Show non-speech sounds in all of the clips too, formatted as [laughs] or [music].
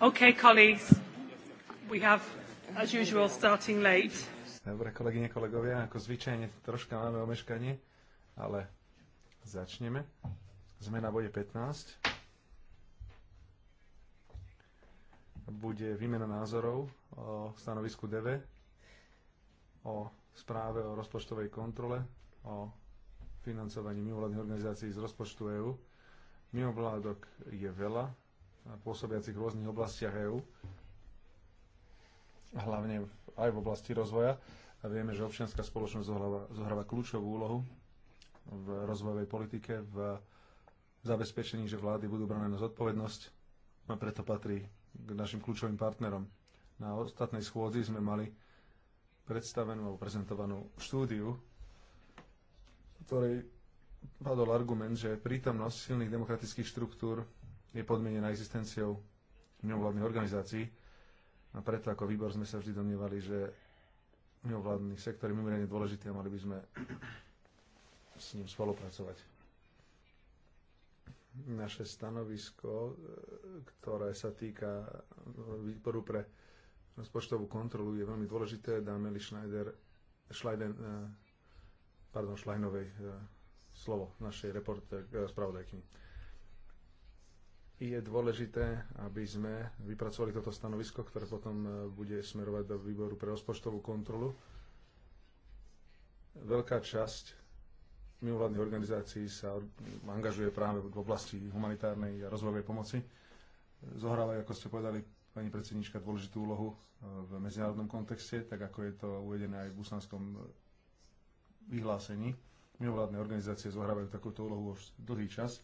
Okay, colleagues, we have, as usual, starting late. Dobre, kolegyne, kolegovia, ako zvyčajne troška máme omeškanie, ale začneme. Sme na bode 15. Bude výmena názorov o stanovisku DV, o správe o rozpočtovej kontrole, o financovaní mimovládnych organizácií z rozpočtu EÚ. Mimovládok je veľa, pôsobiacich v rôznych oblastiach EÚ, hlavne aj v oblasti rozvoja. A vieme, že občianská spoločnosť zohráva, zohráva kľúčovú úlohu v rozvojovej politike, v zabezpečení, že vlády budú brané na zodpovednosť a preto patrí k našim kľúčovým partnerom. Na ostatnej schôdzi sme mali predstavenú alebo prezentovanú štúdiu, ktorej padol argument, že prítomnosť silných demokratických štruktúr je podmienená existenciou mimovládnych organizácií. A preto ako výbor sme sa vždy domnievali, že mimovládny sektor je mimoriadne dôležitý a mali by sme s ním spolupracovať. Naše stanovisko, ktoré sa týka výboru pre rozpočtovú kontrolu, je veľmi dôležité. Dáme Schneider, Schleiden, eh, pardon, Schleinovej eh, slovo našej reporter, eh, spravodajkyni je dôležité, aby sme vypracovali toto stanovisko, ktoré potom e, bude smerovať do výboru pre rozpočtovú kontrolu. Veľká časť mimovládnych organizácií sa angažuje práve v oblasti humanitárnej a rozvojovej pomoci. Zohráva, ako ste povedali, pani predsednička, dôležitú úlohu e, v medzinárodnom kontexte, tak ako je to uvedené aj v busanskom e, vyhlásení. Mimovládne organizácie zohrávajú takúto úlohu už dlhý čas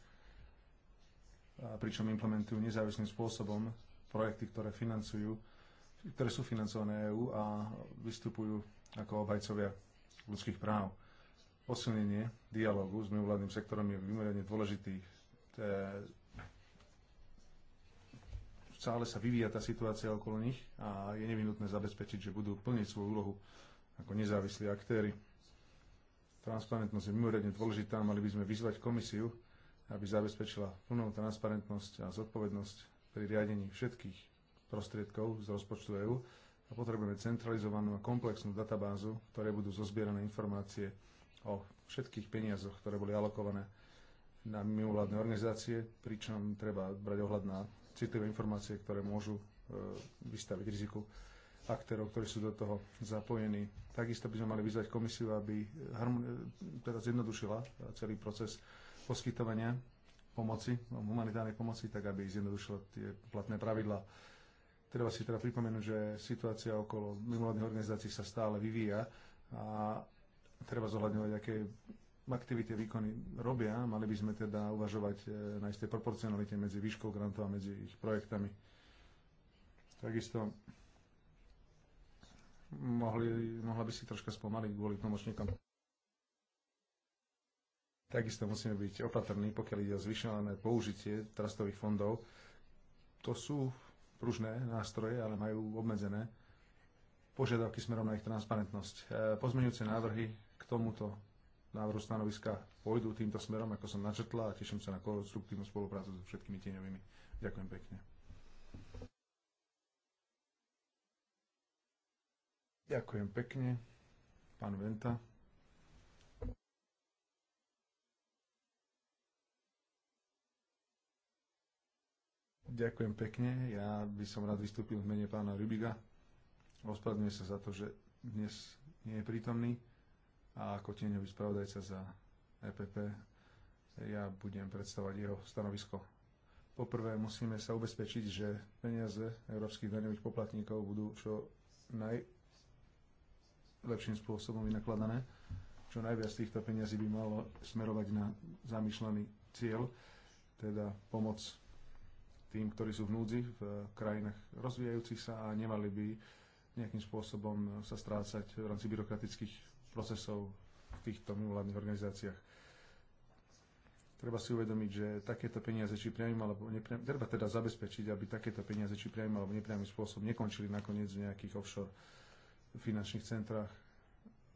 pričom implementujú nezávislým spôsobom projekty, ktoré financujú, ktoré sú financované EÚ a vystupujú ako obhajcovia ľudských práv. Posunenie dialogu s mimovládnym sektorom je vymerne dôležitý. Stále sa vyvíja tá situácia okolo nich a je nevyhnutné zabezpečiť, že budú plniť svoju úlohu ako nezávislí aktéry. Transparentnosť je mimoriadne dôležitá, mali by sme vyzvať komisiu, aby zabezpečila plnú transparentnosť a zodpovednosť pri riadení všetkých prostriedkov z rozpočtu EÚ a potrebujeme centralizovanú a komplexnú databázu, ktoré budú zozbierané informácie o všetkých peniazoch, ktoré boli alokované na mimovládne organizácie, pričom treba brať ohľad na citlivé informácie, ktoré môžu e, vystaviť riziku aktérov, ktorí sú do toho zapojení. Takisto by sme mali vyzvať komisiu, aby e, teda zjednodušila celý proces poskytovania pomoci, humanitárnej pomoci, tak aby zjednodušilo tie platné pravidlá. Treba si teda pripomenúť, že situácia okolo mimovládnych organizácií sa stále vyvíja a treba zohľadňovať, aké aktivity výkony robia. Mali by sme teda uvažovať e, na istej proporcionalite medzi výškou grantov a medzi ich projektami. Takisto mohli, mohla by si troška spomaliť kvôli tlmočníkom. Takisto musíme byť opatrní, pokiaľ ide o zvyšované použitie trastových fondov. To sú pružné nástroje, ale majú obmedzené požiadavky smerom na ich transparentnosť. E, pozmeňujúce návrhy k tomuto návrhu stanoviska pôjdu týmto smerom, ako som načetla a teším sa na konstruktívnu spoluprácu so všetkými tieňovými. Ďakujem pekne. Ďakujem pekne, pán Venta. Ďakujem pekne. Ja by som rád vystúpil v mene pána Rubiga. Ospravedlňujem sa za to, že dnes nie je prítomný a ako tieňový spravodajca za EPP ja budem predstavovať jeho stanovisko. Poprvé musíme sa ubezpečiť, že peniaze európskych daňových poplatníkov budú čo najlepším spôsobom vynakladané. Čo najviac týchto peniazí by malo smerovať na zamýšľaný cieľ, teda pomoc tým, ktorí sú v núdzi v eh, krajinách rozvíjajúcich sa a nemali by nejakým spôsobom eh, sa strácať v rámci byrokratických procesov v týchto mimovládnych organizáciách. Treba si uvedomiť, že takéto peniaze, či priamým alebo nepriamým, treba teda zabezpečiť, aby takéto peniaze, či priamým alebo nepriamým spôsobom nekončili nakoniec v nejakých offshore finančných centrách.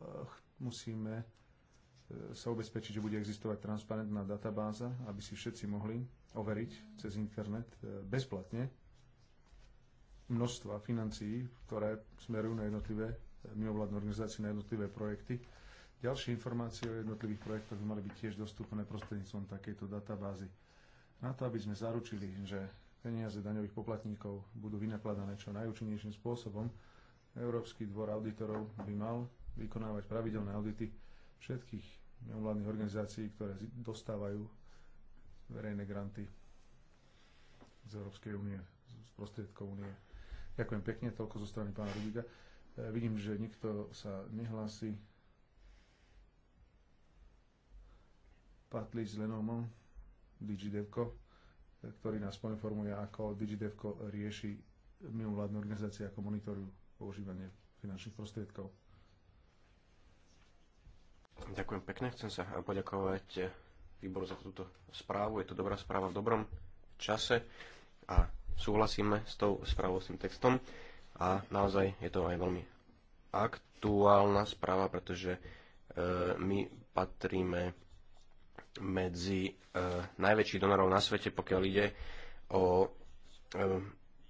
Eh, musíme sa ubezpečiť, že bude existovať transparentná databáza, aby si všetci mohli overiť cez internet e, bezplatne množstva financií, ktoré smerujú na jednotlivé e, mimovládne organizácie, na jednotlivé projekty. Ďalšie informácie o jednotlivých projektoch by mali byť tiež dostupné prostredníctvom takejto databázy. Na to, aby sme zaručili, že peniaze daňových poplatníkov budú vynakladané čo najúčinnejším spôsobom, Európsky dvor auditorov by mal vykonávať pravidelné audity všetkých mimovládnych organizácií, ktoré dostávajú verejné granty z Európskej únie, z prostriedkov únie. Ďakujem pekne, toľko zo strany pána Rubiga. E, vidím, že nikto sa nehlási. Patlis Lenomom, DigiDevko, e, ktorý nás poinformuje, ako DigiDevko rieši mimovládne organizácie, ako monitorujú používanie finančných prostriedkov. Ďakujem pekne. Chcem sa poďakovať výboru za túto správu. Je to dobrá správa v dobrom čase a súhlasíme s tou správou, s tým textom a naozaj je to aj veľmi aktuálna správa, pretože e, my patríme medzi e, najväčších donorov na svete, pokiaľ ide o e,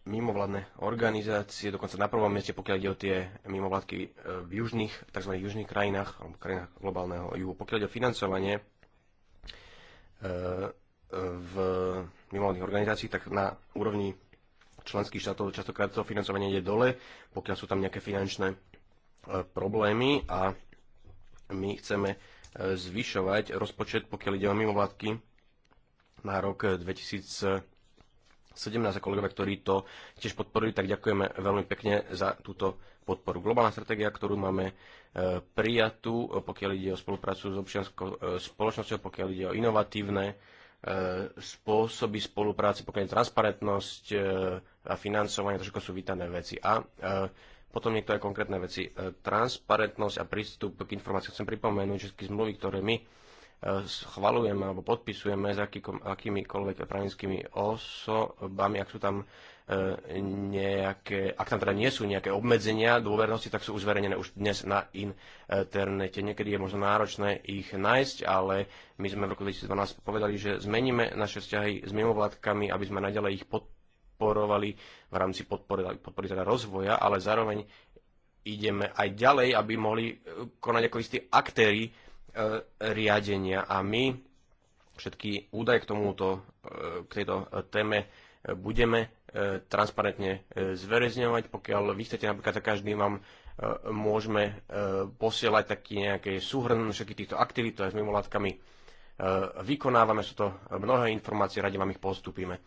mimovládne organizácie, dokonca na prvom mieste, pokiaľ ide o tie mimovládky e, v južných, tzv. južných krajinách, alebo krajinách globálneho juhu. Pokiaľ ide o financovanie v mimovládnych organizácií, tak na úrovni členských štátov častokrát to financovanie ide dole, pokiaľ sú tam nejaké finančné e, problémy a my chceme e, zvyšovať rozpočet, pokiaľ ide o mimovládky na rok 2017 e, a kolegovia, ktorí to tiež podporili, tak ďakujeme veľmi pekne za túto podporu. Globálna stratégia, ktorú máme e, prijatú, pokiaľ ide o spoluprácu s občianskou e, spoločnosťou, pokiaľ ide o inovatívne e, spôsoby spolupráce, pokiaľ je transparentnosť a financovanie, to všetko sú vítané veci. A potom niektoré konkrétne veci. Transparentnosť a prístup k informáciám. Chcem pripomenúť všetky zmluvy, ktoré my schvalujeme alebo podpisujeme s akýmikoľvek právnickými osobami, ak sú tam E, nejaké, ak tam teda nie sú nejaké obmedzenia dôvernosti, tak sú už zverejnené už dnes na internete. Niekedy je možno náročné ich nájsť, ale my sme v roku 2012 povedali, že zmeníme naše vzťahy s mimovládkami, aby sme naďalej ich podporovali v rámci podpory, podpory teda rozvoja, ale zároveň ideme aj ďalej, aby mohli e, konať ako istí aktéry e, riadenia. A my všetky údaje k tomuto, e, k tejto e, téme budeme transparentne e, zverejňovať. Pokiaľ vy chcete napríklad, tak každý vám e, môžeme e, posielať taký nejaký súhrn všetkých týchto aktivít, ktoré s mimovládkami vykonávame. Sú to mnohé informácie, radi vám ich postupíme.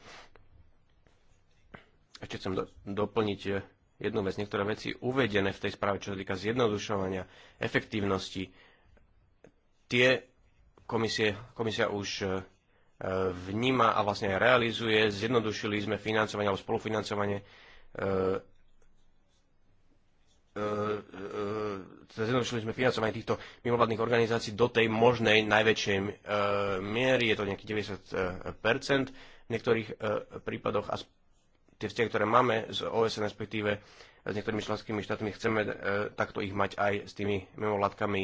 Ešte chcem doplniť jednu vec. Niektoré veci uvedené v tej správe, čo sa týka zjednodušovania, efektívnosti, tie komisie, komisia už vníma a vlastne aj realizuje. Zjednodušili sme financovanie alebo spolufinancovanie e, e, e, zjednodušili sme financovanie týchto mimovládnych organizácií do tej možnej najväčšej miery, je to nejaký 90 v niektorých prípadoch a tie vzťahy, ktoré máme z OSN, respektíve s niektorými členskými štátmi, chceme takto ich mať aj s tými mimovládkami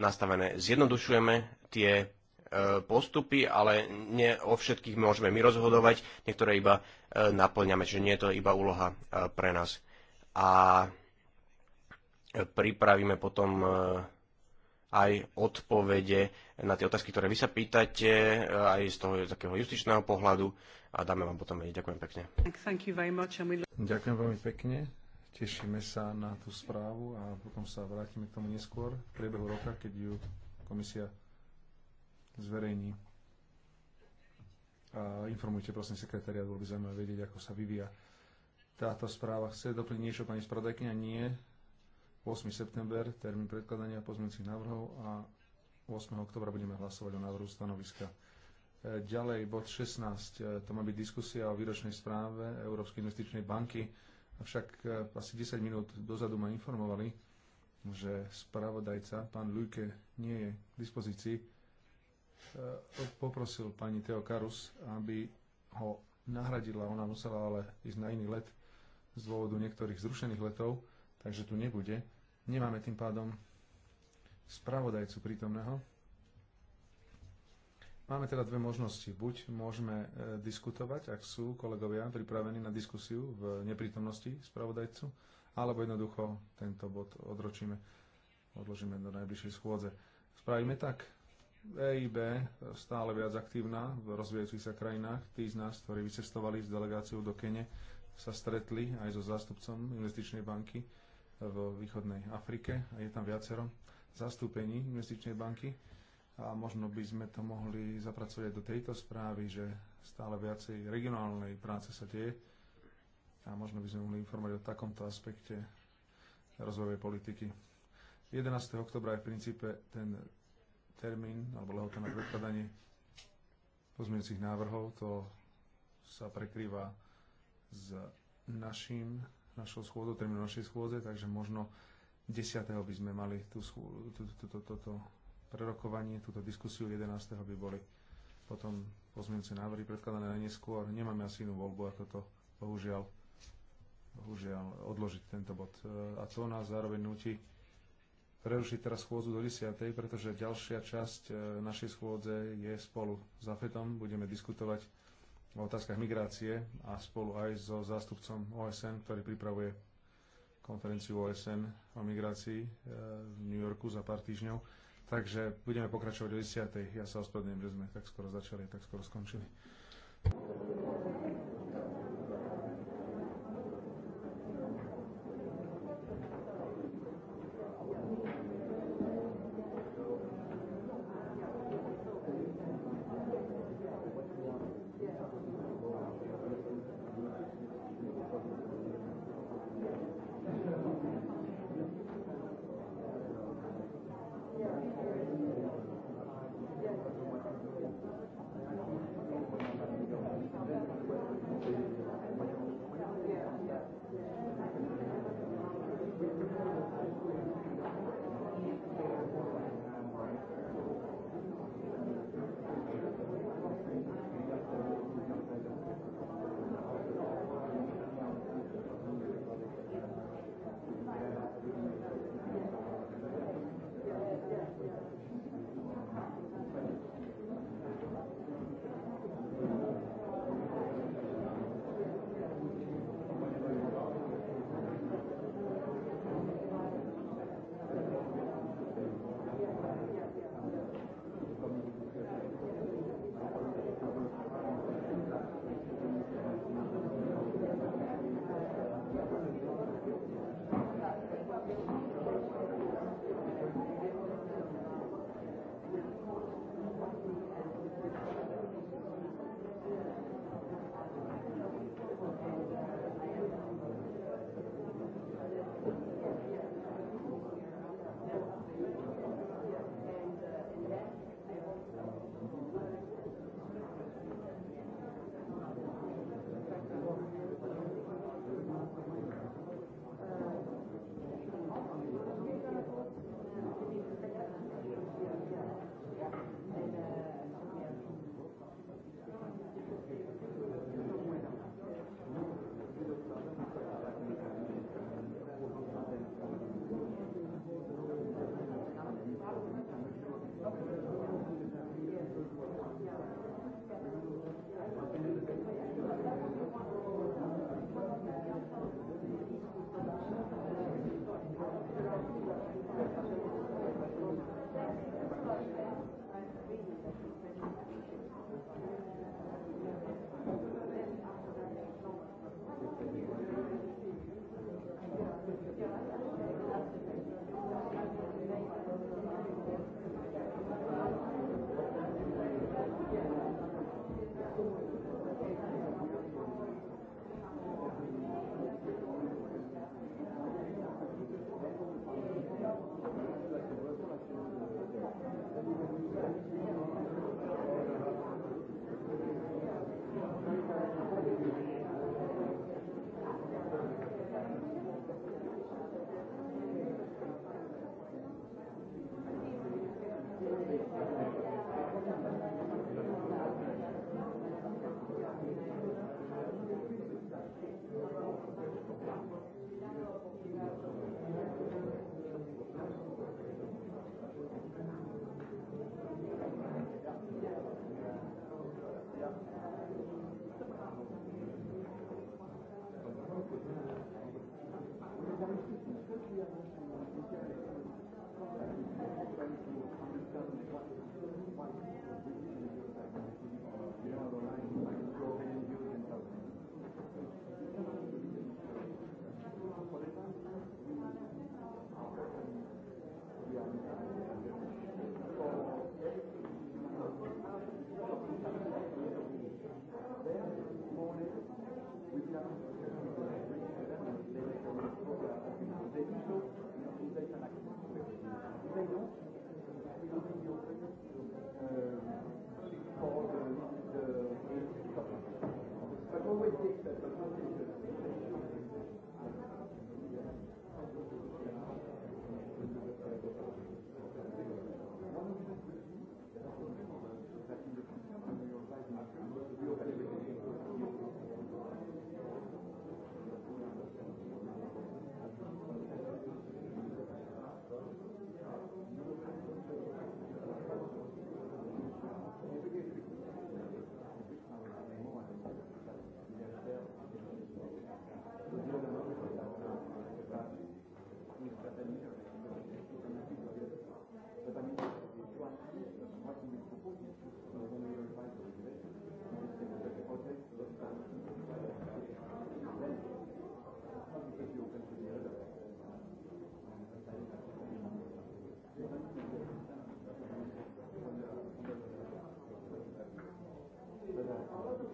nastavené. Zjednodušujeme tie E, postupy, ale nie o všetkých môžeme my rozhodovať, niektoré iba e, naplňame, čiže nie je to iba úloha e, pre nás. A pripravíme potom aj odpovede na tie otázky, ktoré vy sa pýtate, aj z toho takého justičného pohľadu a dáme vám potom vedieť. Ďakujem pekne. Ďakujem veľmi pekne. Tešíme sa na tú správu a potom sa vrátime k tomu neskôr v priebehu roka, keď ju komisia zverejní. A informujte prosím sekretariat, bolo by zaujímavé vedieť, ako sa vyvíja táto správa. Chce doplniť niečo pani spravodajkynia? Nie. 8. september, termín predkladania pozmeňujúcich návrhov a 8. oktobra budeme hlasovať o návrhu stanoviska. E, ďalej, bod 16, e, to má byť diskusia o výročnej správe Európskej investičnej banky. Avšak e, asi 10 minút dozadu ma informovali, že spravodajca, pán Lujke, nie je k dispozícii Eh, poprosil pani Teo Karus, aby ho nahradila. Ona musela ale ísť na iný let z dôvodu niektorých zrušených letov, takže tu nebude. Nemáme tým pádom spravodajcu prítomného. Máme teda dve možnosti. Buď môžeme eh, diskutovať, ak sú kolegovia pripravení na diskusiu v neprítomnosti spravodajcu, alebo jednoducho tento bod odročíme, odložíme do najbližšej schôdze. Spravíme tak? EIB stále viac aktívna v rozvíjajúcich sa krajinách. Tí z nás, ktorí vycestovali s delegáciou do Kene, sa stretli aj so zástupcom investičnej banky v východnej Afrike a je tam viacero zastúpení investičnej banky a možno by sme to mohli zapracovať aj do tejto správy, že stále viacej regionálnej práce sa deje a možno by sme mohli informovať o takomto aspekte rozvojovej politiky. 11. oktobra je v princípe ten termín alebo lehota na predkladanie pozmeňujúcich návrhov. To sa prekrýva s našim, našou schôdou, termínom našej schôdze, takže možno 10. by sme mali toto prerokovanie, túto diskusiu 11. by boli potom pozmeňujúce návrhy predkladané na neskôr. Nemáme asi inú voľbu ako to, bohužiaľ, bohužiaľ odložiť tento bod. E, a to nás zároveň nutí prerušiť teraz schôdzu do 10. pretože ďalšia časť e, našej schôdze je spolu s AFETom. Budeme diskutovať o otázkach migrácie a spolu aj so zástupcom OSN, ktorý pripravuje konferenciu OSN o migrácii e, v New Yorku za pár týždňov. Takže budeme pokračovať o 10. Ja sa ospravedlňujem, že sme tak skoro začali, tak skoro skončili.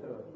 Sure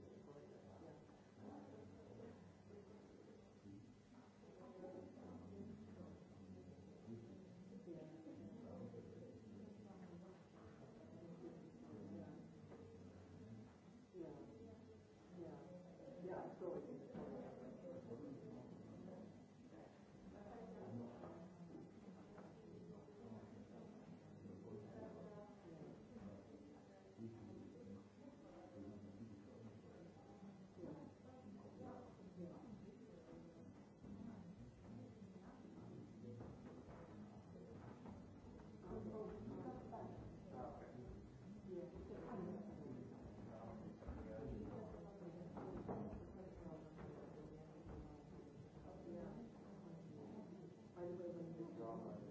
Dáme.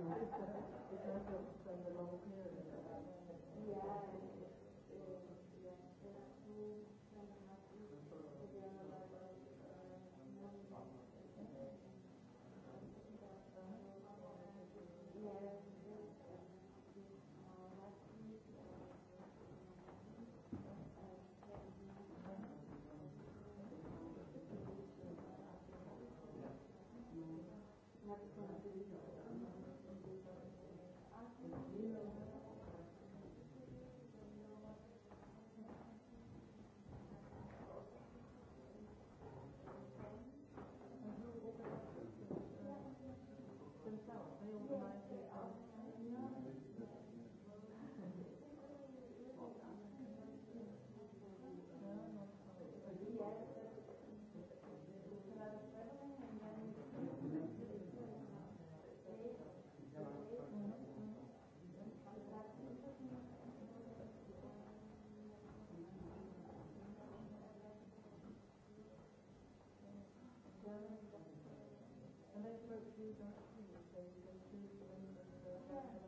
Thank you. Thank you. don't you the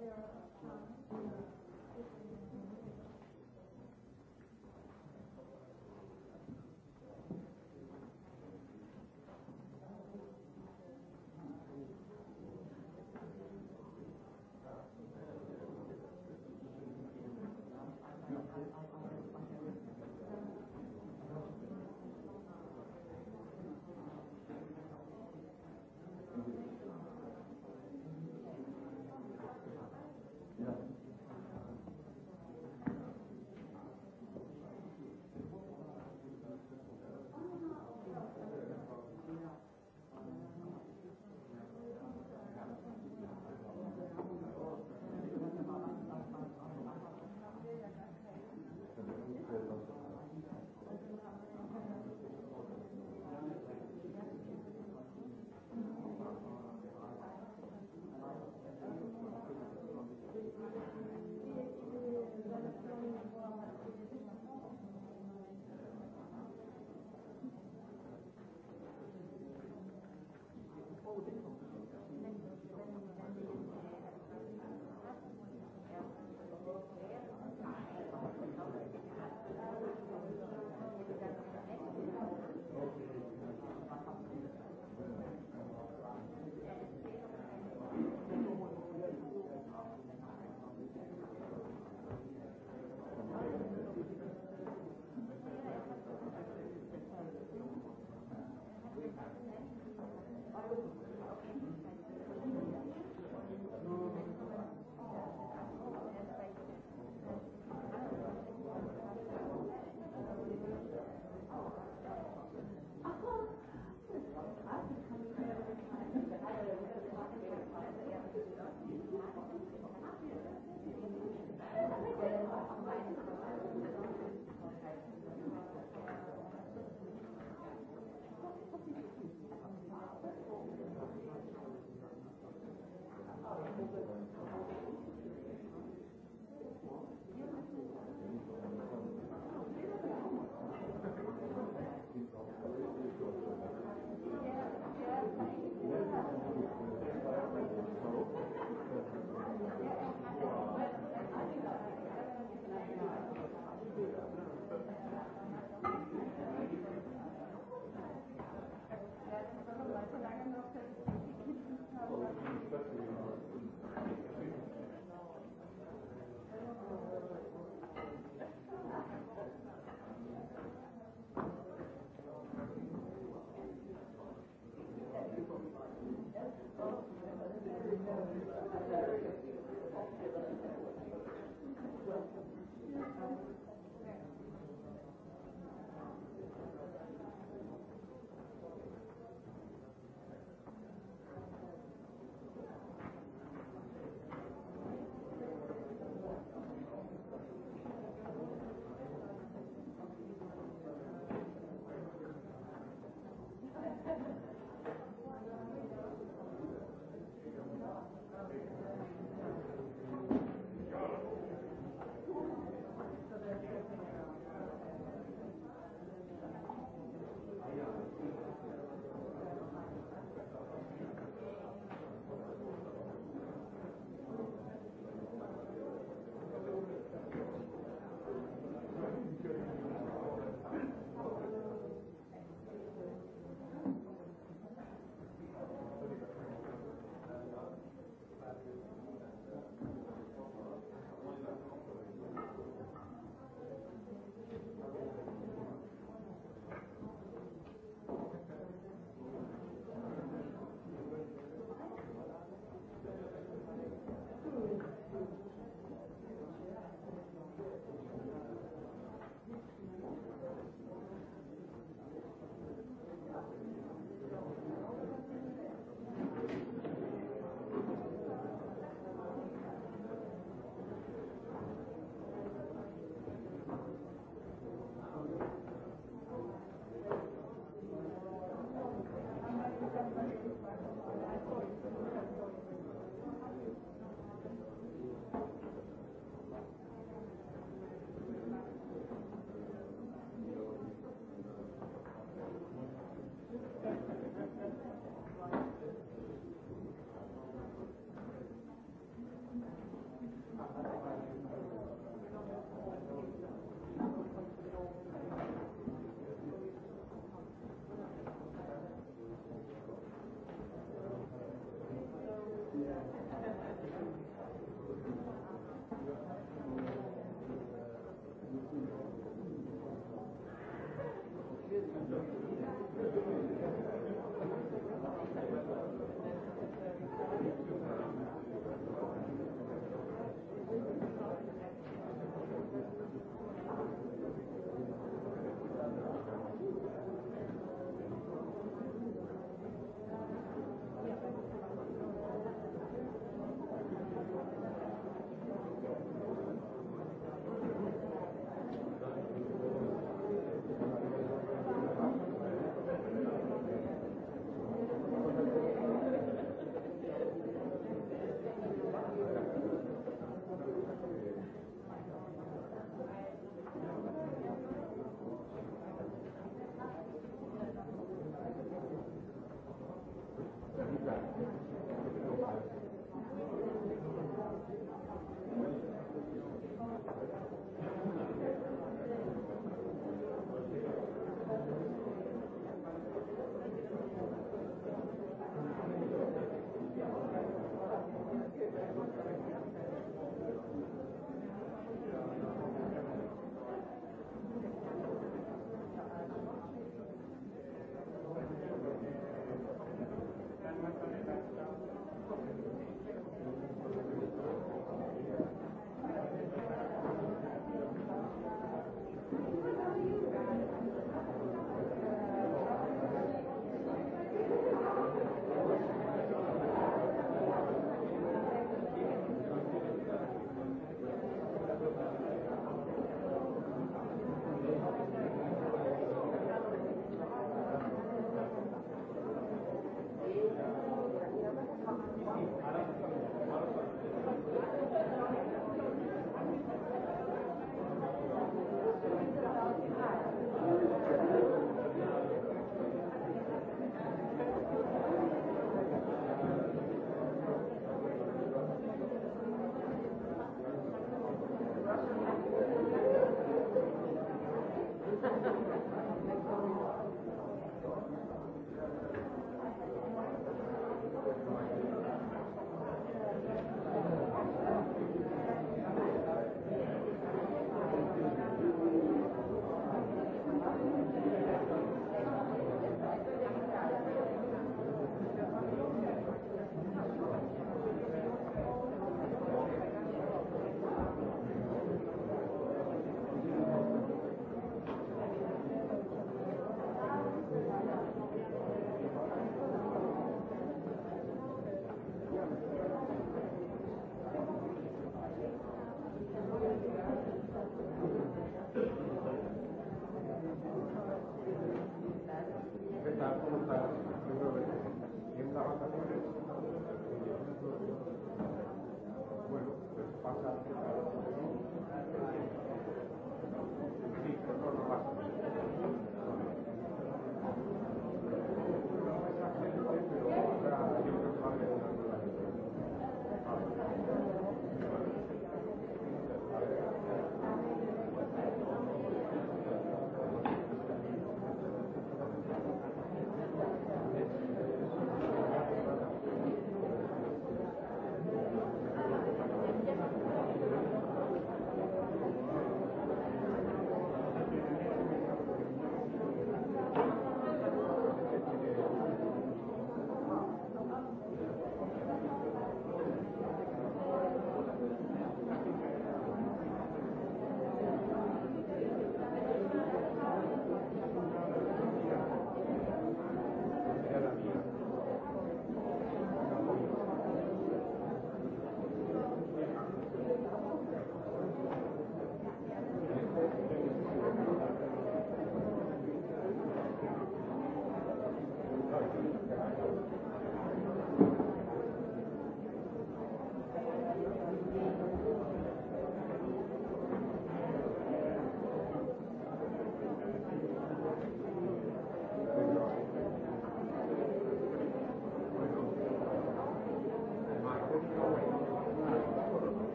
there are Thank you.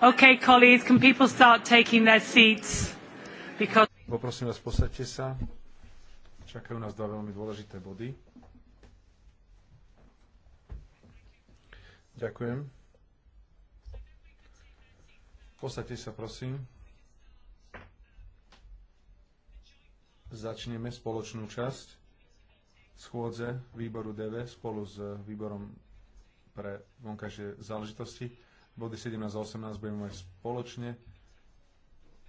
Okay, colleagues, can people start taking their seats? Because... Poprosím vás, posaďte sa. Čakajú nás dva veľmi dôležité body. Ďakujem. Posaďte sa, prosím. Začneme spoločnú časť schôdze výboru DV spolu s výborom pre vonkajšie záležitosti Body 17 a 18 budeme mať spoločne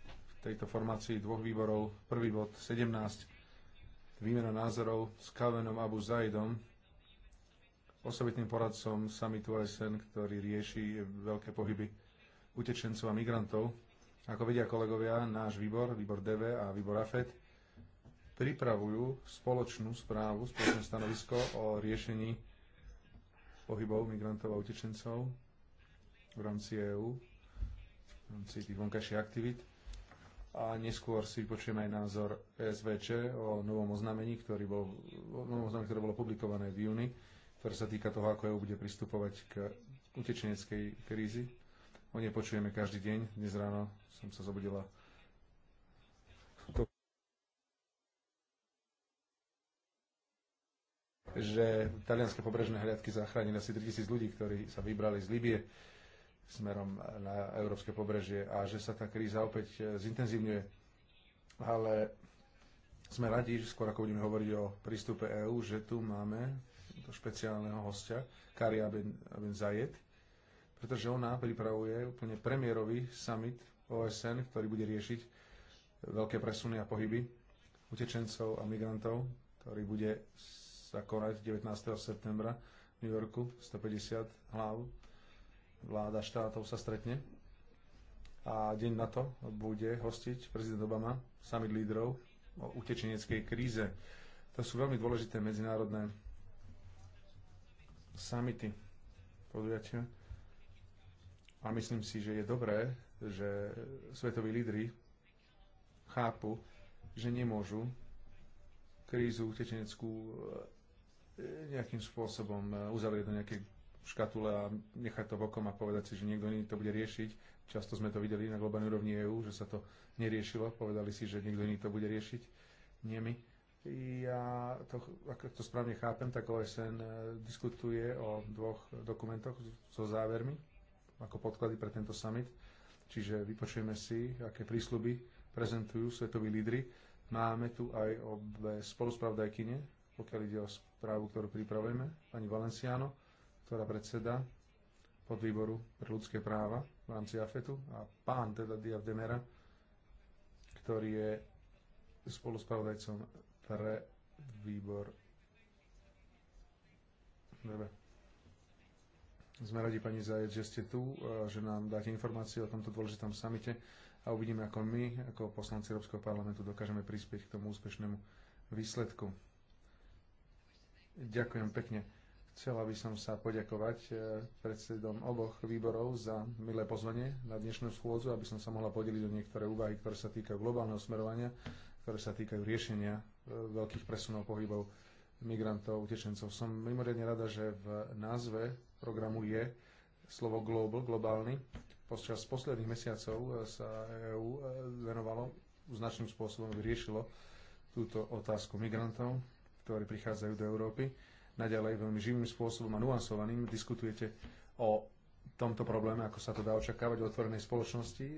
v tejto formácii dvoch výborov. Prvý bod 17, výmena názorov s Kavenom Abu Zaidom, osobitným poradcom samitu OSN, ktorý rieši veľké pohyby utečencov a migrantov. Ako vedia kolegovia, náš výbor, výbor DV a výbor AFED, pripravujú spoločnú správu, spoločné stanovisko o riešení pohybov migrantov a utečencov v rámci EÚ, v rámci tých vonkajších aktivít. A neskôr si vypočujeme aj názor SVČ o novom oznámení, ktorý bol, novom oznámení, ktoré bolo publikované v júni, ktoré sa týka toho, ako EÚ bude pristupovať k utečeneckej krízi. O nej počujeme každý deň. Dnes ráno som sa zobudila že talianské pobrežné hliadky zachránili asi 3000 ľudí, ktorí sa vybrali z Libie smerom na európske pobrežie a že sa tá kríza opäť eh, zintenzívňuje. Ale sme radi, že skôr ako budeme hovoriť o prístupe EÚ, že tu máme to špeciálneho hostia, Karia Ben, ben pretože ona pripravuje úplne premiérový summit OSN, ktorý bude riešiť veľké presuny a pohyby utečencov a migrantov, ktorý bude sa konať 19. septembra v New Yorku, 150 hlav vláda štátov sa stretne a deň na to bude hostiť prezident Obama summit lídrov o utečeneckej kríze. To sú veľmi dôležité medzinárodné summity, podujatia. A myslím si, že je dobré, že svetoví lídry chápu, že nemôžu krízu utečeneckú eh, nejakým spôsobom eh, uzavrieť do nejakej škatule a nechať to bokom a povedať si, že niekto iný to bude riešiť. Často sme to videli na globálnej úrovni EÚ, že sa to neriešilo. Povedali si, že niekto iný to bude riešiť. Nie my. Ja to, ak to správne chápem, tak OSN e, diskutuje o dvoch dokumentoch so závermi ako podklady pre tento summit. Čiže vypočujeme si, aké prísľuby prezentujú svetoví lídry. Máme tu aj obe spoluspravdajkyne, pokiaľ ide o správu, ktorú pripravujeme, pani Valenciano ktorá predseda podvýboru pre ľudské práva v rámci AFETu a pán teda Diaz Demera, ktorý je spoluspravodajcom pre výbor Dobre. Sme radi, pani Zajec, že ste tu, e, že nám dáte informácie o tomto dôležitom samite a uvidíme, ako my, ako poslanci Európskeho parlamentu, dokážeme prispieť k tomu úspešnému výsledku. Ďakujem pekne. Chcela by som sa poďakovať e, predsedom oboch výborov za milé pozvanie na dnešnú schôdzu, aby som sa mohla podeliť o niektoré úvahy, ktoré sa týkajú globálneho smerovania, ktoré sa týkajú riešenia e, veľkých presunov pohybov migrantov, utečencov. Som mimoriadne rada, že v názve programu je slovo global, globálny. Počas posledných mesiacov e, sa EU venovalo značným spôsobom, vyriešilo túto otázku migrantov, ktorí prichádzajú do Európy naďalej veľmi živým spôsobom a nuansovaným diskutujete o tomto probléme, ako sa to dá očakávať v otvorenej spoločnosti. E,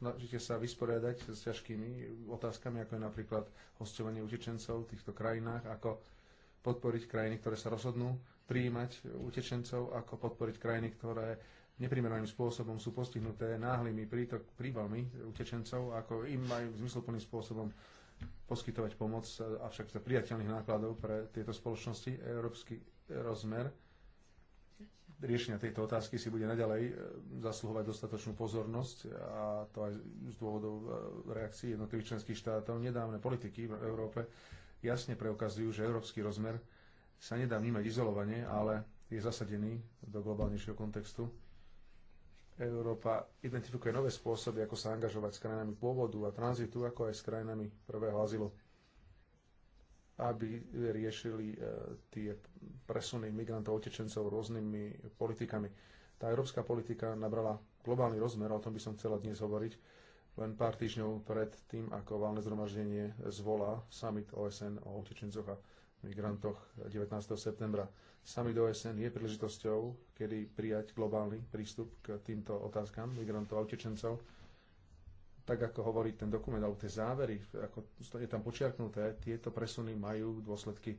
snažíte sa vysporiadať s ťažkými otázkami, ako je napríklad hostovanie utečencov v týchto krajinách, ako podporiť krajiny, ktoré sa rozhodnú prijímať utečencov, ako podporiť krajiny, ktoré neprimeraným spôsobom sú postihnuté náhlymi prítok, prívalmi utečencov, ako im majú zmysluplným spôsobom poskytovať pomoc, avšak za priateľných nákladov pre tieto spoločnosti. Európsky rozmer riešenia tejto otázky si bude naďalej e, zasluhovať dostatočnú pozornosť a to aj z dôvodov e, reakcií jednotlivých členských štátov. Nedávne politiky v Európe jasne preukazujú, že európsky rozmer sa nedá vnímať izolovanie, ale je zasadený do globálnejšieho kontextu Európa identifikuje nové spôsoby, ako sa angažovať s krajinami pôvodu a tranzitu, ako aj s krajinami prvého azylu, aby riešili e, tie presuny migrantov, utečencov rôznymi politikami. Tá európska politika nabrala globálny rozmer, o tom by som chcela dnes hovoriť, len pár týždňov pred tým, ako valné zhromaždenie zvolá summit OSN o utečencoch a migrantoch 19. septembra. Sami do OSN je príležitosťou, kedy prijať globálny prístup k týmto otázkam migrantov a utečencov. Tak ako hovorí ten dokument, alebo tie závery, ako je tam počiarknuté, tieto presuny majú dôsledky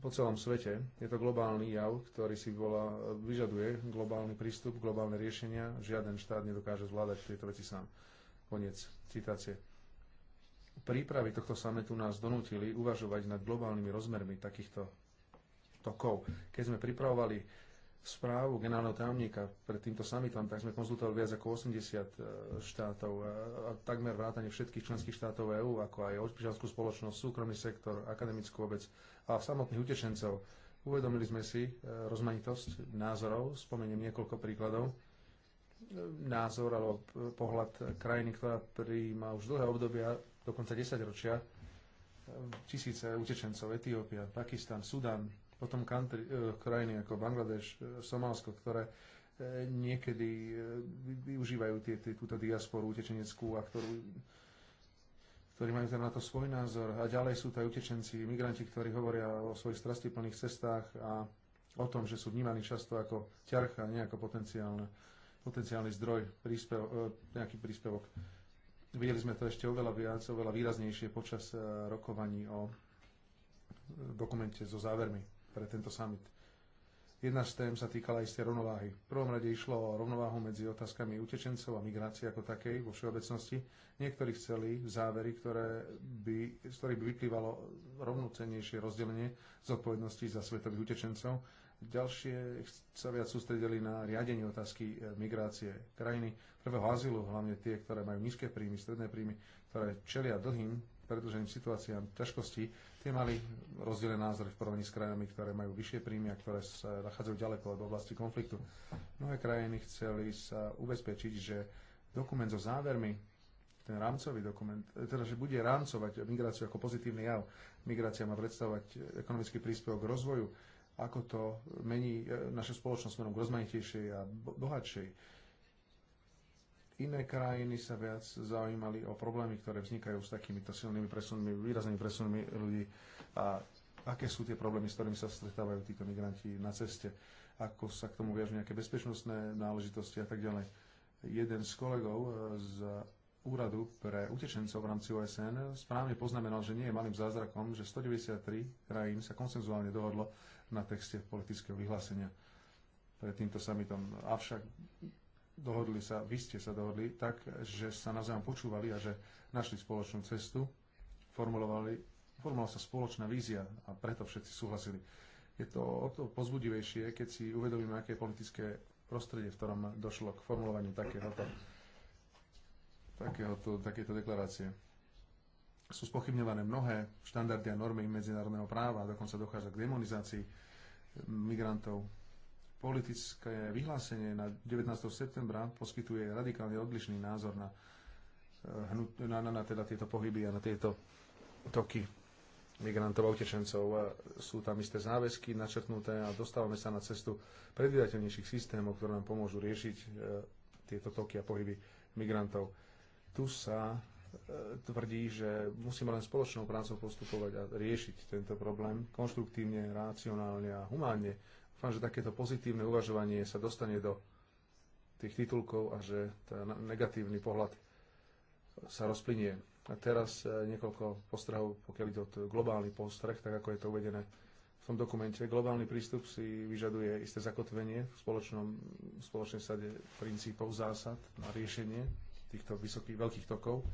po celom svete. Je to globálny jav, ktorý si volá, vyžaduje globálny prístup, globálne riešenia. Žiaden štát nedokáže zvládať tieto veci sám. Koniec citácie. Prípravy tohto sametu nás donútili uvažovať nad globálnymi rozmermi takýchto tokov. Keď sme pripravovali správu generálneho tajomníka pred týmto samitom, tak sme konzultovali viac ako 80 e, štátov, e, a takmer vrátane všetkých členských štátov EÚ, ako aj odpíšalskú spoločnosť, súkromný sektor, akademickú obec a samotných utečencov. Uvedomili sme si e, rozmanitosť názorov, spomeniem niekoľko príkladov. Názor alebo pohľad krajiny, ktorá prijíma už dlhé obdobia dokonca 10 ročia, eh, tisíce utečencov, Etiópia, Pakistan, Sudan, potom country, eh, krajiny ako Bangladeš, eh, Somálsko, ktoré niekedy využívajú tie, tie, túto diasporu utečeneckú a ktorú, ktorí majú tam na to svoj názor. A ďalej sú to aj utečenci, migranti, ktorí hovoria o svojich strastiplných cestách a o tom, že sú vnímaní často ako ťarcha, nie ako potenciálny zdroj, príspev, nejaký príspevok Videli sme to ešte oveľa viac, oveľa výraznejšie počas eh, rokovaní o eh, dokumente so závermi pre tento summit. Jedna z tém sa týkala isté rovnováhy. V prvom rade išlo o rovnováhu medzi otázkami utečencov a migrácie ako takej vo všeobecnosti. Niektorí chceli závery, ktoré by, z ktorých by vyplývalo rovnocenejšie rozdelenie zodpovedností za svetových utečencov Ďalšie sa viac sústredili na riadenie otázky e, migrácie krajiny prvého azylu, hlavne tie, ktoré majú nízke príjmy, stredné príjmy, ktoré čelia dlhým predlženým situáciám ťažkostí, tie mali rozdielne názory v porovnaní s krajinami, ktoré majú vyššie príjmy a ktoré sa nachádzajú ďaleko od oblasti konfliktu. Mnohé krajiny chceli sa ubezpečiť, že dokument so závermi, ten rámcový dokument, e, teda že bude rámcovať migráciu ako pozitívny jav. Migrácia má predstavovať e, ekonomický príspevok k rozvoju, ako to mení e, našu spoločnosť smerom k rozmanitejšej a bohatšej. Iné krajiny sa viac zaujímali o problémy, ktoré vznikajú s takýmito silnými presunmi, výraznými presunmi ľudí a aké sú tie problémy, s ktorými sa stretávajú títo migranti na ceste, ako sa k tomu viažú nejaké bezpečnostné náležitosti a tak ďalej. Jeden z kolegov e, z úradu pre utečencov v rámci OSN správne poznamenal, že nie je malým zázrakom, že 193 krajín sa konsenzuálne dohodlo na texte politického vyhlásenia pred týmto summitom. Avšak dohodli sa, vy ste sa dohodli tak, že sa navzájom počúvali a že našli spoločnú cestu, formulovali, formulovala sa spoločná vízia a preto všetci súhlasili. Je to o to pozbudivejšie, keď si uvedomíme, aké politické prostredie, v ktorom došlo k formulovaniu takéhoto, takéhoto, takéto deklarácie sú spochybňované mnohé štandardy a normy medzinárodného práva, dokonca dochádza k demonizácii migrantov. Politické vyhlásenie na 19. septembra poskytuje radikálne odlišný názor na, eh, na, na, na teda tieto pohyby a na tieto toky migrantov a utečencov. Sú tam isté záväzky načrtnuté a dostávame sa na cestu predvydateľnejších systémov, ktoré nám pomôžu riešiť eh, tieto toky a pohyby migrantov. Tu sa tvrdí, že musíme len spoločnou prácou postupovať a riešiť tento problém konštruktívne, racionálne a humánne. Dúfam, že takéto pozitívne uvažovanie sa dostane do tých titulkov a že ten negatívny pohľad sa rozplynie. A teraz e, niekoľko postrehov, pokiaľ ide o globálny postreh, tak ako je to uvedené v tom dokumente. Globálny prístup si vyžaduje isté zakotvenie v spoločnom, v spoločnej sade princípov, zásad na riešenie týchto vysokých, veľkých tokov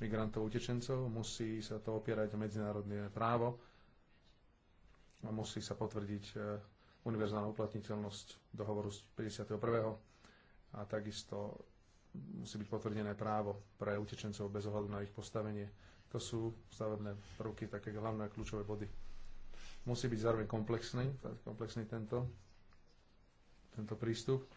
migrantov, utečencov, musí sa to opierať o medzinárodné právo a musí sa potvrdiť e, univerzálna uplatniteľnosť dohovoru z 51. a takisto musí byť potvrdené právo pre utečencov bez ohľadu na ich postavenie. To sú stavebné prvky, také hlavné kľúčové body. Musí byť zároveň komplexný, komplexný tento, tento prístup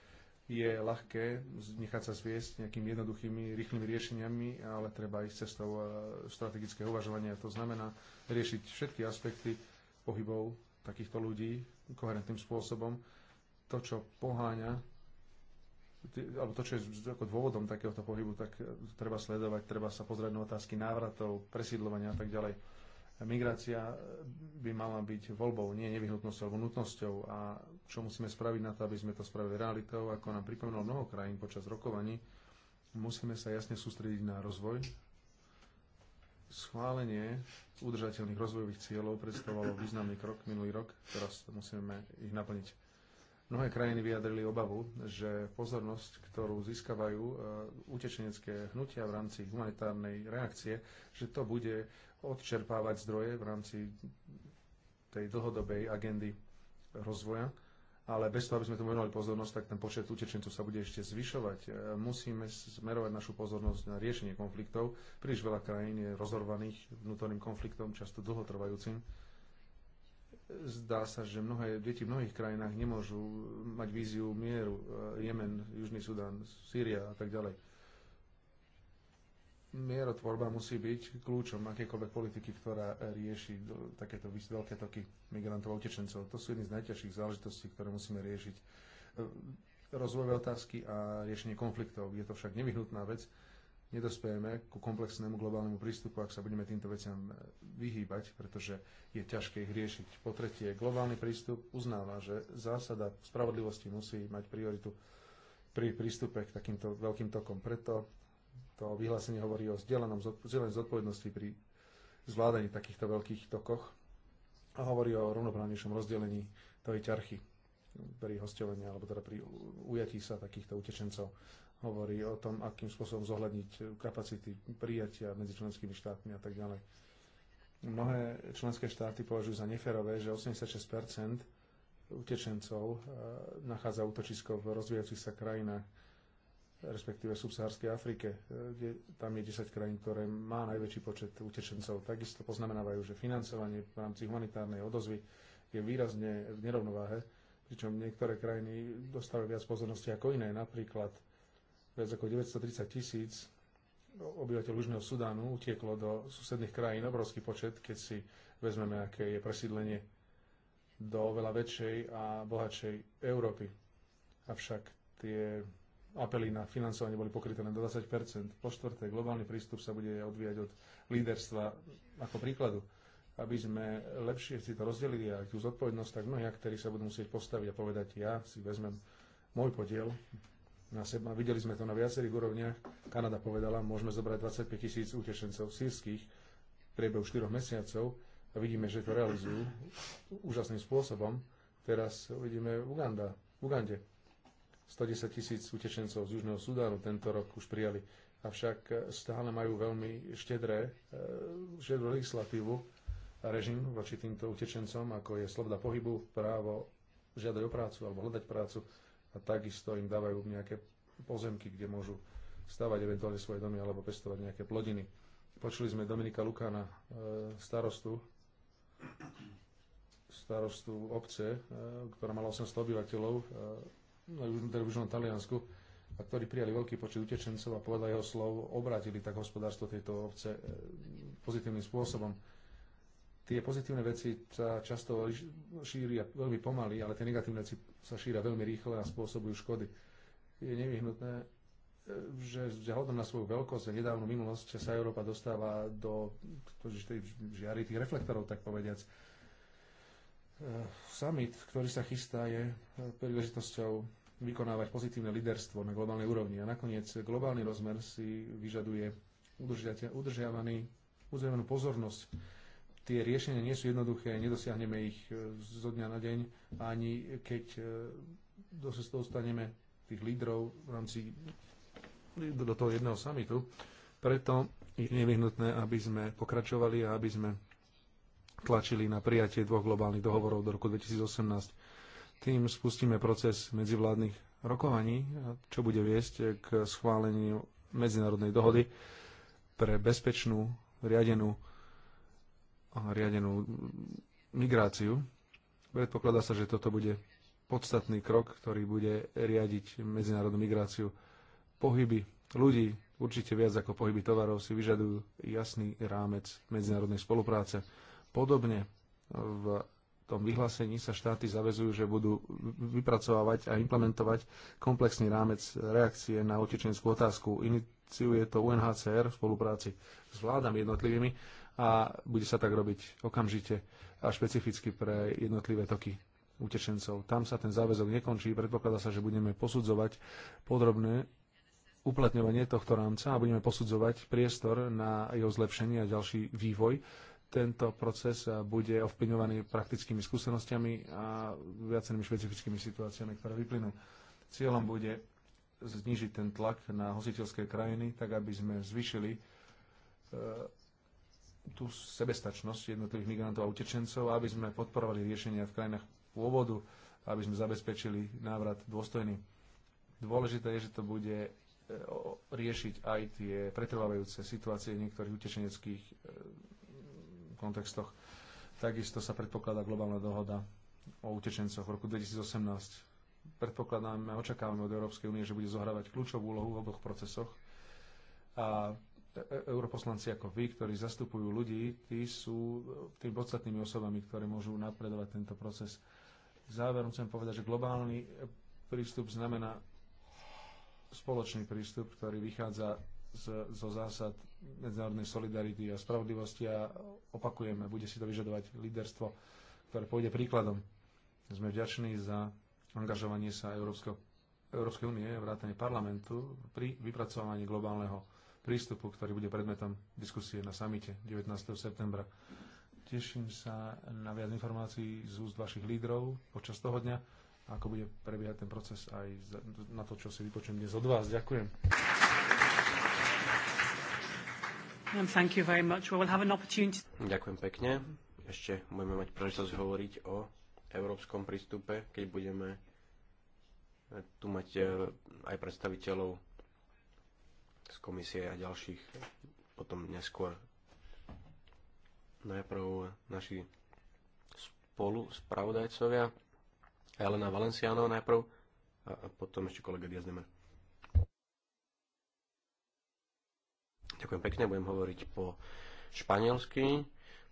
je ľahké nechať sa zviesť nejakými jednoduchými, rýchlymi riešeniami, ale treba ísť cestou e, strategického uvažovania. To znamená riešiť všetky aspekty pohybov takýchto ľudí koherentným spôsobom. To, čo poháňa, alebo to, čo je ako dôvodom takéhoto pohybu, tak treba sledovať, treba sa pozrieť na otázky návratov, presídlovania a tak ďalej migrácia eh, by mala byť voľbou, nie nevyhnutnosťou alebo nutnosťou a čo musíme spraviť na to, aby sme to spravili realitou, ako nám pripomenulo mnoho krajín počas rokovaní, musíme sa jasne sústrediť na rozvoj. Schválenie udržateľných rozvojových cieľov predstavovalo významný krok minulý rok, teraz musíme ich naplniť. Mnohé krajiny vyjadrili obavu, že pozornosť, ktorú získavajú eh, utečenecké hnutia v rámci humanitárnej reakcie, že to bude odčerpávať zdroje v rámci tej dlhodobej agendy rozvoja, ale bez toho, aby sme tomu venovali pozornosť, tak ten počet utečencov sa bude ešte zvyšovať. E, musíme smerovať našu pozornosť na riešenie konfliktov. Príliš veľa krajín je rozorvaných vnútorným konfliktom, často dlhotrvajúcim. Zdá sa, že mnohé deti v mnohých krajinách nemôžu mať víziu mieru. E, Jemen, Južný Sudán, Sýria a tak ďalej mierotvorba musí byť kľúčom akékoľvek politiky, ktorá rieši takéto veľké toky migrantov a utečencov. To sú jedny z najťažších záležitostí, ktoré musíme riešiť. E, rozvojové otázky a riešenie konfliktov. Je to však nevyhnutná vec. Nedospejeme ku komplexnému globálnemu prístupu, ak sa budeme týmto veciam e, vyhýbať, pretože je ťažké ich riešiť. Po tretie, globálny prístup uznáva, že zásada spravodlivosti musí mať prioritu pri prístupe k takýmto veľkým tokom. Preto to vyhlásenie hovorí o vzdelanom zodpovednosti pri zvládaní takýchto veľkých tokoch a hovorí o rovnoprávnejšom rozdelení tej ťarchy pri hostovaní alebo teda pri ujatí sa takýchto utečencov. Hovorí o tom, akým spôsobom zohľadniť kapacity prijatia medzi členskými štátmi a tak ďalej. Mnohé členské štáty považujú za neférové, že 86 utečencov eh, nachádza útočisko v rozvíjajúcich sa krajinách respektíve subsaharskej Afrike, e, kde tam je 10 krajín, ktoré má najväčší počet utečencov. Takisto poznamenávajú, že financovanie v rámci humanitárnej odozvy je výrazne v nerovnováhe, pričom niektoré krajiny dostávajú viac pozornosti ako iné. Napríklad viac ako 930 tisíc obyvateľov Južného Sudánu utieklo do susedných krajín, obrovský počet, keď si vezmeme, aké je presídlenie do veľa väčšej a bohatšej Európy. Avšak tie apely na financovanie boli pokryté len do 20 Po štvrté, globálny prístup sa bude odvíjať od líderstva ako príkladu. Aby sme lepšie si to rozdelili a tú zodpovednosť, tak mnohí aktéri sa budú musieť postaviť a povedať, ja si vezmem môj podiel na seba. Videli sme to na viacerých úrovniach. Kanada povedala, môžeme zobrať 25 tisíc utešencov sírskych v priebehu 4 mesiacov a vidíme, že to realizujú úžasným spôsobom. Teraz vidíme Uganda, Ugande 110 tisíc utečencov z Južného Sudánu tento rok už prijali, avšak e, stále majú veľmi štedré, e, štedrú legislatívu a režim voči týmto utečencom, ako je sloboda pohybu, právo žiadať o prácu alebo hľadať prácu a takisto im dávajú nejaké pozemky, kde môžu stavať eventuálne svoje domy alebo pestovať nejaké plodiny. Počuli sme Dominika Lukána e, starostu, starostu obce, ktorá mala 800 obyvateľov, na no, južnom, teda Taliansku, a ktorí prijali veľký počet utečencov a podľa jeho slov obrátili tak hospodárstvo tejto obce eh, pozitívnym spôsobom. Tie pozitívne veci sa často šíria veľmi pomaly, ale tie negatívne veci sa šíria veľmi rýchle a spôsobujú škody. Je nevyhnutné, eh, že vzhľadom na svoju veľkosť a nedávnu minulosť sa Európa dostáva do žiary tých reflektorov, tak povediac Eh, summit, ktorý sa chystá, je eh, príležitosťou vykonávať pozitívne liderstvo na globálnej úrovni. A nakoniec globálny rozmer si vyžaduje udržiavaný, udržiavanú pozornosť. Tie riešenia nie sú jednoduché, nedosiahneme ich eh, zo dňa na deň, ani keď dostaneme tých lídrov v rámci do toho jedného samitu. Preto je nevyhnutné, aby sme pokračovali a aby sme tlačili na prijatie dvoch globálnych dohovorov do roku 2018. Tým spustíme proces medzivládnych rokovaní, čo bude viesť k schváleniu medzinárodnej dohody pre bezpečnú, riadenú, riadenú migráciu. Predpokladá sa, že toto bude podstatný krok, ktorý bude riadiť medzinárodnú migráciu. Pohyby ľudí, určite viac ako pohyby tovarov, si vyžadujú jasný rámec medzinárodnej spolupráce podobne. E, v tom vyhlásení sa štáty zavezujú, že budú vypracovávať a implementovať komplexný rámec reakcie na utečenskú otázku. Iniciuje to UNHCR v spolupráci s vládami jednotlivými a bude sa tak robiť okamžite a špecificky pre jednotlivé toky utečencov. Tam sa ten záväzok nekončí, predpokladá sa, že budeme posudzovať podrobné uplatňovanie tohto rámca a budeme posudzovať priestor na jeho zlepšenie a ďalší vývoj tento proces bude ovplyvňovaný praktickými skúsenostiami a viacerými špecifickými situáciami, ktoré vyplynú. Cieľom bude znižiť ten tlak na hostiteľské krajiny, tak aby sme zvyšili e, tú sebestačnosť jednotlivých migrantov a utečencov, aby sme podporovali riešenia v krajinách pôvodu, aby sme zabezpečili návrat dôstojný. Dôležité je, že to bude e, riešiť aj tie pretrvávajúce situácie niektorých utečeneckých e, kontextoch. Takisto sa predpokladá globálna dohoda o utečencoch v roku 2018. Predpokladáme a očakávame od Európskej únie, že bude zohrávať kľúčovú úlohu v oboch procesoch. A e, e, europoslanci ako vy, ktorí zastupujú ľudí, tí sú tým podstatnými osobami, ktoré môžu napredovať tento proces. Záverom chcem povedať, že globálny prístup znamená spoločný prístup, ktorý vychádza z, zo zásad medzinárodnej solidarity a spravodlivosti a opakujeme, bude si to vyžadovať líderstvo, ktoré pôjde príkladom. Sme vďační za angažovanie sa Európskeho, Európskej únie, vrátane parlamentu pri vypracovaní globálneho prístupu, ktorý bude predmetom diskusie na samite 19. septembra. Teším sa na viac informácií z úst vašich lídrov počas toho dňa, ako bude prebiehať ten proces aj na to, čo si vypočujem dnes od vás. Ďakujem. Ďakujem pekne. Ešte budeme mať príležitosť hovoriť o európskom prístupe, keď budeme eh, tu mať eh, aj predstaviteľov z komisie a ďalších potom neskôr. Najprv naši spolu spravodajcovia Elena Valenciánova najprv a potom ešte kolega Diazdemer. Ďakujem pekne, budem hovoriť po španielsky.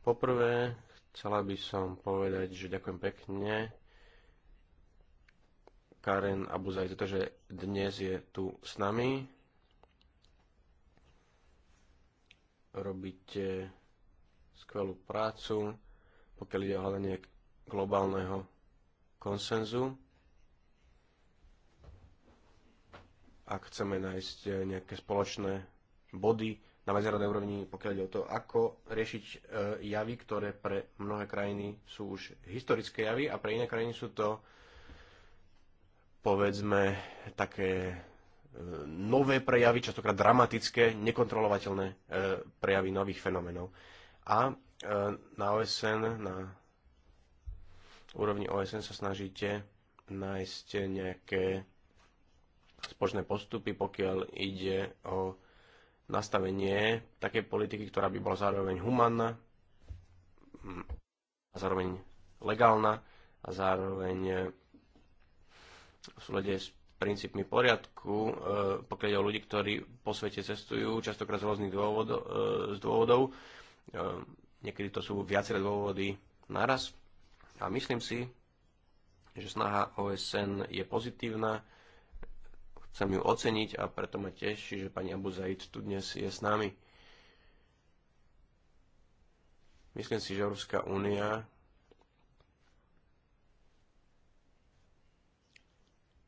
Poprvé, chcela by som povedať, že ďakujem pekne Karen Abuzaj za to, že dnes je tu s nami. Robíte skvelú prácu, pokiaľ ide o hľadanie globálneho konsenzu. Ak chceme nájsť nejaké spoločné body na medzinárodnej úrovni, pokiaľ ide o to, ako riešiť e, javy, ktoré pre mnohé krajiny sú už historické javy a pre iné krajiny sú to povedzme také e, nové prejavy, častokrát dramatické, nekontrolovateľné e, prejavy nových fenomenov. A na OSN, na úrovni OSN sa snažíte nájsť nejaké spoločné postupy, pokiaľ ide o nastavenie takej politiky, ktorá by bola zároveň humanná a zároveň legálna a zároveň e, v súlede s princípmi poriadku, e, pokiaľ ide o ľudí, ktorí po svete cestujú, častokrát z rôznych dôvodov, e, z dôvodov. Niekedy to sú viaceré dôvody naraz. A myslím si, že snaha OSN je pozitívna Chcem ju oceniť a preto ma teší, že pani Abu Zaid tu dnes je s nami. Myslím si, že Európska únia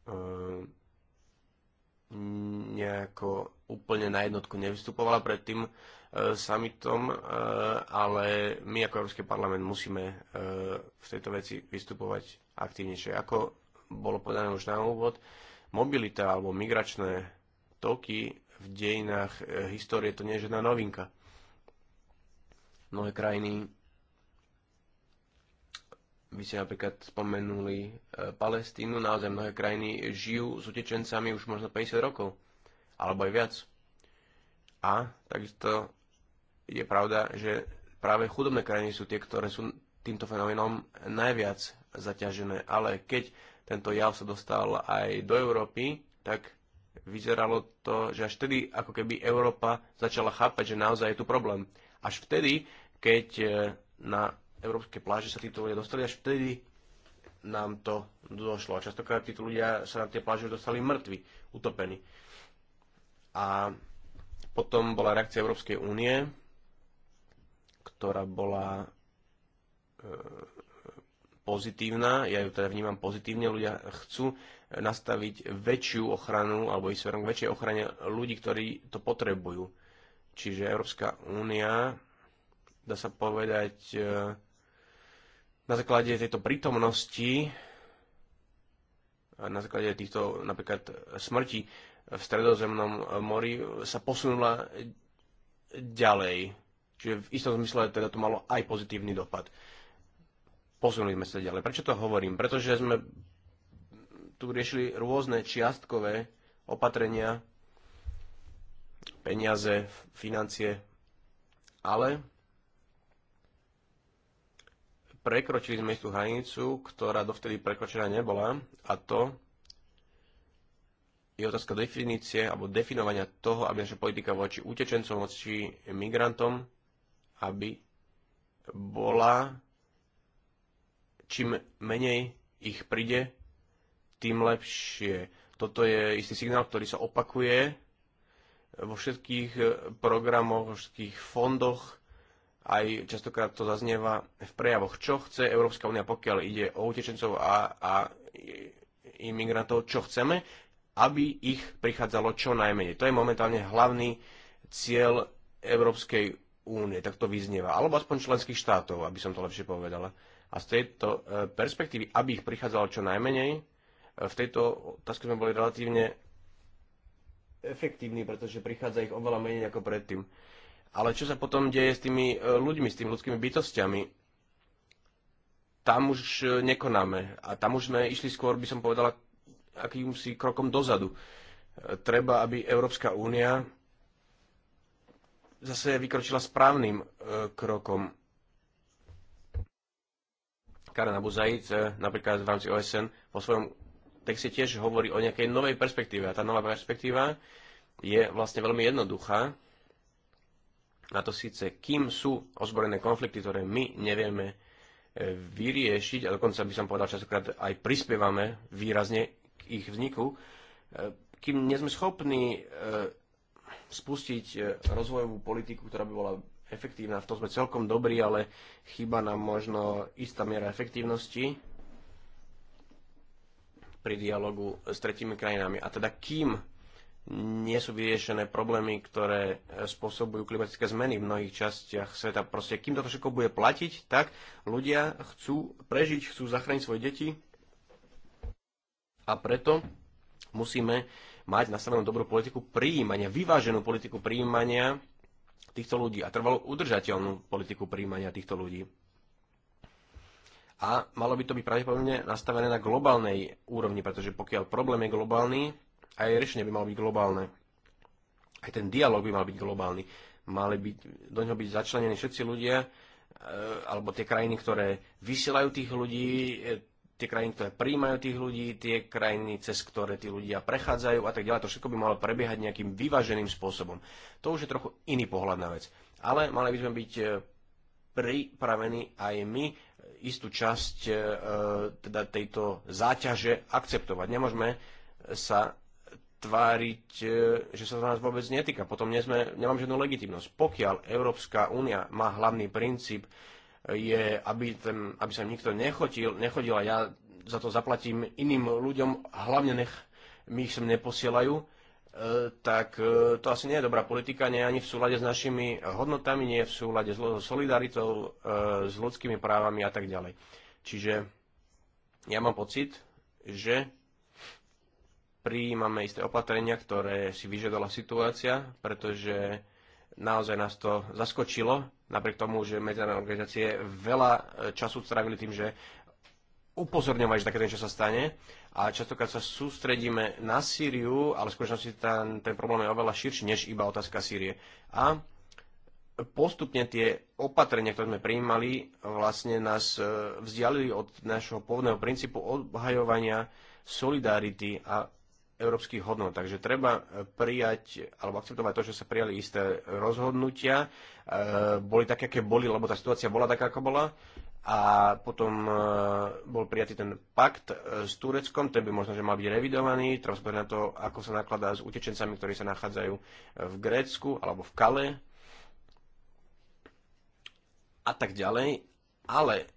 ehm, nejako úplne na jednotku nevystupovala pred tým e, summitom, e, ale my ako Európsky parlament musíme e, v tejto veci vystupovať aktívnejšie. Ako bolo povedané už na úvod, Mobilita alebo migračné toky v dejinách e, histórie to nie je žiadna novinka. Mnohé krajiny, by ste napríklad spomenuli e, Palestínu, naozaj mnohé krajiny žijú s utečencami už možno 50 rokov, alebo aj viac. A takisto je pravda, že práve chudobné krajiny sú tie, ktoré sú týmto fenoménom najviac zaťažené. Ale keď tento jav sa dostal aj do Európy, tak vyzeralo to, že až vtedy ako keby Európa začala chápať, že naozaj je tu problém. Až vtedy, keď e, na európske pláže sa títo ľudia dostali, až vtedy nám to došlo. A častokrát títo ľudia sa na tie pláže dostali mŕtvi, utopení. A potom bola reakcia Európskej únie, ktorá bola e, pozitívna, ja ju teda vnímam pozitívne, ľudia chcú nastaviť väčšiu ochranu alebo ísť k väčšej ochrane ľudí, ktorí to potrebujú. Čiže Európska únia, dá sa povedať, e, na základe tejto prítomnosti, na základe týchto napríklad smrti v stredozemnom mori sa posunula ďalej. Čiže v istom zmysle teda to malo aj pozitívny dopad posunujme sme sa ďalej. Prečo to hovorím? Pretože sme tu riešili rôzne čiastkové opatrenia, peniaze, financie, ale prekročili sme tú hranicu, ktorá dovtedy prekročená nebola a to je otázka definície alebo definovania toho, aby naša politika voči utečencom, voči migrantom, aby bola čím menej ich príde, tým lepšie. Toto je istý signál, ktorý sa opakuje vo všetkých eh, programoch, vo všetkých fondoch, aj častokrát to zaznieva v prejavoch, čo chce Európska únia, pokiaľ ide o utečencov a, a imigrantov, čo chceme, aby ich prichádzalo čo najmenej. To je momentálne hlavný cieľ Európskej únie, tak to vyznieva. Alebo aspoň členských štátov, aby som to lepšie povedala. A z tejto e, perspektívy, aby ich prichádzalo čo najmenej, e, v tejto otázke sme boli relatívne efektívni, pretože prichádza ich oveľa menej ako predtým. Ale čo sa potom deje s tými e, ľuďmi, s tými ľudskými bytostiami? Tam už nekonáme. A tam už sme išli skôr, by som povedala, akýmsi krokom dozadu. Treba, aby Európska únia zase vykročila správnym krokom Karen Abu Zaid eh, napríklad v rámci OSN vo svojom texte tiež hovorí o nejakej novej perspektíve. A tá nová perspektíva je vlastne veľmi jednoduchá. A to síce, kým sú ozbrojené konflikty, ktoré my nevieme eh, vyriešiť, a dokonca by som povedal častokrát aj prispievame výrazne k ich vzniku, eh, kým nie sme schopní spustiť rozvojovú politiku, ktorá by bola efektívna. V tom sme celkom dobrí, ale chýba nám možno istá miera efektívnosti pri dialogu s tretími krajinami. A teda kým nie sú vyriešené problémy, ktoré spôsobujú klimatické zmeny v mnohých častiach sveta. Proste kým toto všetko bude platiť, tak ľudia chcú prežiť, chcú zachrániť svoje deti a preto musíme mať nastavenú dobrú politiku príjmania, vyváženú politiku príjmania týchto ľudí a trvalú udržateľnú politiku príjmania týchto ľudí. A malo by to byť pravdepodobne nastavené na globálnej úrovni, pretože pokiaľ problém je globálny, aj riešenie by malo byť globálne. Aj ten dialog by mal byť globálny. Mali by do ňoho byť začlenení všetci ľudia, e, alebo tie krajiny, ktoré vysielajú tých ľudí, e, tie krajiny, ktoré príjmajú tých ľudí, tie krajiny, cez ktoré tí ľudia prechádzajú a tak ďalej. To všetko by malo prebiehať nejakým vyváženým spôsobom. To už je trochu iný pohľad na vec. Ale mali by sme byť e, pripravení aj my e, istú časť e, teda tejto záťaže akceptovať. Nemôžeme sa tváriť, že sa to nás vôbec netýka. Potom nie sme, nemám žiadnu legitimnosť. Pokiaľ Európska únia má hlavný princíp, je, aby, ten, aby sa nikto nechodil, nechodil a ja za to zaplatím iným ľuďom, hlavne nech mi ich sem neposielajú, e, tak e, to asi nie je dobrá politika, nie je ani v súlade s našimi hodnotami, nie je v súlade s solidaritou, e, s ľudskými právami a tak ďalej. Čiže ja mám pocit, že prijímame isté opatrenia, ktoré si vyžadala situácia, pretože naozaj nás to zaskočilo napriek tomu, že medzinárodné organizácie veľa e, času strávili tým, že upozorňovať, že takéto niečo sa stane a častokrát sa sústredíme na Sýriu, ale v skutočnosti ten, ten problém je oveľa širší než iba otázka Sýrie. A postupne tie opatrenia, ktoré sme prijímali, vlastne nás e, vzdialili od našho pôvodného princípu obhajovania solidarity a európskych hodnot. Takže treba e, prijať alebo akceptovať to, že sa prijali isté rozhodnutia. E, boli také, aké boli, lebo tá situácia bola taká, ako bola. A potom e, bol prijatý ten pakt s Tureckom, ten by možno, že mal byť revidovaný. Treba sa na to, ako sa nakladá s utečencami, ktorí sa nachádzajú v Grécku alebo v Kale a tak ďalej. Ale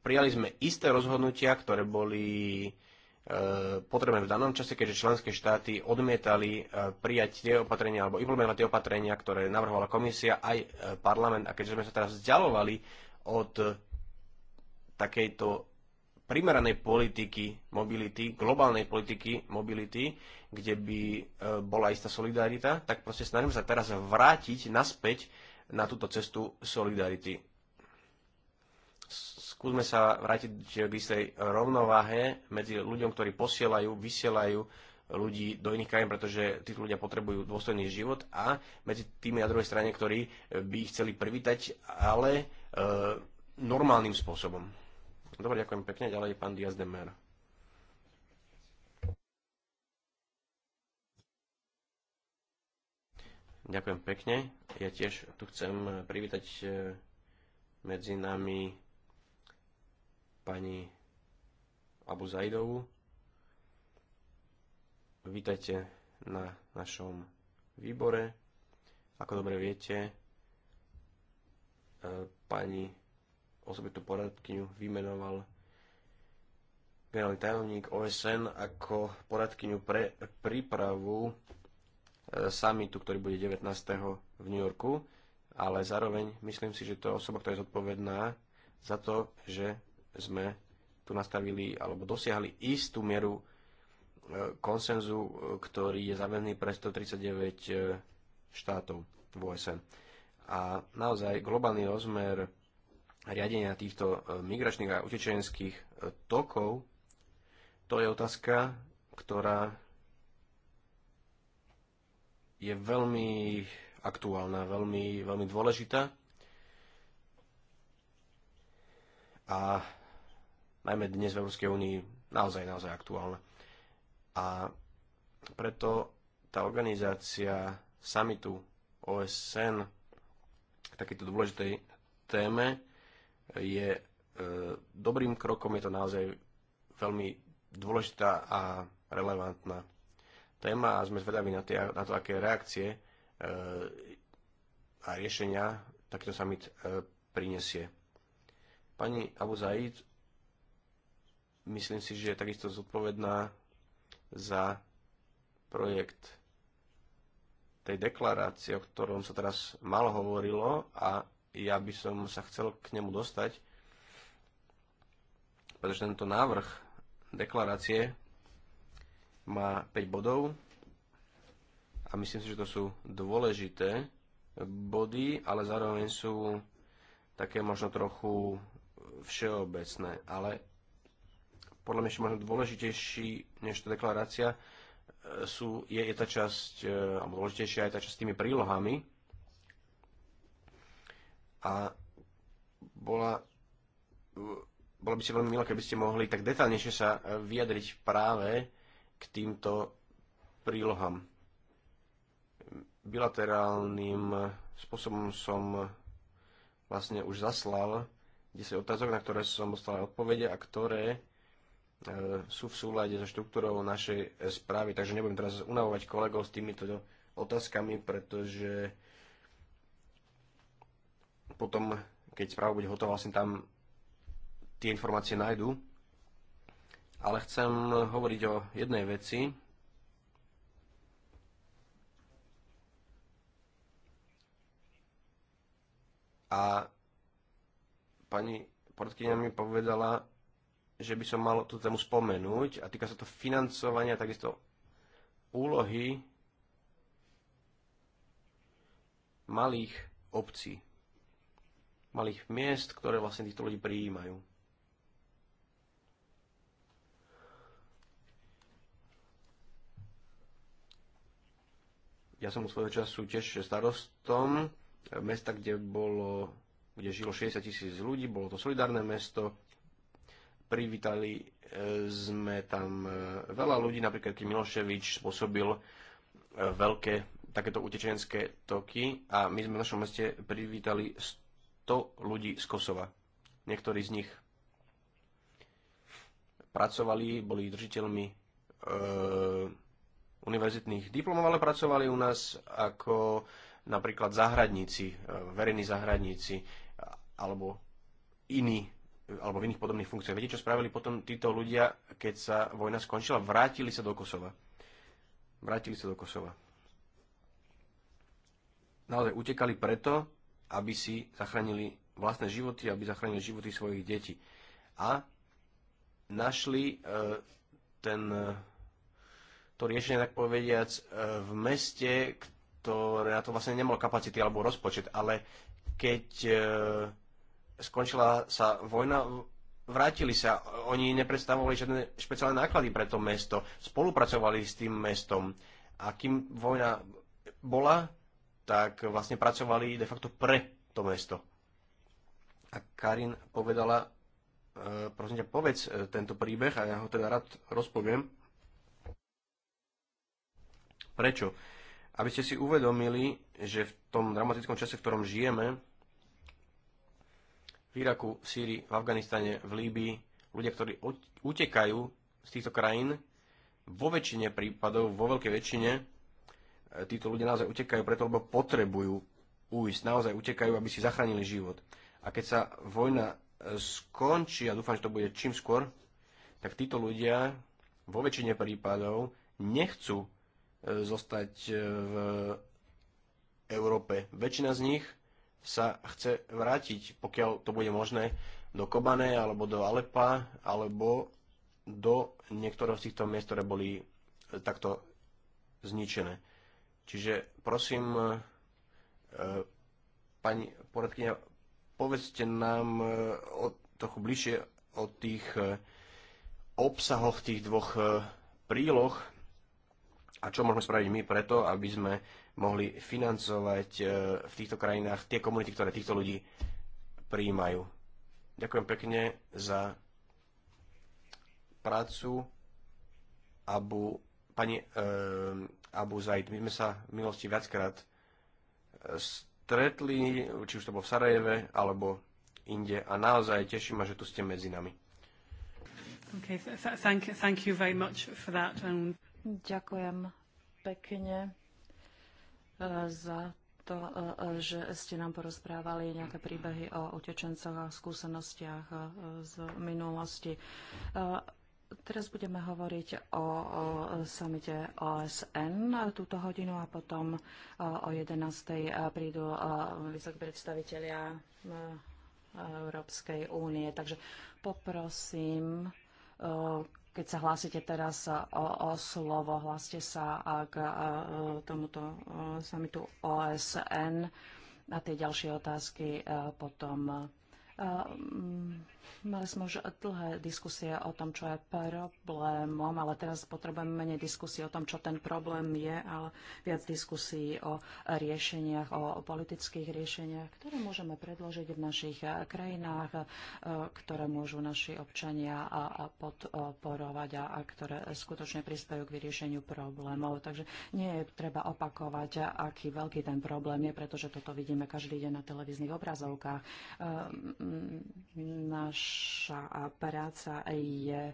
prijali sme isté rozhodnutia, ktoré boli potrebné v danom čase, keďže členské štáty odmietali e, prijať tie opatrenia alebo implementovať tie opatrenia, ktoré navrhovala komisia aj e, parlament. A keďže sme sa teraz vzdialovali od takejto primeranej politiky mobility, globálnej politiky mobility, kde by e, bola istá solidarita, tak proste snažím sa teraz vrátiť naspäť na túto cestu solidarity skúsme sa vrátiť k istej rovnováhe medzi ľuďom, ktorí posielajú, vysielajú ľudí do iných krajín, pretože títo ľudia potrebujú dôstojný život a medzi tými na druhej strane, ktorí by ich chceli privítať, ale e, normálnym spôsobom. Dobre, ďakujem pekne. Ďalej pán Diaz de Mer. Ďakujem pekne. Ja tiež tu chcem privítať e, medzi nami pani Abu Zajdovu. Vítajte na našom výbore. Ako dobre viete, e, pani osobitnú poradkyňu vymenoval generálny tajomník OSN ako poradkyňu pre prípravu e, samitu, ktorý bude 19. v New Yorku, ale zároveň myslím si, že to je osoba, ktorá je zodpovedná za to, že sme tu nastavili alebo dosiahli istú mieru e, konsenzu, e, ktorý je zavený pre 139 e, štátov v OSN. A naozaj globálny rozmer riadenia týchto migračných a utečenských tokov, to je otázka, ktorá je veľmi aktuálna, veľmi, veľmi dôležitá. A najmä dnes v Európskej únii naozaj, naozaj aktuálne. A preto tá organizácia samitu OSN k takejto dôležitej téme je e, dobrým krokom, je to naozaj veľmi dôležitá a relevantná téma a sme zvedaví na, tie, na to, aké reakcie e, a riešenia takýto summit e, prinesie. Pani Abu Zaid myslím si, že je takisto zodpovedná za projekt tej deklarácie, o ktorom sa teraz malo hovorilo a ja by som sa chcel k nemu dostať, pretože tento návrh deklarácie má 5 bodov a myslím si, že to sú dôležité body, ale zároveň sú také možno trochu všeobecné. Ale podľa mňa ešte možno dôležitejší než tá deklarácia, e, sú, je, je tá časť, e, alebo dôležitejšia je tá časť s tými prílohami. A bola, bola by si veľmi milá, keby ste mohli tak detálnejšie sa e, vyjadriť práve k týmto prílohám. Bilaterálnym spôsobom som vlastne už zaslal 10 otázok, na ktoré som dostal odpovede a ktoré E, sú v súlade so štruktúrou našej správy, takže nebudem teraz unavovať kolegov s týmito otázkami, pretože potom, keď správa bude hotová, vlastne tam tie informácie nájdú. Ale chcem hovoriť o jednej veci. A pani portkynia mi povedala, že by som mal tú tému spomenúť a týka sa to financovania, takisto úlohy malých obcí, malých miest, ktoré vlastne týchto ľudí prijímajú. Ja som svojho času tiež starostom mesta, kde bolo kde žilo 60 tisíc ľudí, bolo to solidárne mesto, privítali e, sme tam e, veľa ľudí, napríklad keď Miloševič spôsobil e, veľké takéto utečenské toky a my sme v našom meste privítali 100 ľudí z Kosova. Niektorí z nich pracovali, boli držiteľmi e, univerzitných diplomov, ale pracovali u nás ako napríklad záhradníci, e, verejní záhradníci alebo iní alebo v iných podobných funkciách. Viete, čo spravili potom títo ľudia, keď sa vojna skončila? Vrátili sa do Kosova. Vrátili sa do Kosova. Naozaj utekali preto, aby si zachránili vlastné životy, aby zachránili životy svojich detí. A našli e, ten, e, to riešenie, tak povediac, e, v meste, ktoré na to vlastne nemalo kapacity alebo rozpočet, ale keď e, skončila sa vojna, vrátili sa. Oni nepredstavovali žiadne špeciálne náklady pre to mesto. Spolupracovali s tým mestom. A kým vojna bola, tak vlastne pracovali de facto pre to mesto. A Karin povedala, e, prosím ťa, povedz e, tento príbeh a ja ho teda rád rozpoviem. Prečo? Aby ste si uvedomili, že v tom dramatickom čase, v ktorom žijeme, v Iraku, v Sýrii, v Afganistane, v Líbii, ľudia, ktorí utekajú z týchto krajín, vo väčšine prípadov, vo veľkej väčšine, e, títo ľudia naozaj utekajú preto, lebo potrebujú újsť, naozaj utekajú, aby si zachránili život. A keď sa vojna e, skončí, a dúfam, že to bude čím skôr, tak títo ľudia vo väčšine prípadov nechcú e, zostať v Európe. Väčšina z nich sa chce vrátiť, pokiaľ to bude možné, do Kobane alebo do Alepa alebo do niektorého z týchto miest, ktoré boli eh, takto zničené. Čiže prosím, eh, pani poradkynia, povedzte nám eh, o, trochu bližšie o tých obsahoch tých dvoch príloh a čo môžeme spraviť my preto, aby sme mohli financovať e, v týchto krajinách tie komunity, ktoré týchto ľudí prijímajú. Ďakujem pekne za prácu Abu, pani e, Abu Zaid. My sme sa v minulosti viackrát e, stretli, či už to bolo v Sarajeve, alebo inde. A naozaj teším ma, že tu ste medzi nami. Okay, thank, thank you very much for that. Um. Ďakujem pekne za to, e, e, že ste nám porozprávali nejaké príbehy o utečencoch a skúsenostiach e, z minulosti. Teraz budeme hovoriť o, samite OSN túto hodinu a potom o 11.00 prídu vysokí predstavitelia Európskej únie. Takže poprosím keď sa hlásite teraz e, o, o slovo, hláste sa k e, tomuto e, samitu OSN a tie ďalšie otázky potom. Mali sme už dlhé diskusie o tom, čo je problémom, ale teraz potrebujeme menej diskusie o tom, čo ten problém je, ale viac diskusí o riešeniach, o politických riešeniach, ktoré môžeme predložiť v našich krajinách, e, ktoré môžu naši občania podporovať a ktoré skutočne prispajú k vyriešeniu problémov. Takže nie je treba opakovať, aký veľký ten problém je, pretože toto vidíme každý deň na televíznych obrazovkách. E, Naš naša práca je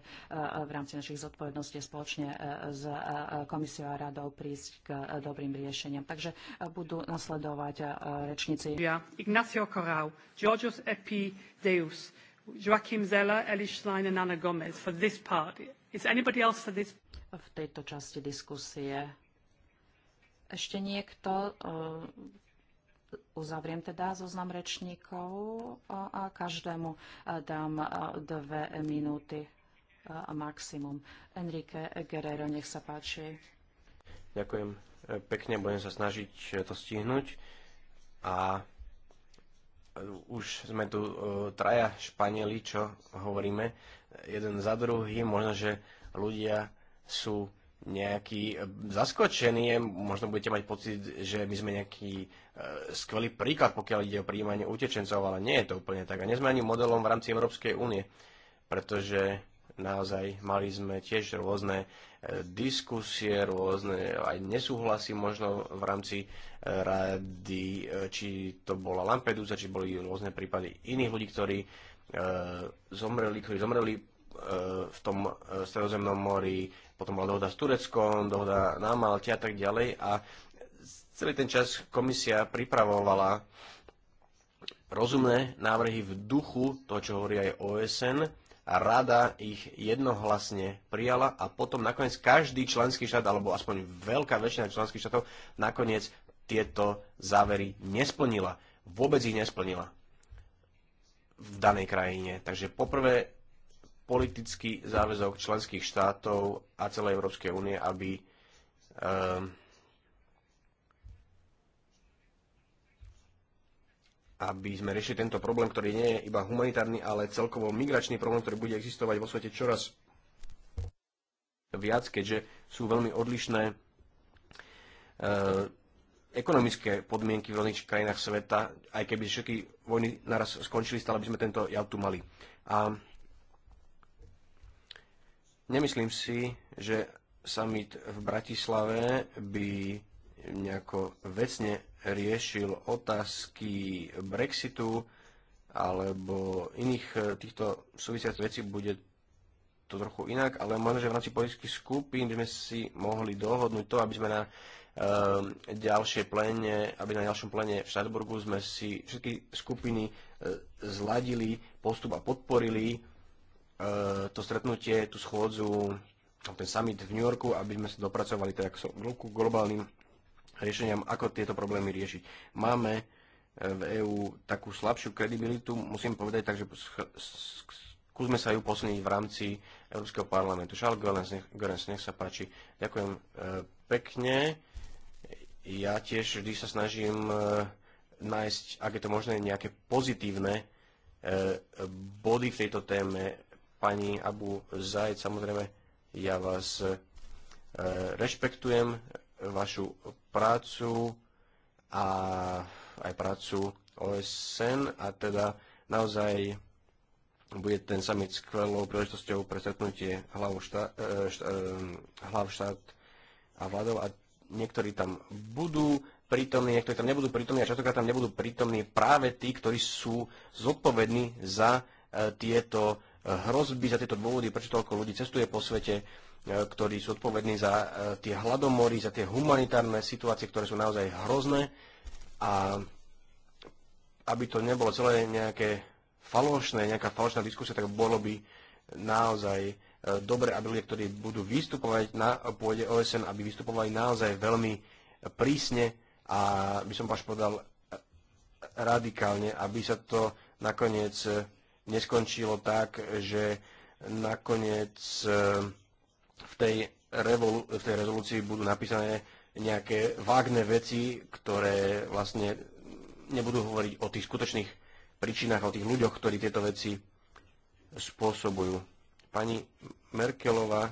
v rámci našich zodpovedností spoločne s komisiou a radou prísť k dobrým riešeniam. Takže budú nasledovať rečníci. Ignacio Corau, Georgios Epi Deus, Joachim Zeller, Eli Schlein and Anna Gomez for this part. Is anybody else for this? V tejto časti diskusie ešte niekto uzavriem teda zoznam rečníkov a každému e, dám e, dve minúty e, maximum. Enrique Guerrero, nech sa páči. Ďakujem pekne, budem sa snažiť to stihnúť. A už sme tu traja Španieli, čo hovoríme, jeden za druhým, možno, že ľudia sú nejaký e, zaskočený, možno budete mať pocit, že my sme nejaký e, skvelý príklad, pokiaľ ide o príjmanie utečencov, ale nie je to úplne tak. A nezme sme ani modelom v rámci Európskej únie, pretože naozaj mali sme tiež rôzne e, diskusie, rôzne aj nesúhlasy možno v rámci rady, či to bola Lampedusa, či boli rôzne prípady iných ľudí, ktorí zomreli, ktorí zomreli v tom stredozemnom mori, potom bola dohoda s Tureckom, dohoda na Malte a tak ďalej a celý ten čas komisia pripravovala rozumné návrhy v duchu toho, čo hovorí aj OSN a rada ich jednohlasne prijala a potom nakoniec každý členský štát, alebo aspoň veľká väčšina členských štátov, nakoniec tieto závery nesplnila. Vôbec ich nesplnila v danej krajine. Takže poprvé politický záväzok členských štátov a celej Európskej únie, aby ehm, aby sme riešili tento problém, ktorý nie je iba humanitárny, ale celkovo migračný problém, ktorý bude existovať vo svete čoraz viac, keďže sú veľmi odlišné e, ekonomické podmienky v rôznych krajinách sveta. Aj keby všetky vojny naraz skončili, stále by sme tento jav tu mali. A Nemyslím si, že summit v Bratislave by nejako vecne riešil otázky Brexitu alebo iných eh, týchto súvisiacich vecí. Bude to trochu inak, ale možno, že v rámci politických skupín by sme si mohli dohodnúť to, aby sme na eh, ďalšie plene, aby na ďalšom plene v Štrasburgu sme si všetky skupiny eh, zladili postup a podporili E, to stretnutie, tú schôdzu, ten summit v New Yorku, aby sme sa dopracovali teda k globálnym riešeniam, ako tieto problémy riešiť. Máme e, v EÚ takú slabšiu kredibilitu, musím povedať, takže skúsme sa ju posunúť v rámci Európskeho parlamentu. Charles Görens, nech, Görens, nech sa páči. Ďakujem e, pekne. Ja tiež vždy sa snažím nájsť, ak je to možné, nejaké pozitívne body v tejto téme Pani Abu Zaid, samozrejme, ja vás e, rešpektujem, vašu prácu a aj prácu OSN a teda naozaj bude ten summit skvelou príležitosťou pre stretnutie hlav, štát, e, štát, e, hlav štát a vládov a niektorí tam budú prítomní, niektorí tam nebudú prítomní a častokrát tam nebudú prítomní práve tí, ktorí sú zodpovední za tieto hrozby, za tieto dôvody, prečo toľko ľudí cestuje po svete, e, ktorí sú odpovední za e, tie hladomory, za tie humanitárne situácie, ktoré sú naozaj hrozné a aby to nebolo celé nejaké falošné, nejaká falošná diskusia, tak bolo by naozaj e, dobre, aby ľudia, ktorí budú vystupovať na pôde OSN, aby vystupovali naozaj veľmi prísne a by som až povedal radikálne, aby sa to nakoniec neskončilo tak, že nakoniec eh, v tej, revolu- v tej rezolúcii budú napísané nejaké vágne veci, ktoré vlastne nebudú hovoriť o tých skutočných príčinách, o tých ľuďoch, ktorí tieto veci spôsobujú. Pani Merkelová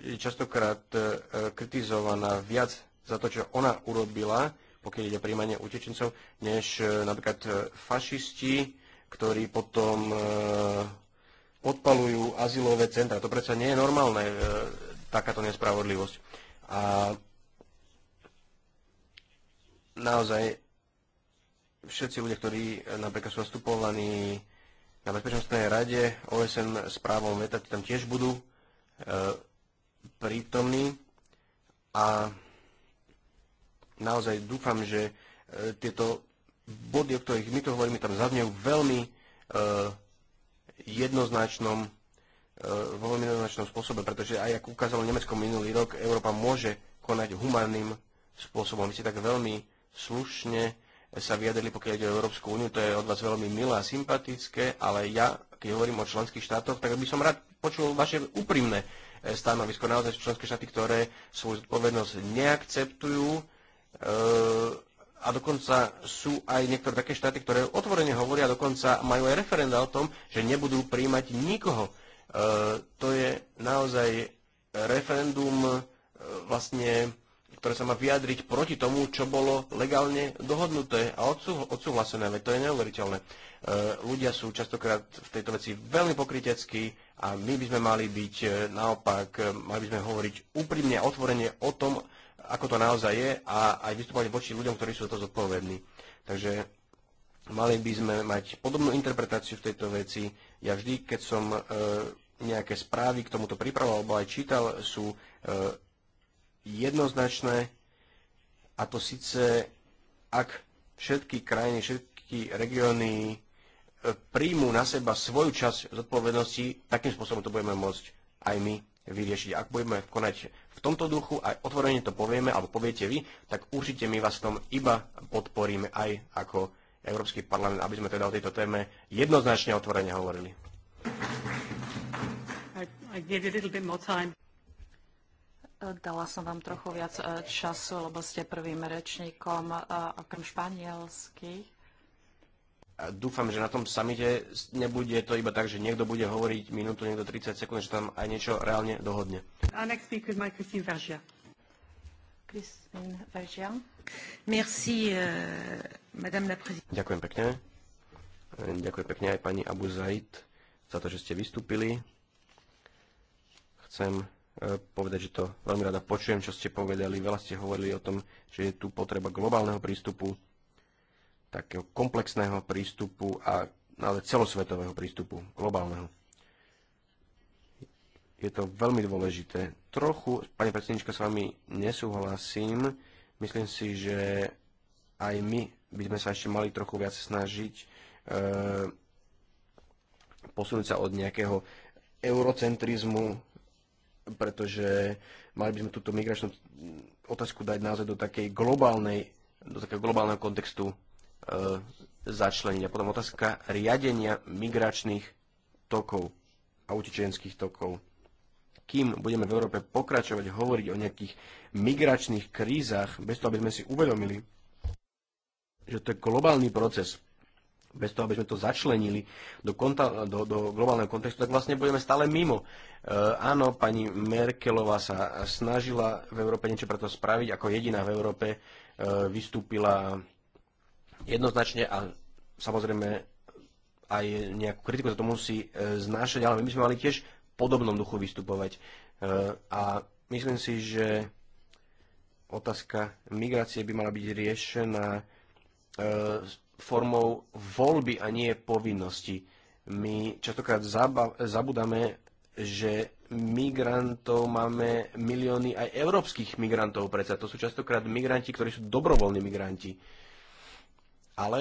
je častokrát eh, kritizovaná viac za to, čo ona urobila, pokiaľ ide o príjmanie utečencov, než eh, napríklad fašisti, ktorí potom podpalujú e, azylové centra. To predsa nie je normálne, e, takáto nespravodlivosť. A naozaj všetci ľudia, ktorí e, napríklad sú zastupovaní na Bezpečnostnej rade OSN s právom veta, tam tiež budú prítomní a naozaj dúfam, že tieto body, o ktorých my to hovoríme, tam zaznejú veľmi e, jednoznačnom vo e, veľmi jednoznačnom spôsobe, pretože aj ako ukázalo Nemecko minulý rok, Európa môže konať humánnym spôsobom. Vy ste tak veľmi slušne sa vyjadrili, pokiaľ ide o Európsku úniu, to je od vás veľmi milé a sympatické, ale ja, keď hovorím o členských štátoch, tak by som rád počul vaše úprimné e, stanovisko. Naozaj členské štáty, ktoré svoju zodpovednosť neakceptujú, a dokonca sú aj niektoré také štáty, ktoré otvorene hovoria, a dokonca majú aj referenda o tom, že nebudú príjmať nikoho. E, to je naozaj referendum e, vlastne ktoré sa má vyjadriť proti tomu, čo bolo legálne dohodnuté a odsúhlasené. Veď to je neuveriteľné. E, ľudia sú častokrát v tejto veci veľmi pokriteckí a my by sme mali byť e, naopak, e, mali by sme hovoriť úprimne a otvorene o tom, ako to naozaj je a aj vystupovanie voči ľuďom, ktorí sú za to zodpovední. Takže mali by sme mať podobnú interpretáciu v tejto veci. Ja vždy, keď som e, nejaké správy k tomuto pripravoval alebo aj čítal, sú e, jednoznačné a to síce, ak všetky krajiny, všetky regióny e, príjmú na seba svoju časť zodpovednosti, takým spôsobom to budeme môcť aj my vyriešiť. Ak budeme konať v tomto duchu a otvorene to povieme, alebo poviete vy, tak určite my vás v tom iba podporíme aj ako Európsky parlament, aby sme teda o tejto téme jednoznačne otvorene hovorili. I, I Dala som vám trochu viac eh, času, lebo ste prvým rečníkom eh, okrem španielských. A dúfam, že na tom samite nebude to iba tak, že niekto bude hovoriť minútu, niekto 30 sekúnd, že tam aj niečo reálne dohodne. Our next speaker is Christine Vergia. Christine Vergia. Merci, uh, madame la présidente. Ďakujem pekne. Ďakujem pekne aj pani Abu Zaid za to, že ste vystúpili. Chcem e, povedať, že to veľmi rada počujem, čo ste povedali. Veľa ste hovorili o tom, že je tu potreba globálneho prístupu takého komplexného prístupu a ale celosvetového prístupu, globálneho. Je to veľmi dôležité. Trochu, pani predsednička, s vami nesúhlasím. Myslím si, že aj my by sme sa ešte mali trochu viac snažiť e, posunúť sa od nejakého eurocentrizmu, pretože mali by sme túto migračnú otázku dať naozaj do takej globálnej, do takého globálneho kontextu E, začleniť. A potom otázka riadenia migračných tokov a utečenských tokov. Kým budeme v Európe pokračovať hovoriť o nejakých migračných krízach, bez toho, aby sme si uvedomili, že to je globálny proces, bez toho, aby sme to začlenili do, konta, do, do globálneho kontextu, tak vlastne budeme stále mimo. E, áno, pani Merkelová sa snažila v Európe niečo preto spraviť, ako jediná v Európe e, vystúpila jednoznačne a samozrejme aj nejakú kritiku za to musí e, znášať, ale my by sme mali tiež v podobnom duchu vystupovať. E, a myslím si, že otázka migrácie by mala byť riešená e, formou voľby a nie povinnosti. My častokrát zabudáme, že migrantov máme milióny aj európskych migrantov predsa. To sú častokrát migranti, ktorí sú dobrovoľní migranti ale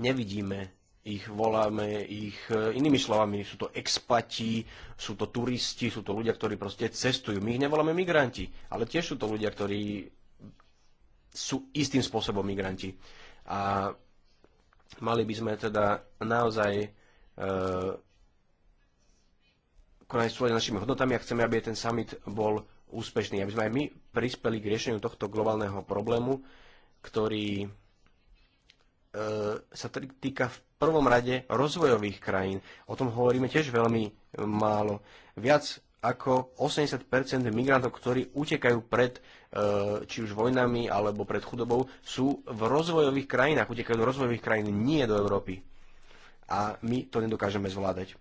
nevidíme ich, voláme ich e, inými slovami, sú to expati, sú to turisti, sú to ľudia, ktorí proste cestujú. My ich nevoláme migranti, ale tiež sú to ľudia, ktorí sú istým spôsobom migranti. A mali by sme teda naozaj e, konať svoje našimi hodnotami a chceme, aby ten summit bol úspešný, aby sme aj my prispeli k riešeniu tohto globálneho problému, ktorý E, sa týka v prvom rade rozvojových krajín. O tom hovoríme tiež veľmi málo. Viac ako 80 migrantov, ktorí utekajú pred e, či už vojnami alebo pred chudobou, sú v rozvojových krajinách, utekajú do rozvojových krajín, nie do Európy. A my to nedokážeme zvládať.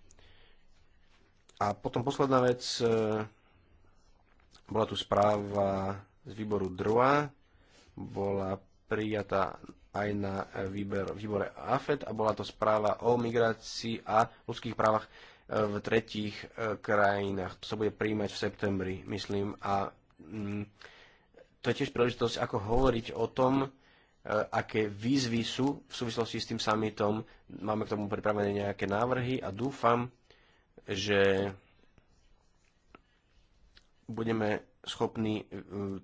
A potom posledná vec, e, bola tu správa z výboru DROA, bola prijatá aj na výber, výbore AFED a bola to správa o migrácii a ľudských právach e, v tretích e, krajinách. To sa bude príjmať v septembri, myslím. A mm, to je tiež príležitosť, ako hovoriť o tom, e, aké výzvy sú v súvislosti s tým summitom. Máme k tomu pripravené nejaké návrhy a dúfam, že budeme schopní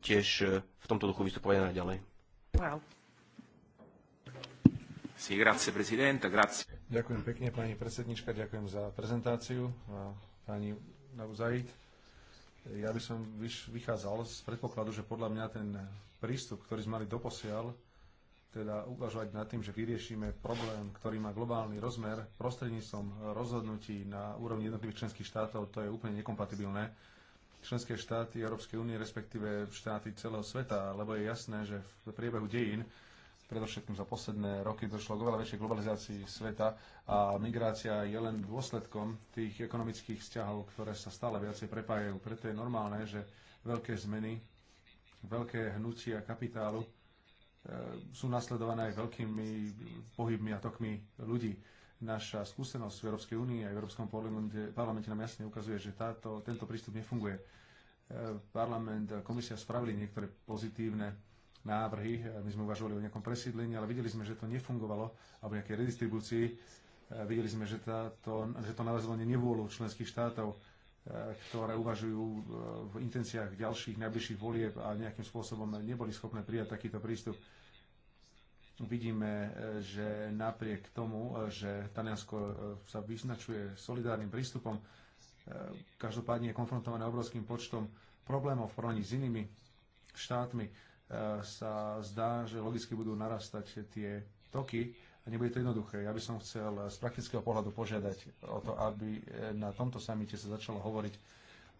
tiež v tomto duchu vystupovať naďalej. Wow. Sì, grazie Presidente, grazie. Ďakujem pekne pani predsednička, ďakujem za prezentáciu a pani Nabuzajit. Ja by som vychádzal z predpokladu, že podľa mňa ten prístup, ktorý sme mali doposiaľ, teda uvažovať nad tým, že vyriešime problém, ktorý má globálny rozmer prostredníctvom rozhodnutí na úrovni jednotlivých členských štátov, to je úplne nekompatibilné. Členské štáty Európskej únie, respektíve štáty celého sveta, lebo je jasné, že v priebehu dejín Predovšetkým za posledné roky došlo k oveľa väčšej globalizácii sveta a migrácia je len dôsledkom tých ekonomických vzťahov, ktoré sa stále viacej prepájajú. Preto je normálne, že veľké zmeny, veľké hnutia kapitálu e, sú nasledované aj veľkými pohybmi a tokmi ľudí. Naša skúsenosť v Európskej únii a Európskom parlamente, parlamente nám jasne ukazuje, že táto, tento prístup nefunguje. E, parlament a komisia spravili niektoré pozitívne návrhy. My sme uvažovali o nejakom presídlení, ale videli sme, že to nefungovalo, alebo nejakej redistribúcii. E, videli sme, že, táto, že to narazilo nevôľu členských štátov, e, ktoré uvažujú e, v intenciách ďalších najbližších volieb a nejakým spôsobom neboli schopné prijať takýto prístup. Vidíme, že napriek tomu, že Taliansko sa vyznačuje solidárnym prístupom, každopádne je konfrontované obrovským počtom problémov v porovnaní s inými štátmi E, sa zdá, že logicky budú narastať tie toky a nebude to jednoduché. Ja by som chcel z praktického pohľadu požiadať o to, aby e, na tomto samite sa začalo hovoriť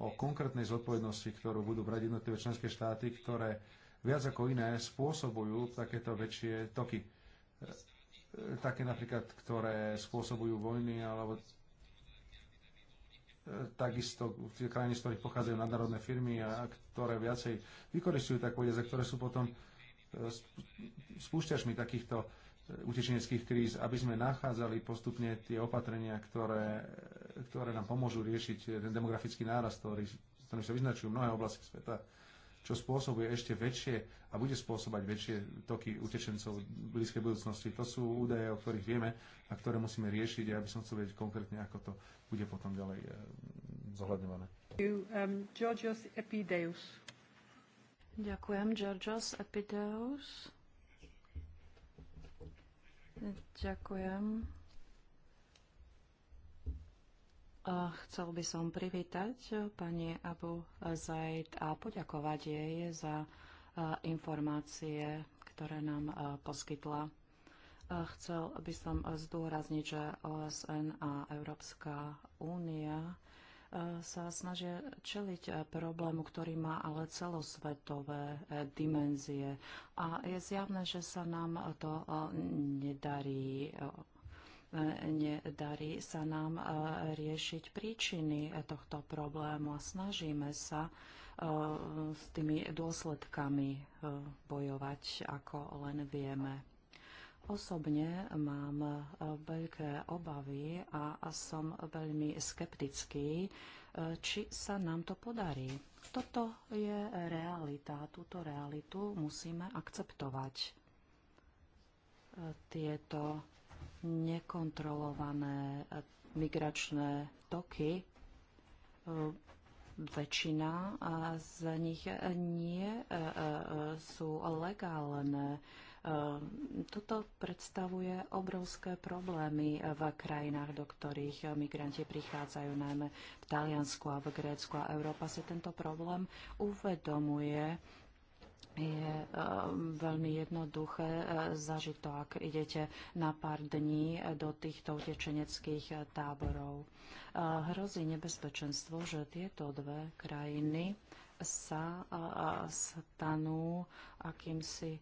o konkrétnej zodpovednosti, ktorú budú brať jednotlivé členské štáty, ktoré viac ako iné spôsobujú takéto väčšie toky. E, také napríklad, ktoré spôsobujú vojny alebo takisto tých krajiny, z ktorých pochádzajú nadnárodné firmy a ktoré viacej vykoristujú takú a ktoré sú potom e, spúšťačmi takýchto e, utečeneckých kríz, aby sme nachádzali postupne tie opatrenia, ktoré, ktoré nám pomôžu riešiť ten demografický nárast, ktorý, ktorým sa vyznačujú mnohé oblasti sveta čo spôsobuje ešte väčšie a bude spôsobať väčšie toky utečencov v blízkej budúcnosti. To sú údaje, o ktorých vieme a ktoré musíme riešiť. Ja by som chcel vedieť konkrétne, ako to bude potom ďalej eh, zohľadňované. Um, Ďakujem, Georgios Epideus. Ďakujem. Chcel by som privítať eh, pani Abu Zaid a poďakovať jej za eh, informácie, ktoré nám eh, poskytla. Chcel by som zdôrazniť, že OSN a Európska únia sa snažia čeliť problému, ktorý má ale celosvetové dimenzie. A je zjavné, že sa nám to nedarí nedarí sa nám e, riešiť príčiny tohto problému a snažíme sa e, s tými dôsledkami e, bojovať, ako len vieme. Osobne mám veľké obavy a som veľmi skeptický, či sa nám to podarí. Toto je realita, túto realitu musíme akceptovať. Tieto nekontrolované migračné toky. Väčšina z nich nie e, e, sú legálne. E, toto predstavuje obrovské problémy v krajinách, do ktorých migranti prichádzajú, najmä v Taliansku a v Grécku. A Európa si tento problém uvedomuje je ehm, veľmi jednoduché e, zažiť to, ak idete na pár dní e, do týchto utečeneckých e, táborov. Hrozí nebezpečenstvo, že tieto dve krajiny sa stanú akýmsi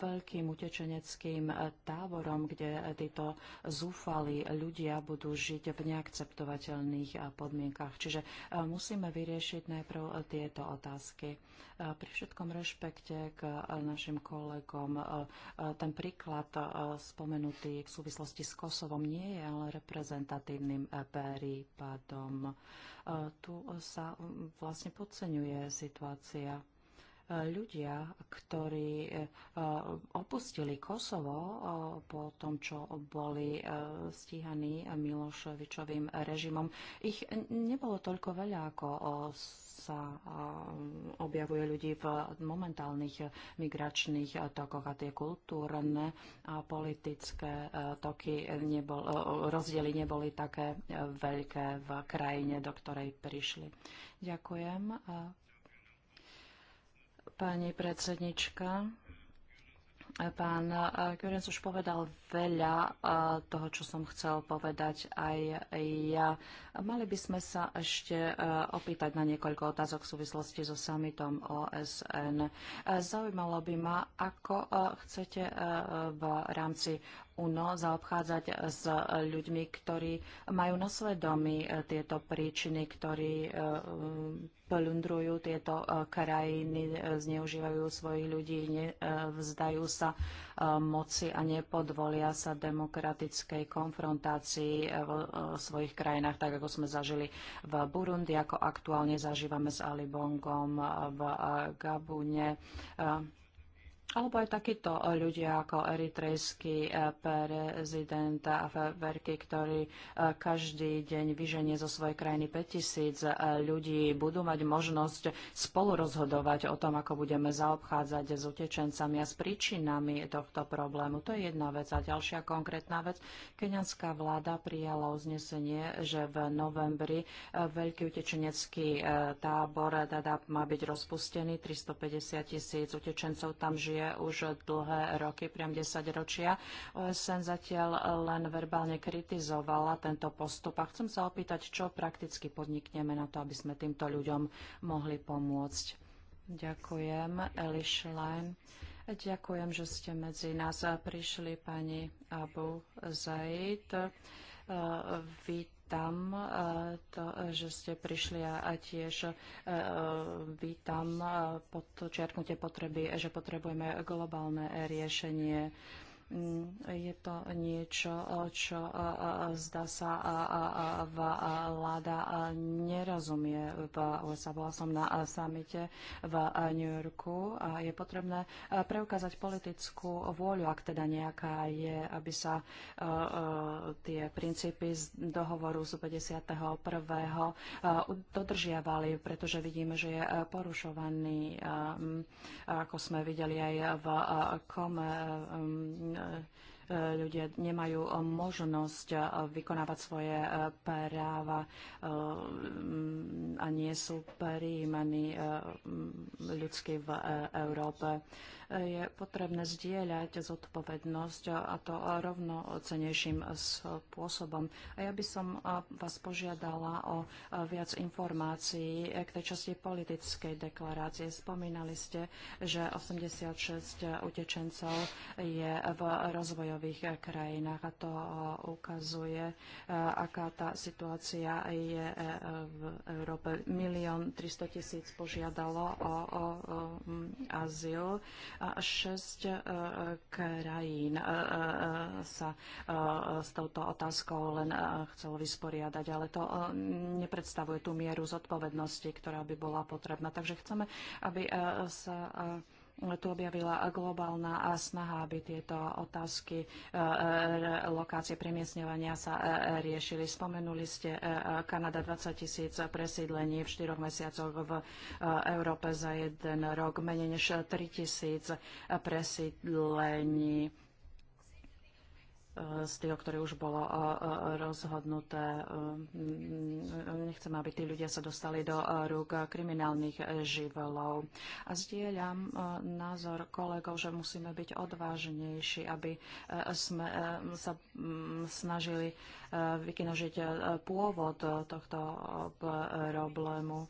veľkým utečeneckým e, táborom, kde e, títo zúfali ľudia budú žiť v neakceptovateľných e, podmienkach. Čiže musíme vyriešiť najprv tieto otázky. Pri všetkom rešpekte k našim kolegom, ten príklad spomenutý v súvislosti s Kosovom nie je ale reprezentatívnym prípadom. Tu sa vlastne podceňuje situácia ľudia, ktorí eh, eh, opustili Kosovo eh, po tom, čo boli stíhaní Miloševičovým režimom, ich nebolo toľko veľa ako sa objavuje ľudí v momentálnych migračných tokoch a tie kultúrne a politické toky nebol, rozdiely neboli také veľké v krajine, do ktorej prišli. Ďakujem pani predsednička. Pán Kurenc eh, už povedal veľa eh, toho, čo som chcel povedať aj ja. Mali by sme sa ešte eh, opýtať na niekoľko otázok v súvislosti so summitom OSN. Zaujímalo by ma, ako chcete v rámci UNO zaobchádzať s ľuďmi, ktorí majú na svedomí e, tieto príčiny, ktorí e, plundrujú tieto e, krajiny, zneužívajú svojich ľudí, vzdajú sa moci a nepodvolia sa demokratickej konfrontácii v svojich krajinách, tak ako sme zažili v Burundi, ako aktuálne zažívame s Alibongom, v Gabune alebo aj takíto ľudia ako eritrejský eh, prezident Verky, ktorý eh, každý deň vyženie zo svojej krajiny 5000 eh, ľudí, budú mať možnosť spolu rozhodovať o tom, ako budeme zaobchádzať s utečencami a s príčinami tohto problému. To je jedna vec. A ďalšia konkrétna vec. Keňanská vláda prijala uznesenie, že v novembri veľký utečenecký tábor teda má byť rozpustený. 350 tisíc utečencov tam žije je už dlhé roky, priam 10 ročia. OSN zatiaľ len verbálne kritizovala tento postup a chcem sa opýtať, čo prakticky podnikneme na to, aby sme týmto ľuďom mohli pomôcť. Ďakujem, Eli Schlein. Ďakujem, že ste medzi nás prišli, pani Abu Zaid. Vítam tam, eh, to, eh, že ste prišli a tiež eh, vítam podčiarknutie potreby, že potrebujeme globálne riešenie je to niečo, čo zdá sa vláda nerozumie. V USA bola som na samite v New Yorku a je potrebné preukázať politickú vôľu, ak teda nejaká je, aby sa tie princípy z dohovoru z 51. dodržiavali, pretože vidíme, že je porušovaný, ako sme videli aj v kome E, ľudia nemajú možnosť e, vykonávať svoje e, práva a nie sú príjmaní ľudsky v Európe je potrebné zdieľať zodpovednosť a to rovnocenejším spôsobom. A ja by som vás požiadala o viac informácií k tej časti politickej deklarácie. Spomínali ste, že 86 utečencov je v rozvojových krajinách a to ukazuje, aká tá situácia je e, v Európe. Milión 300 tisíc požiadalo o, o, o azyl. Šesť e, e, krajín e, sa s touto otázkou len chcelo vysporiadať, ale to nepredstavuje tú mieru zodpovednosti, ktorá by bola potrebná. Takže chceme, aby sa tu objavila globálna snaha, aby tieto otázky e, e, lokácie premiesňovania sa e, riešili. Spomenuli ste Kanada 20 tisíc presídlení v 4 mesiacoch v Európe za jeden rok, menej než 3 tisíc presídlení z tých, ktoré už bolo e, e, rozhodnuté. E, Nechcem, aby tí ľudia sa dostali do rúk kriminálnych živlov. A zdieľam názor kolegov, že musíme byť odvážnejší, aby sme sa snažili vykinožiť pôvod tohto problému.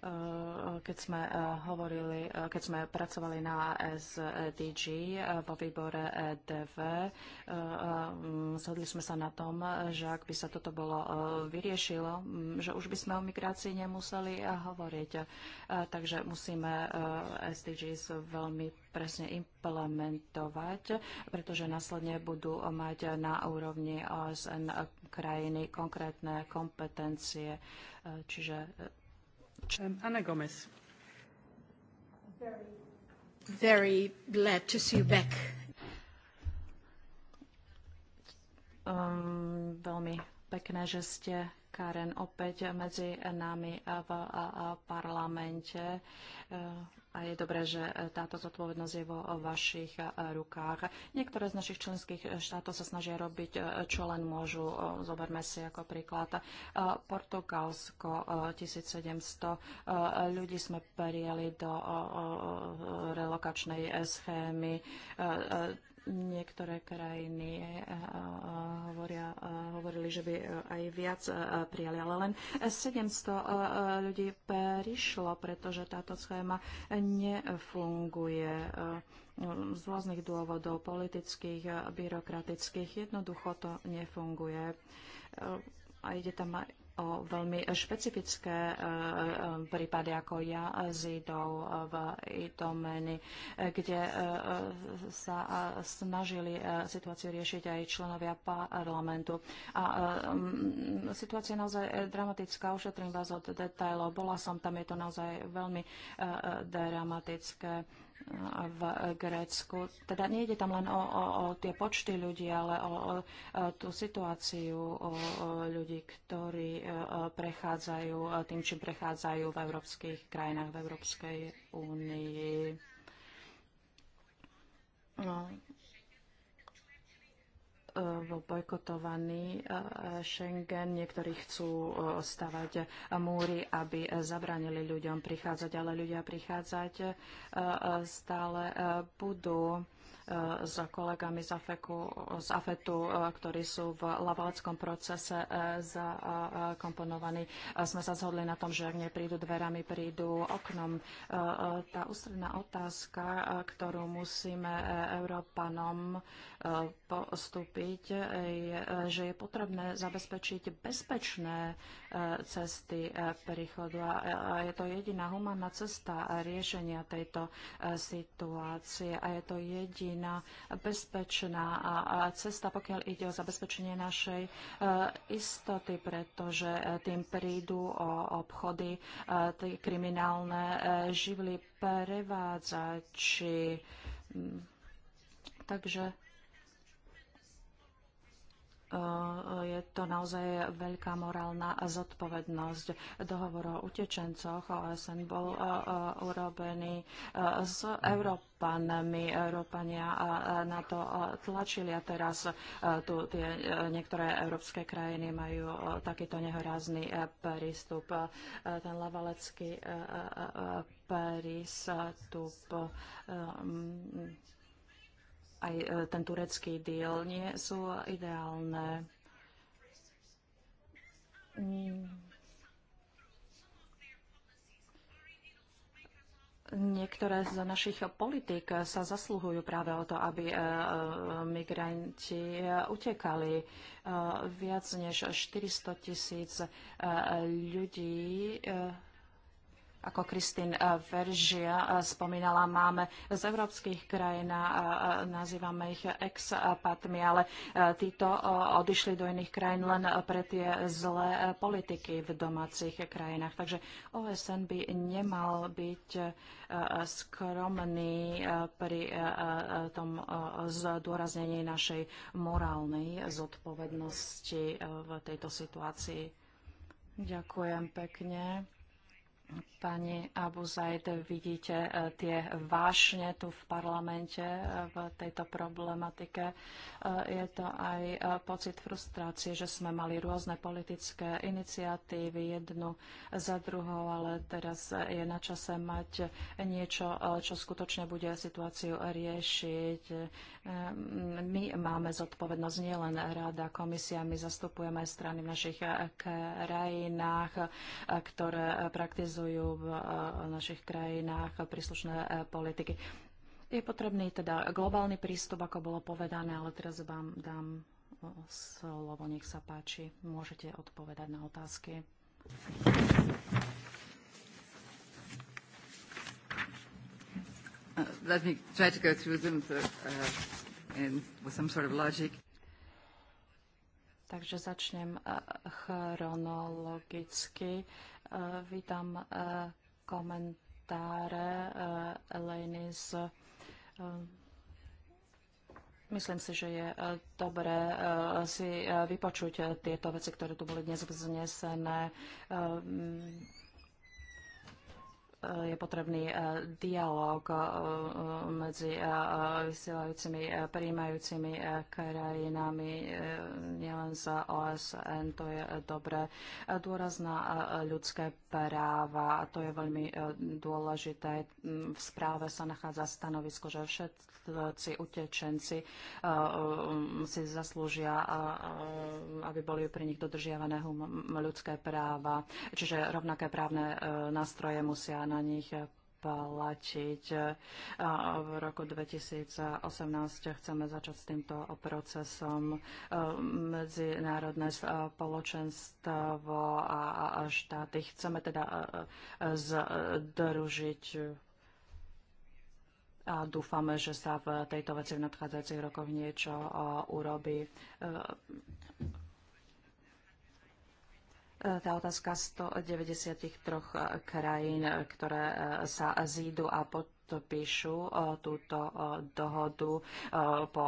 Eh, keď sme eh, hovorili, eh, keď sme pracovali na SDG vo výbore EDV, zhodli sme sa na tom, že ak by sa toto bolo vyriešilo, mm, že už by sme o migrácii nemuseli hovoriť. Takže musíme SDGs veľmi presne implementovať, pretože následne budú mať na úrovni OSN krajiny konkrétne kompetencie. Čiže Um, Anna Gomez. Very, glad to see you back. Um, veľmi pekné, že ste Karen opäť medzi nami v parlamente. Uh, a je dobré, že e, táto zodpovednosť je vo e, vašich e, rukách. Niektoré z našich členských štátov sa snažia robiť, čo len môžu. Zoberme si ako príklad Portugalsko 1700 ľudí sme prijeli do relokačnej schémy. Niektoré krajiny eh, eh, hovoria, eh, hovorili, že by aj viac prijali, ale len 700 ľudí prišlo, pretože táto schéma nefunguje z rôznych dôvodov, politických, byrokratických. Jednoducho to nefunguje a ide tam aj o veľmi špecifické e, e, prípady ako jazidov v Itomeni, kde e, sa snažili situáciu riešiť aj členovia parlamentu. A situácia je naozaj dramatická, ušetrím vás od detailov. Bola som tam, je to naozaj veľmi dramatické v e, Grécku. Teda nejde tam len o, o, o tie počty ľudí, ale o, o e, tú situáciu o, o ľudí, ktorí e, prechádzajú tým, čím prechádzajú v európskych krajinách, v Európskej únii. No bol bojkotovaný e, Schengen. Niektorí chcú e, stavať e, múry, aby zabranili ľuďom prichádzať, ale ľudia prichádzať stále budú s kolegami z, Afeku, z AFETu, e, ktorí sú v lavaleckom procese e, zakomponovaní. E, sme sa zhodli na tom, že ak neprídu dverami, prídu oknom. Tá ústredná otázka, ktorú musíme Európanom postúpiť, je, že je potrebné zabezpečiť bezpečné cesty príchodu. A je to jediná humánna cesta riešenia tejto situácie a je to jediná jediná bezpečná cesta, pokiaľ ide o zabezpečenie našej eh, istoty, pretože eh, tým prídu o obchody, eh, tie kriminálne živly prevádzači. Mm. Takže Eh, je to naozaj veľká morálna zodpovednosť. Dohovor o utečencoch OSN bol eh, eh, urobený s Európanmi. Európania na to tlačili a teraz tu tie niektoré európske krajiny majú takýto nehorázny prístup. Ten lavalecký prístup aj e, ten turecký deal nie sú ideálne. Mm. Niektoré z našich politík sa zasluhujú práve o to, aby e, e, migranti utekali. Viac než 400 tisíc ľudí ako Kristín eh, Veržia eh, spomínala, máme z európskych krajín a eh, nazývame ich expatmi, ale títo odišli do iných krajín len pre tie zlé politiky v domácich krajinách. Takže OSN by nemal byť skromný pri tom zdôraznení našej morálnej zodpovednosti v tejto situácii. Ďakujem pekne. Pani Abu Zaid, vidíte eh, tie vášne tu v parlamente eh, v tejto problematike. Eh, je to aj pocit frustrácie, že sme mali rôzne politické iniciatívy, jednu za druhou, ale teraz je na čase mať niečo, čo skutočne bude situáciu riešiť. Mm, my máme zodpovednosť nielen rada, komisia, my zastupujeme aj strany v našich krajinách, ktoré praktizujú realizujú v našich krajinách príslušné e, politiky. Je potrebný teda globálny prístup, ako bolo povedané, ale teraz vám dám e, slovo, nech sa páči. Môžete odpovedať na otázky. Uh, let me try to go through them to, uh, in, with some sort of logic. Takže začnem uh, chronologicky. Uh, Vítam e, komentáre e, Eleny z e, Myslím si, že je dobré si vypočuť tieto veci, ktoré tu boli dnes vznesené je potrebný e, dialog e, e, medzi vysielajúcimi, príjmajúcimi krajinami nielen za OSN, to je dobré. Dôraz na ľudské práva, to je veľmi dôležité. V správe sa nachádza stanovisko, že všetci utečenci si zaslúžia, aby boli pri nich dodržiavané ľudské práva, čiže rovnaké právne nástroje musia na nich platiť. V roku 2018 chceme začať s týmto procesom medzinárodné spoločenstvo a štáty. Chceme teda e, e, združiť a dúfame, že sa v tejto veci v nadchádzajúcich rokoch niečo e, urobí. E, tá otázka 193 krajín, e, ktoré e, sa zídu a podpíšu túto dohodu po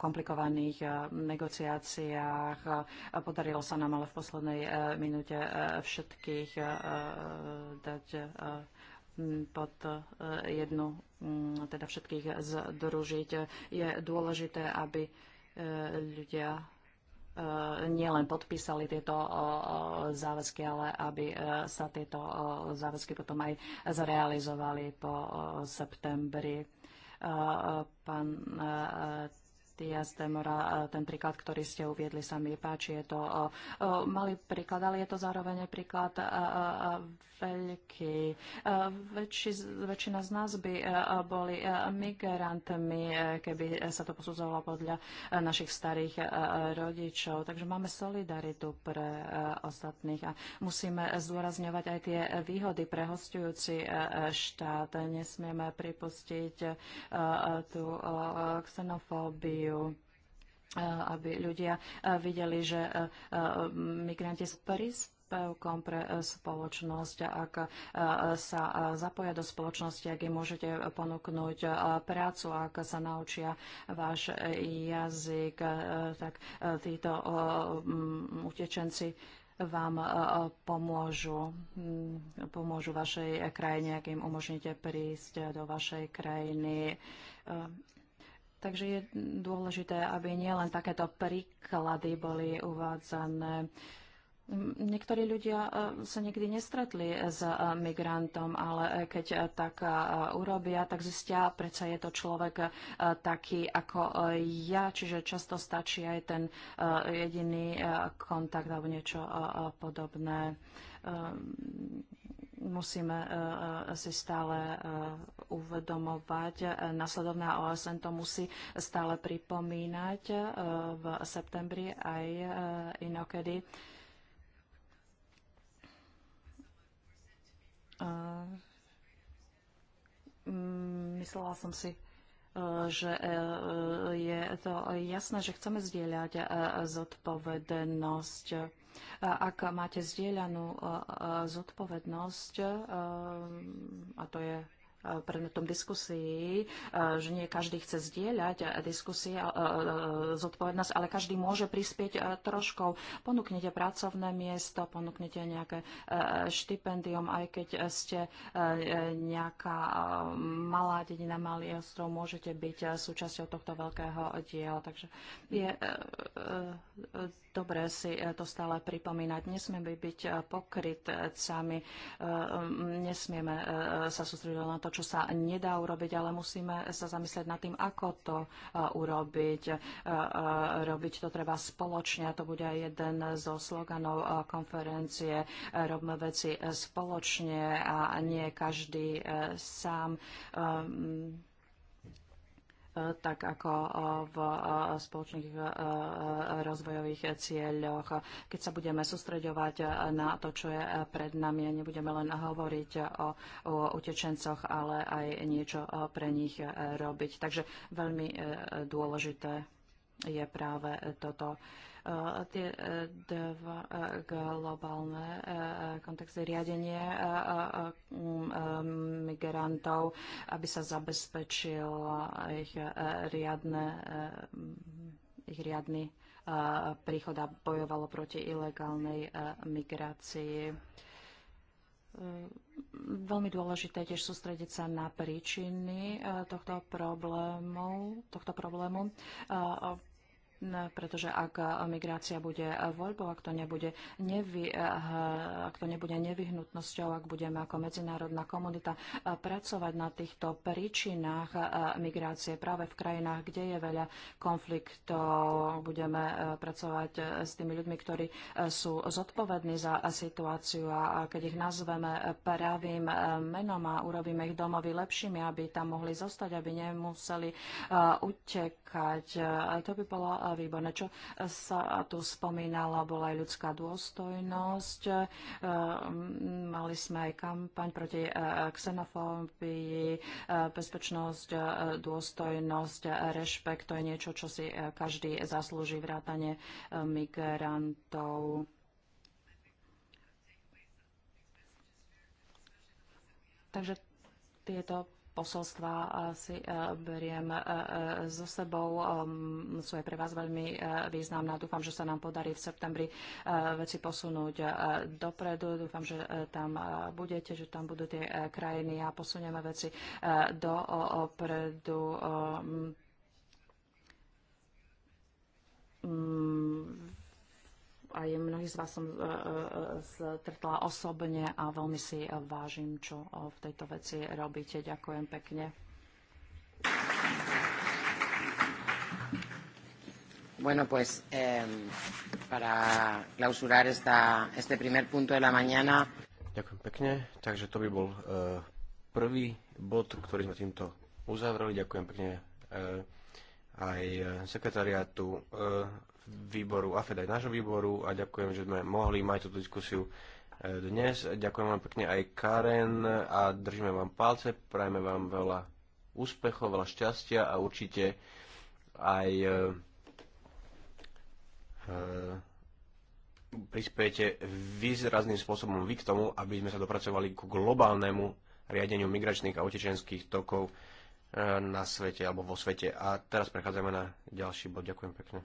komplikovaných negociáciách. Podarilo sa nám ale v poslednej minúte všetkých dať pod jednu, teda všetkých združiť. Je dôležité, aby ľudia E, nielen podpísali tieto e, e, záväzky, ale aby sa tieto záväzky potom aj zrealizovali po septembri. Pán Diaz de Mora, ten príklad, ktorý ste uviedli, sa mi páči. Je to malý príklad, ale je to zároveň príklad veľký. Väčši, väčšina z nás by boli migrantmi, keby sa to posudzovalo podľa našich starých rodičov. Takže máme solidaritu pre ostatných a musíme zdôrazňovať aj tie výhody pre hostujúci štát. Nesmieme pripustiť tú xenofóbiu médiu eh, aby ľudia eh, videli, že eh, migranti sú príspevkom pre spoločnosť, ak sa zapoja do spoločnosti, ak im môžete ponúknuť prácu, ak sa naučia váš jazyk, tak títo mm, utečenci vám pomôžu, hm, pomôžu vašej krajine, ak im umožníte prísť do vašej krajiny. Takže je dôležité, aby nielen takéto príklady boli uvádzané. Niektorí ľudia e, sa nikdy nestretli s e, migrantom, ale e, keď tak urobia, tak zistia, prečo je to človek taký ako ja, čiže často stačí aj ten jediný kontakt alebo niečo podobné ehm, musíme e, e, si stále e, uvedomovať. Nasledovná OSN to musí stále pripomínať v septembri aj inokedy. Mm, myslela som si, že je to jasné, že chceme zdieľať zodpovednosť ak máte zdieľanú zodpovednosť, a to je predmetom diskusii, že nie každý chce zdieľať diskusie, zodpovednosť, ale každý môže prispieť troškou. Ponúknete pracovné miesto, ponúknete nejaké štipendium, aj keď ste nejaká malá dedina, malý ostrov, môžete byť súčasťou tohto veľkého diela. Takže je dobré si to stále pripomínať. Nesmieme byť pokrytcami, nesmieme sa sústrediť na to, čo sa nedá urobiť, ale musíme sa zamyslieť nad tým, ako to e, urobiť. E, e, robiť to treba spoločne a to bude aj jeden zo sloganov konferencie. Robme veci spoločne a nie každý sám tak ako e, v e, spoločných e, rozvojových cieľoch. Keď sa budeme sústreďovať na to, čo je pred nami nebudeme len hovoriť o, o utečencoch, ale aj niečo pre nich robiť. Takže veľmi dôležité je práve toto tie e, dva e, globálne e, kontexty riadenie migrantov, aby sa zabezpečil ich riadne ich riadny príchod a bojovalo proti ilegálnej migrácii. Veľmi dôležité tiež sústrediť sa na príčiny tohto problému. Tohto problému pretože ak migrácia bude voľbou, ak to nebude, nevy, ak to nebude nevyhnutnosťou, ak budeme ako medzinárodná komunita pracovať na týchto príčinách migrácie práve v krajinách, kde je veľa konfliktov, budeme pracovať s tými ľuďmi, ktorí sú zodpovední za situáciu a keď ich nazveme pravým menom a urobíme ich domovy lepšími, aby tam mohli zostať, aby nemuseli utekať. To by bolo výborné. Čo sa tu spomínala, bola aj ľudská dôstojnosť. E, mali sme aj kampaň proti e, xenofóbii, e, bezpečnosť, dôstojnosť, rešpekt. To je niečo, čo si každý zaslúži vrátane migrantov. Takže tieto posolstva eh, si eh, beriem so eh, sebou. Ehm, sú aj pre vás veľmi významná. Dúfam, že sa nám podarí v septembri veci posunúť dopredu. Dúfam, že tam budete, že tam budú tie krajiny a posunieme veci dopredu aj mnohých z vás som e, e, stretla osobne a veľmi si vážim, čo e, v tejto veci robíte. Ďakujem pekne. Bueno, pues eh, para clausurar esta, este primer punto de la mañana. Ďakujem pekne. Takže to by bol eh, prvý bod, ktorý sme týmto uzavreli. Ďakujem pekne eh, aj sekretariátu. Eh, výboru AFED, teda aj nášho výboru a ďakujem, že sme mohli mať túto diskusiu e, dnes. Ďakujem vám pekne aj Karen a držíme vám palce, prajme vám veľa úspechov, veľa šťastia a určite aj e, e, prispiejete výrazným spôsobom vy k tomu, aby sme sa dopracovali ku globálnemu riadeniu migračných a utečenských tokov e, na svete alebo vo svete. A teraz prechádzame na ďalší bod. Ďakujem pekne.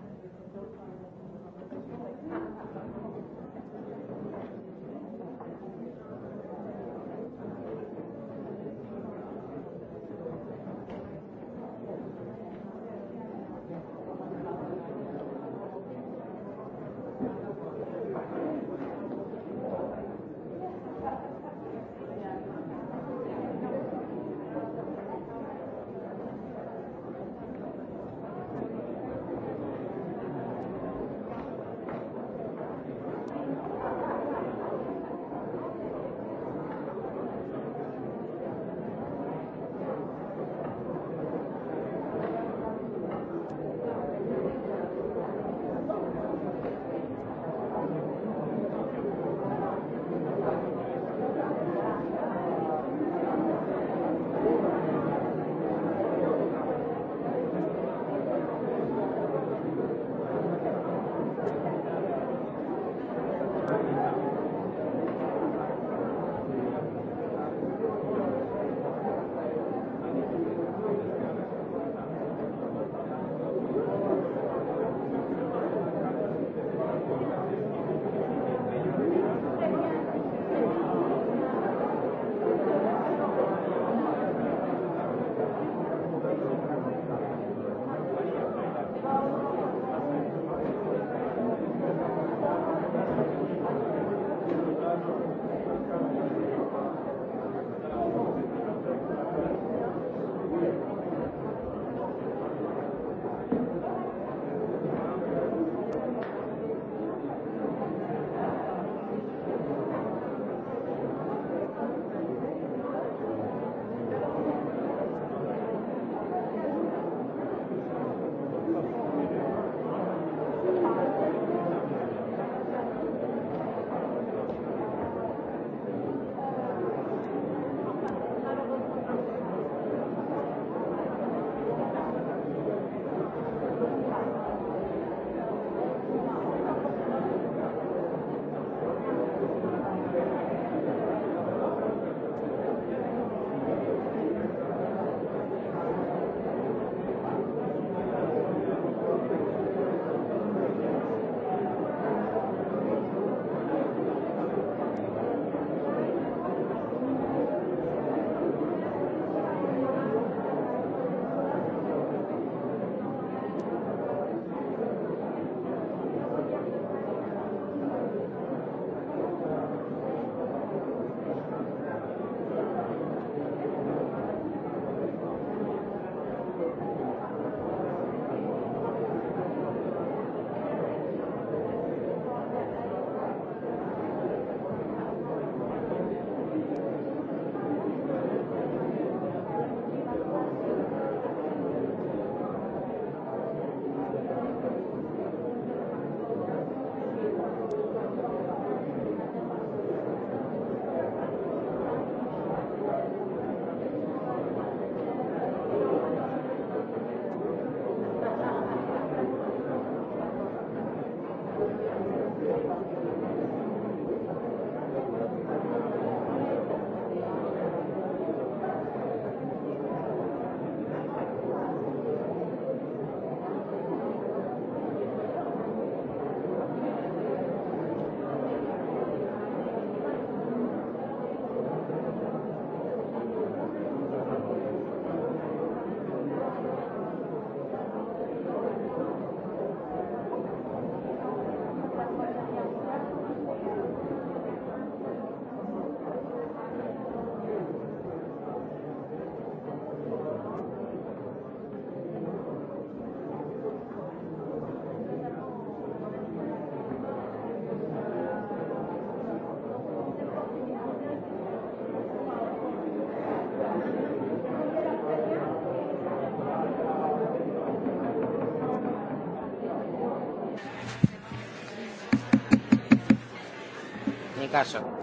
caso. [laughs]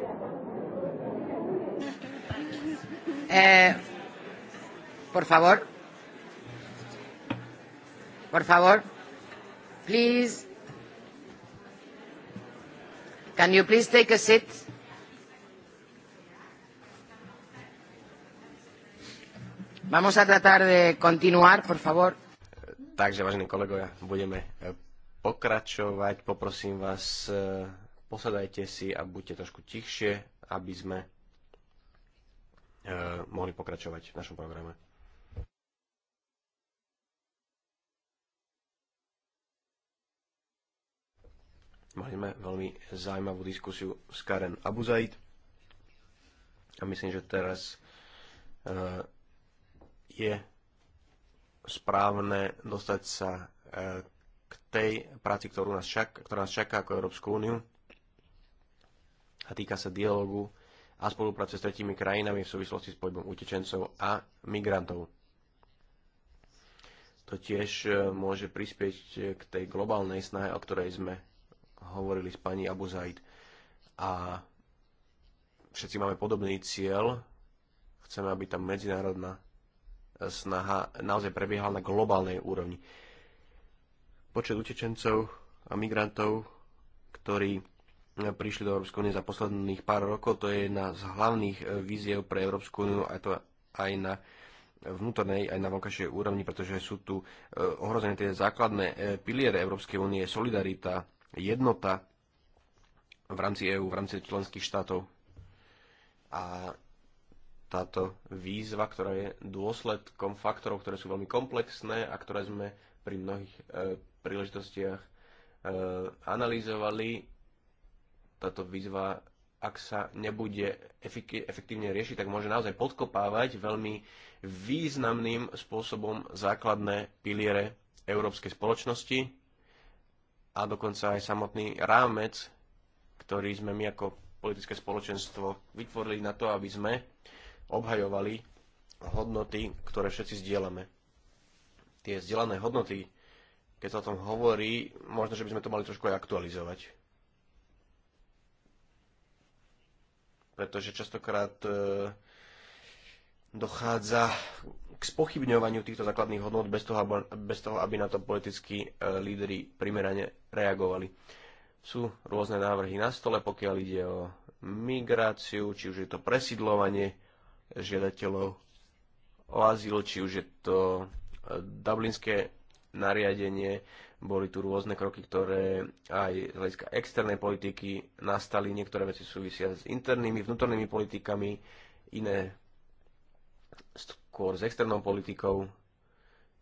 Eh, por favor. Por favor. Please. Can you please take a seat? Vamos a tratar de continuar, por favor. Takže, vážení kolegovia, budeme pokračovať. Poprosím vás eh, posadajte si a buďte trošku tichšie, aby sme e, mohli pokračovať v našom programe. Mali sme veľmi zaujímavú diskusiu s Karen Abuzaid a myslím, že teraz e, je správne dostať sa e, k tej práci, ktorú nás čaká, ktorá nás čaká ako Európsku úniu a týka sa dialogu a spolupráce s tretími krajinami v súvislosti s pohybom utečencov a migrantov. To tiež e, môže prispieť e, k tej globálnej snahe, o ktorej sme hovorili s pani Abu Zaid. A všetci máme podobný cieľ. Chceme, aby tá medzinárodná e, snaha naozaj prebiehala na globálnej úrovni. Počet utečencov a migrantov, ktorí prišli do Európskej únie za posledných pár rokov. To je jedna z hlavných e, víziev pre Európsku úniu a to aj na vnútornej, aj na vonkajšej úrovni, pretože sú tu e, ohrozené tie základné e, piliere Európskej únie, solidarita, jednota v rámci EÚ, v rámci členských štátov. A táto výzva, ktorá je dôsledkom faktorov, ktoré sú veľmi komplexné a ktoré sme pri mnohých e, príležitostiach e, analyzovali, táto výzva, ak sa nebude efektívne riešiť, tak môže naozaj podkopávať veľmi významným spôsobom základné piliere európskej spoločnosti a dokonca aj samotný rámec, ktorý sme my ako politické spoločenstvo vytvorili na to, aby sme obhajovali hodnoty, ktoré všetci zdieľame. Tie zdieľané hodnoty, keď sa o tom hovorí, možno, že by sme to mali trošku aj aktualizovať. pretože častokrát e, dochádza k spochybňovaniu týchto základných hodnot bez toho, bez toho aby na to politickí e, lídry primerane reagovali. Sú rôzne návrhy na stole, pokiaľ ide o migráciu, či už je to presidlovanie žiadateľov o azyl, či už je to e, dublinské nariadenie, boli tu rôzne kroky, ktoré aj z hľadiska externej politiky nastali. Niektoré veci súvisia s internými, vnútornými politikami, iné skôr s externou politikou.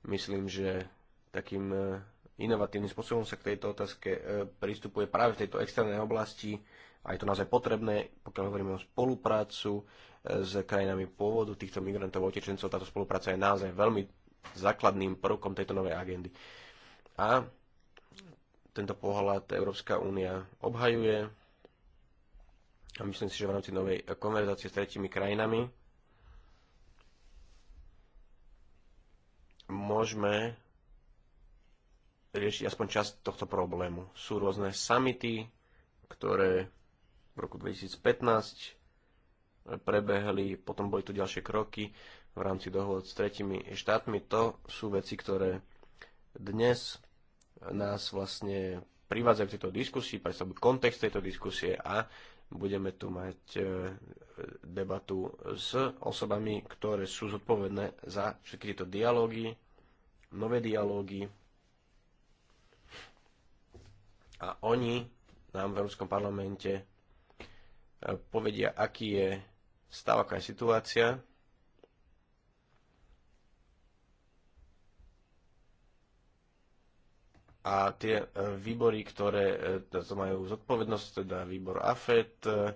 Myslím, že takým e, inovatívnym spôsobom sa k tejto otázke e, pristupuje práve v tejto externej oblasti a je to naozaj potrebné, pokiaľ hovoríme o spoluprácu e, s krajinami pôvodu týchto migrantov a utečencov. Táto spolupráca je naozaj veľmi základným prvkom tejto novej agendy. A tento pohľad Európska únia obhajuje a myslím si, že v rámci novej konverzácie s tretimi krajinami môžeme riešiť aspoň časť tohto problému. Sú rôzne samity, ktoré v roku 2015 prebehli, potom boli tu ďalšie kroky v rámci dohôd s tretimi štátmi. To sú veci, ktoré dnes nás vlastne privádzajú k tejto diskusii, predstavujú kontext tejto diskusie a budeme tu mať e, debatu s osobami, ktoré sú zodpovedné za všetky tieto dialógy, nové dialógy a oni nám v Európskom parlamente e, povedia, aký je stav, aká je situácia a tie e, výbory, ktoré e, to majú zodpovednosť, teda výbor AFET e,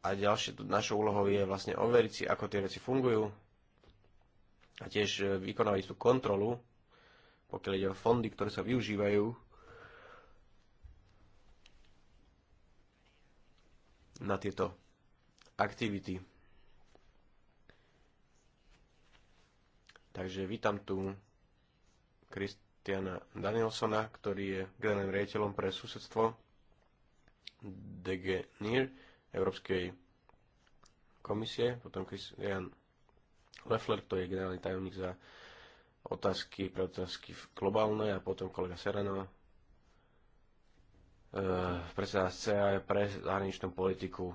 a ďalšie, našou úlohou je vlastne overiť si, ako tie veci fungujú a tiež vykonávať tú kontrolu, pokiaľ ide o fondy, ktoré sa využívajú na tieto aktivity. Takže vítam tu Krist Tiana Danielsona, ktorý je generálnym riaditeľom pre susedstvo DG NIR Európskej komisie, potom Christian Leffler, ktorý je generálny tajomník za otázky pre otázky globálne a potom kolega Serano, eh, predseda SCA pre zahraničnú politiku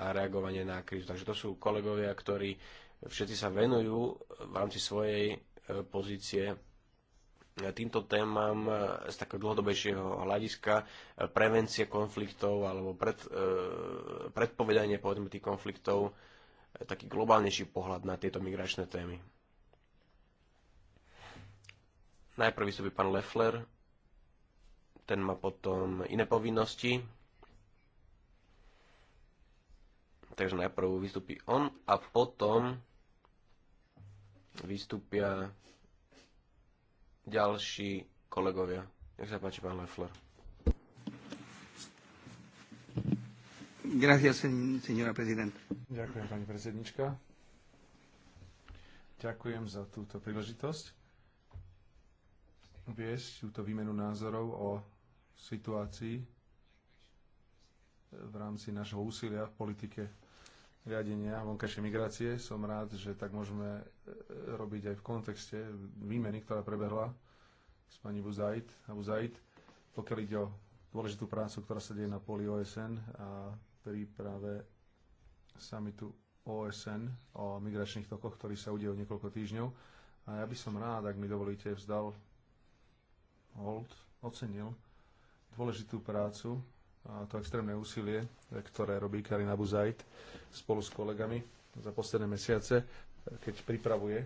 a reagovanie na krízu. Takže to sú kolegovia, ktorí všetci sa venujú v rámci svojej eh, pozície týmto témam e, z takého dlhodobejšieho hľadiska e, prevencie konfliktov alebo pred, e, predpovedanie povedzme tých konfliktov taký globálnejší pohľad na tieto migračné témy. Najprv vystúpi pán Leffler, ten má potom iné povinnosti, takže najprv vystúpi on a potom vystúpia ďalší kolegovia. Nech sa páči, pán Leffler. Gracias, señora presidenta. Ďakujem, pani predsednička. Ďakujem za túto príležitosť viesť túto výmenu názorov o situácii v rámci nášho úsilia v politike riadenia vonkajšej migrácie. Som rád, že tak môžeme e, robiť aj v kontexte výmeny, ktorá prebehla s pani Buzajt. A Buzajt, pokiaľ ide o dôležitú prácu, ktorá sa deje na poli OSN a príprave samitu OSN o migračných tokoch, ktorý sa udeje o niekoľko týždňov. A ja by som rád, ak mi dovolíte, vzdal hold, ocenil dôležitú prácu a to extrémne úsilie, ktoré robí Karina Buzajt spolu s kolegami za posledné mesiace, keď pripravuje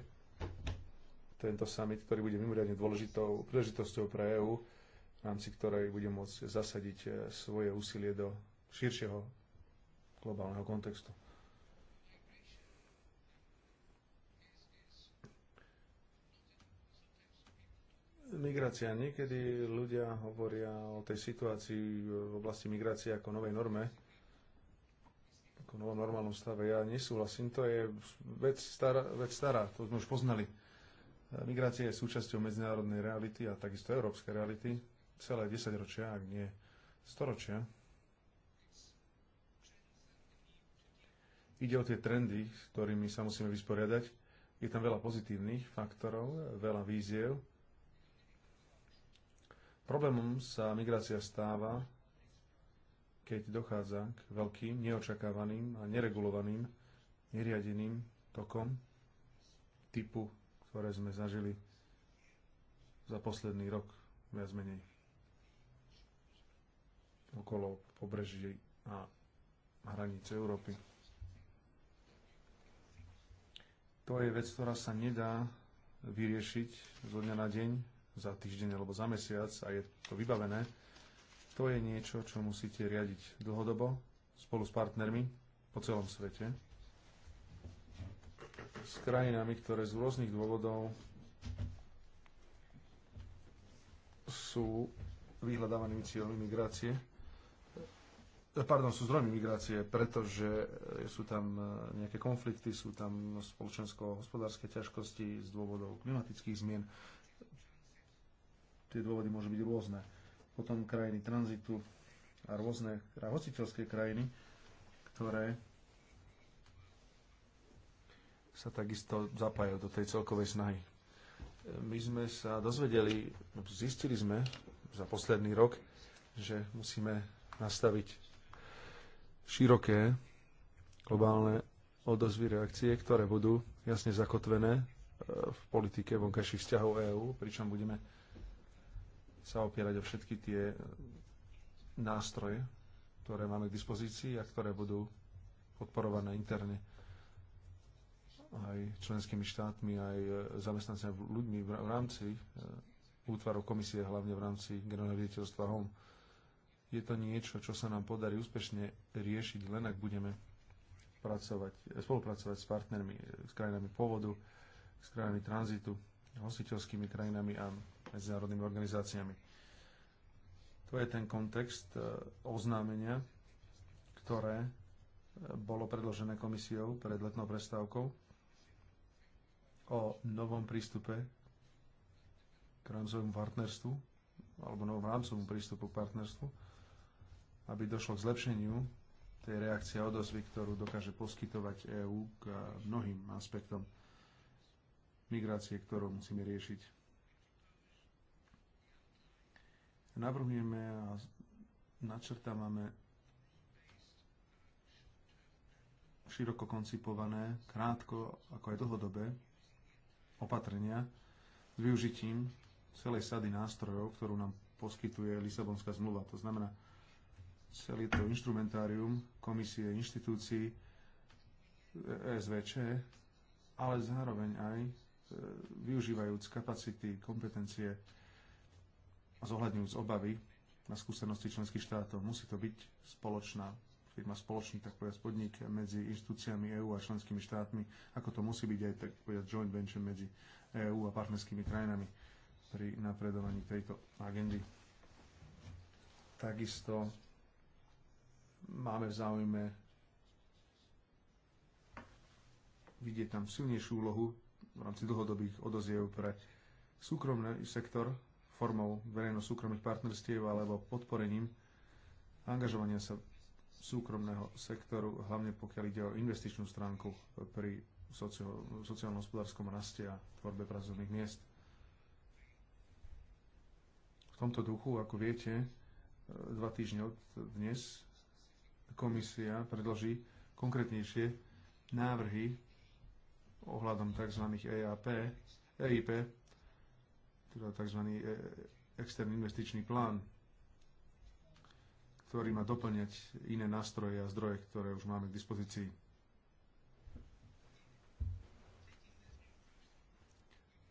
tento summit, ktorý bude mimoriadne dôležitou príležitosťou pre EÚ, v rámci ktorej bude môcť zasadiť eh, svoje úsilie do širšieho globálneho kontextu. Migrácia. Niekedy ľudia hovoria o tej situácii v oblasti migrácie ako novej norme, ako novom normálnom stave. Ja nesúhlasím, to je vec stará, vec stará, to sme už poznali. Migrácia je súčasťou medzinárodnej reality a takisto európskej reality celé 10 ročia, ak nie storočia. Ide o tie trendy, s ktorými sa musíme vysporiadať. Je tam veľa pozitívnych faktorov, veľa víziev, Problémom sa migrácia stáva, keď dochádza k veľkým, neočakávaným a neregulovaným, neriadeným tokom typu, ktoré sme zažili za posledný rok, viac menej okolo pobreží a hranice Európy. To je vec, ktorá sa nedá vyriešiť zo dňa na deň za týždeň alebo za mesiac a je to vybavené, to je niečo, čo musíte riadiť dlhodobo spolu s partnermi po celom svete. S krajinami, ktoré z rôznych dôvodov sú vyhľadávanými cieľmi migrácie. Pardon, sú zdrojmi migrácie, pretože sú tam nejaké konflikty, sú tam spoločensko-hospodárske ťažkosti z dôvodov klimatických zmien tie dôvody môžu byť rôzne. Potom krajiny tranzitu a rôzne hostiteľské krajiny, ktoré sa takisto zapájajú do tej celkovej snahy. My sme sa dozvedeli, no, zistili sme za posledný rok, že musíme nastaviť široké globálne odozvy reakcie, ktoré budú jasne zakotvené e, v politike vonkajších vzťahov EÚ, pričom budeme sa opierať o všetky tie e, nástroje, ktoré máme k dispozícii a ktoré budú podporované interne aj členskými štátmi, aj e, zamestnancami ľuďmi v rámci e, útvarov komisie, hlavne v rámci generálneho riaditeľstva HOM. Je to niečo, čo sa nám podarí úspešne riešiť, len ak budeme pracovať, spolupracovať s partnermi, s krajinami pôvodu, s krajinami tranzitu, hostiteľskými krajinami a medzinárodnými organizáciami. To je ten kontext e, oznámenia, ktoré e, bolo predložené komisiou pred letnou prestávkou o novom prístupe k rámcovému partnerstvu alebo novom rámcovom prístupu k partnerstvu, aby došlo k zlepšeniu tej reakcie a odozvy, ktorú dokáže poskytovať EÚ k mnohým aspektom migrácie, ktorú musíme riešiť. Navrhujeme a načrtávame široko koncipované, krátko ako aj dlhodobé opatrenia s využitím celej sady nástrojov, ktorú nám poskytuje Lisabonská zmluva. To znamená, celý to instrumentárium komisie inštitúcií e SVČ, ale zároveň aj e, využívajúc kapacity, kompetencie zohľadňujúc obavy na skúsenosti členských štátov. Musí to byť spoločná firma, spoločný tak povedať podnik medzi inštitúciami EÚ a členskými štátmi, ako to musí byť aj tak povedať joint venture medzi EÚ a partnerskými krajinami pri napredovaní tejto agendy. Takisto máme v záujme vidieť tam silnejšiu úlohu v rámci dlhodobých odoziev pre súkromný sektor, formou verejno-súkromných partnerstiev alebo podporením angažovania sa súkromného sektoru, hlavne pokiaľ ide o investičnú stránku pri socio- sociálno-hospodárskom raste a tvorbe pracovných miest. V tomto duchu, ako viete, e, dva týždne od dnes komisia predloží konkrétnejšie návrhy ohľadom tzv. EAP, EIP, teda tzv. E, externý investičný plán, ktorý má doplňať iné nástroje a zdroje, ktoré už máme k dispozícii.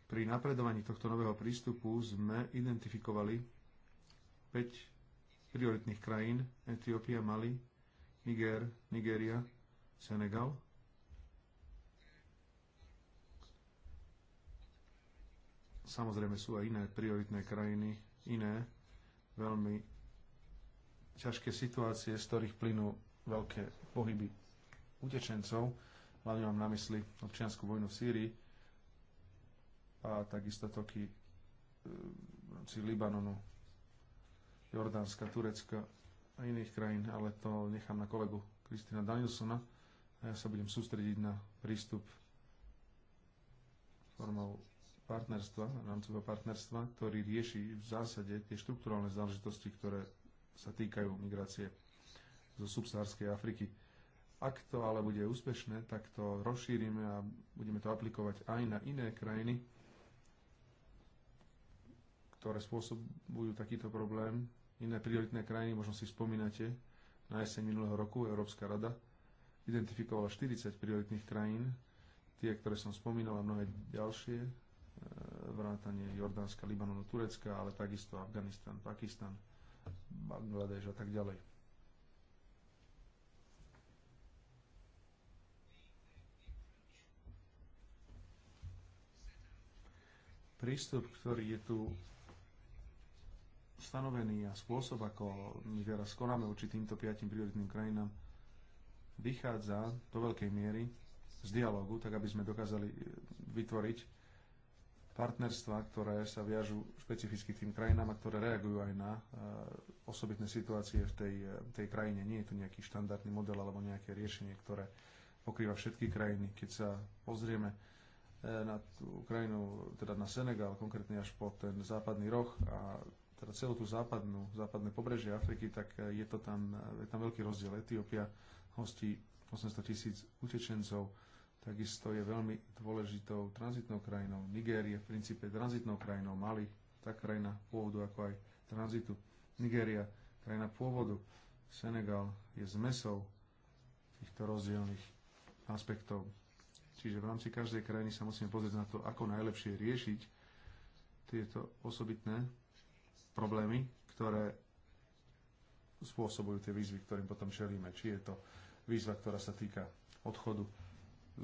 Pri napredovaní tohto nového prístupu sme identifikovali 5 prioritných krajín Etiópia, Mali, Niger, Nigeria, Senegal – Samozrejme sú aj iné prioritné krajiny, iné veľmi ťažké situácie, z ktorých plynú veľké pohyby utečencov. Hlavne mám na mysli občianskú vojnu v Sýrii a takisto toky eh, v rámci Libanonu, Jordánska, Turecka a iných krajín, ale to nechám na kolegu Kristina Danielsona a ja sa budem sústrediť na prístup formou partnerstva, rámcového partnerstva, ktorý rieši v zásade tie štruktúralne záležitosti, ktoré sa týkajú migrácie zo subsárskej Afriky. Ak to ale bude úspešné, tak to rozšírime a budeme to aplikovať aj na iné krajiny, ktoré spôsobujú takýto problém. Iné prioritné krajiny, možno si spomínate, na jeseň minulého roku Európska rada identifikovala 40 prioritných krajín, tie, ktoré som spomínal a mnohé ďalšie, E, vrátanie Jordánska, Libanonu, Turecka, ale takisto Afganistan, Pakistan, Bangladeš a tak ďalej. Prístup, ktorý je tu stanovený a spôsob, ako my teraz konáme voči týmto piatim prioritným krajinám, vychádza do veľkej miery z dialogu, tak aby sme dokázali e, vytvoriť partnerstva, ktoré sa viažú špecificky tým krajinám a ktoré reagujú aj na e, osobitné situácie v tej, e, tej krajine. Nie je to nejaký štandardný model alebo nejaké riešenie, ktoré pokrýva všetky krajiny. Keď sa pozrieme e, na tú krajinu, teda na Senegal, konkrétne až po ten západný roh a teda celú tú západnú, západné pobrežie Afriky, tak je to tam, je tam veľký rozdiel. Etiópia hostí 800 tisíc utečencov, takisto je veľmi dôležitou tranzitnou krajinou. Nigérie v princípe tranzitnou krajinou, Mali, tak krajina pôvodu ako aj tranzitu. Nigéria, krajina pôvodu, Senegal je zmesou týchto rozdielných aspektov. Čiže v rámci každej krajiny sa musíme pozrieť na to, ako najlepšie riešiť tieto osobitné problémy, ktoré spôsobujú tie výzvy, ktorým potom čelíme. Či je to výzva, ktorá sa týka odchodu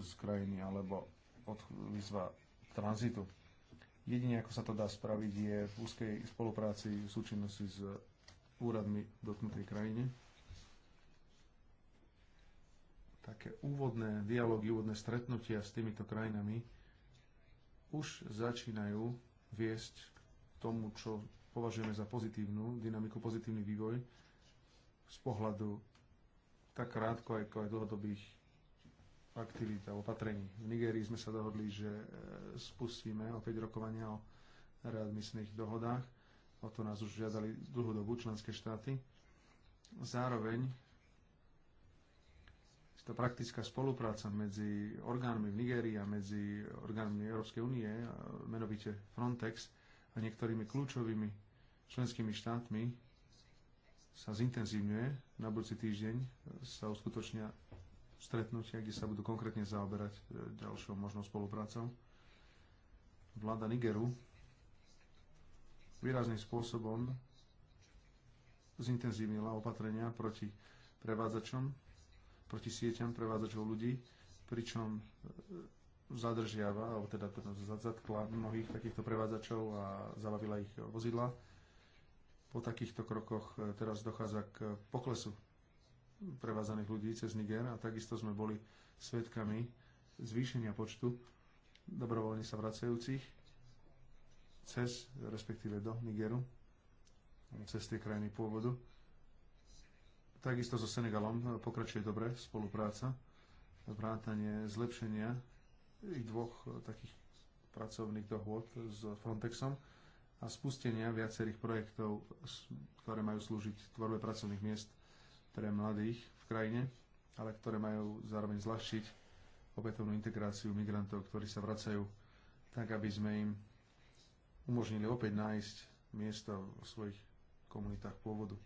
z krajiny alebo od, výzva tranzitu. Jedine, ako sa to dá spraviť, je v úzkej spolupráci v súčinnosti s úradmi dotknutej krajine. Také úvodné dialógy, úvodné stretnutia s týmito krajinami už začínajú viesť k tomu, čo považujeme za pozitívnu dynamiku, pozitívny vývoj z pohľadu tak krátko, ako aj dlhodobých aktivít a opatrení. V Nigérii sme sa dohodli, že e, spustíme opäť rokovania o readmisných dohodách. O to nás už žiadali dlhú dobu členské štáty. Zároveň tá praktická spolupráca medzi orgánmi v Nigérii a medzi orgánmi Európskej únie, menovite Frontex a niektorými kľúčovými členskými štátmi sa zintenzívňuje. Na budúci týždeň sa uskutočnia stretnutia, kde sa budú konkrétne zaoberať e, ďalšou možnou spoluprácou. Vláda Nigeru výrazným spôsobom zintenzívnila opatrenia proti prevádzačom, proti sieťam prevádzačov ľudí, pričom e, zadržiava, alebo teda zatkla mnohých takýchto prevádzačov a zabavila ich vozidla. Po takýchto krokoch e, teraz dochádza k poklesu prevázaných ľudí cez Niger a takisto sme boli svetkami zvýšenia počtu dobrovoľne sa vracajúcich cez, respektíve do Nigeru, cez tie krajiny pôvodu. Takisto so Senegalom pokračuje dobre spolupráca, vrátanie zlepšenia ich dvoch takých pracovných dohôd s Frontexom a spustenia viacerých projektov, ktoré majú slúžiť tvorbe pracovných miest pre mladých v krajine, ale ktoré majú zároveň zľahčiť opätovnú integráciu migrantov, ktorí sa vracajú, tak aby sme im umožnili opäť nájsť miesta v svojich komunitách pôvodu.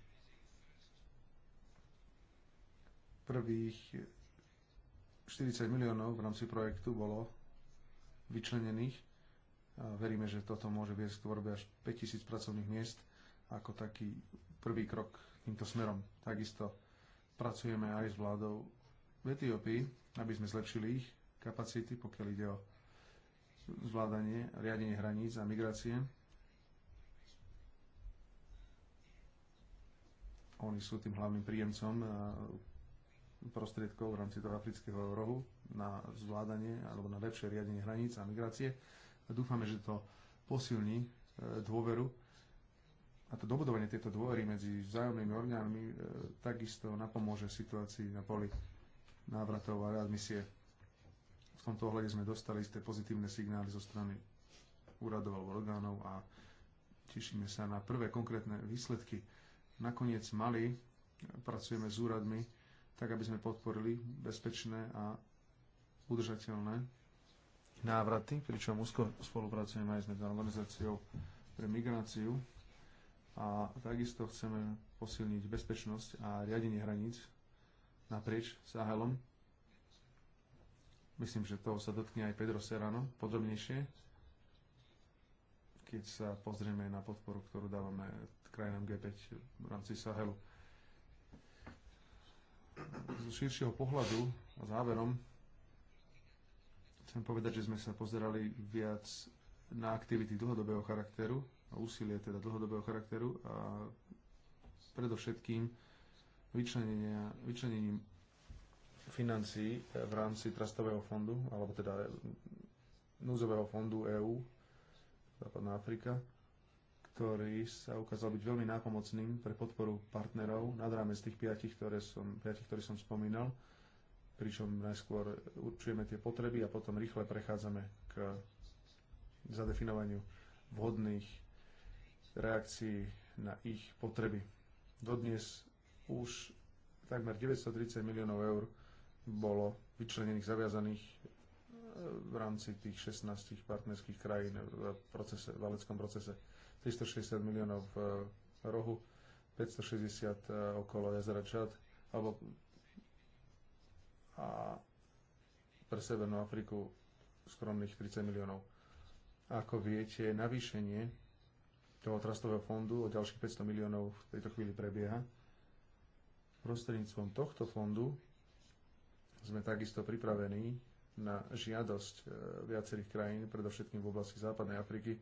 Prvých 40 miliónov v rámci projektu bolo vyčlenených a veríme, že toto môže viesť k tvorbe až 5000 pracovných miest ako taký prvý krok týmto smerom. Takisto pracujeme aj s vládou v Etiópii, aby sme zlepšili ich kapacity, pokiaľ ide o zvládanie, riadenie hraníc a migrácie. Oni sú tým hlavným príjemcom eh, prostriedkov v rámci toho afrického rohu na zvládanie alebo na lepšie riadenie hraníc a migrácie. Dúfame, že to posilní eh, dôveru a to dobudovanie tejto dôvery medzi vzájomnými orňami e, takisto napomôže situácii na poli návratov a readmisie. V tomto ohľade sme dostali isté pozitívne signály zo strany úradov alebo orgánov a tešíme sa na prvé konkrétne výsledky. Nakoniec Mali e, pracujeme s úradmi tak, aby sme podporili bezpečné a udržateľné návraty, pričom úzko spolupracujeme aj s medzinárodnou organizáciou pre migráciu, a takisto chceme posilniť bezpečnosť a riadenie hraníc naprieč Sahelom. Myslím, že toho sa dotkne aj Pedro Serrano podrobnejšie, keď sa pozrieme na podporu, ktorú dávame krajinám G5 v rámci Sahelu. Z širšieho pohľadu a záverom chcem povedať, že sme sa pozerali viac na aktivity dlhodobého charakteru úsilie teda dlhodobého charakteru a predovšetkým vyčlenením financí v rámci trastového fondu, alebo teda núzového fondu EÚ, Západná Afrika, ktorý sa ukázal byť veľmi nápomocným pre podporu partnerov nad rámec tých piatich, ktoré som, piatich, ktoré som spomínal, pričom najskôr určujeme tie potreby a potom rýchle prechádzame k zadefinovaniu vhodných reakcii na ich potreby. Dodnes už takmer 930 miliónov eur bolo vyčlenených, zaviazaných e, v rámci tých 16 partnerských krajín v, procese, v valeckom procese. 360 miliónov v e, rohu, 560 e, okolo jazera Čad, alebo a pre Severnú Afriku skromných 30 miliónov. Ako viete, navýšenie toho trastového fondu o ďalších 500 miliónov v tejto chvíli prebieha. Prostredníctvom tohto fondu sme takisto pripravení na žiadosť e, viacerých krajín, predovšetkým v oblasti západnej Afriky,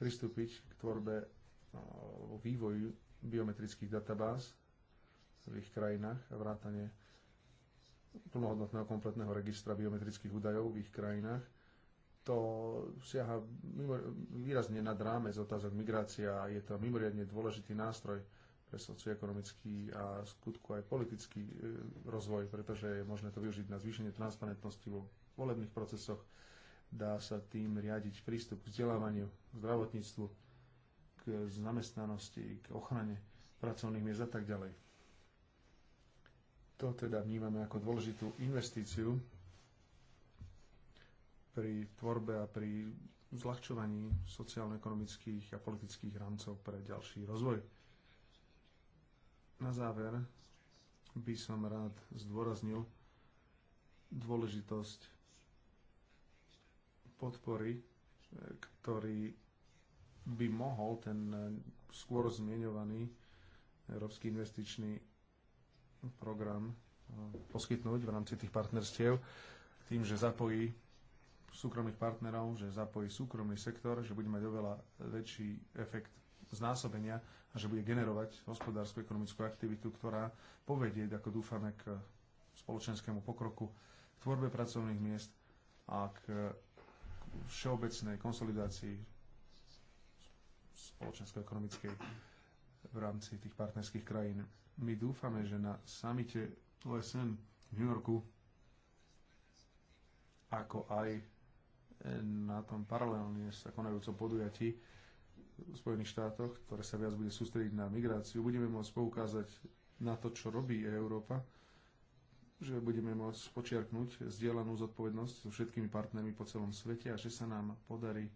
pristúpiť k tvorbe e, vývoju biometrických databáz v ich krajinách a vrátane plnohodnotného kompletného registra biometrických údajov v ich krajinách to siaha výrazne nad rámec otázok migrácia. a Je to mimoriadne dôležitý nástroj pre socioekonomický a skutku aj politický e, rozvoj, pretože je možné to využiť na zvýšenie transparentnosti vo volebných procesoch. Dá sa tým riadiť prístup k vzdelávaniu, k zdravotníctvu, k zamestnanosti, k ochrane pracovných miest a tak ďalej. To teda vnímame ako dôležitú investíciu pri tvorbe a pri zľahčovaní sociálno-ekonomických a politických rámcov pre ďalší rozvoj. Na záver by som rád zdôraznil dôležitosť podpory, e, ktorý by mohol ten e, skôr zmienovaný Európsky investičný program e, poskytnúť v rámci tých partnerstiev tým, že zapojí súkromných partnerov, že zapojí súkromný sektor, že bude mať oveľa väčší efekt znásobenia a že bude generovať hospodárskú ekonomickú aktivitu, ktorá povedie, ako dúfame, k spoločenskému pokroku, k tvorbe pracovných miest a k všeobecnej konsolidácii spoločensko-ekonomickej v rámci tých partnerských krajín. My dúfame, že na samite OSN v New Yorku, ako aj na tom paralelne sa konajúcom podujatí v Spojených štátoch, ktoré sa viac bude sústrediť na migráciu, budeme môcť poukázať na to, čo robí Európa, že budeme môcť počiarknúť zdieľanú zodpovednosť so všetkými partnermi po celom svete a že sa nám podarí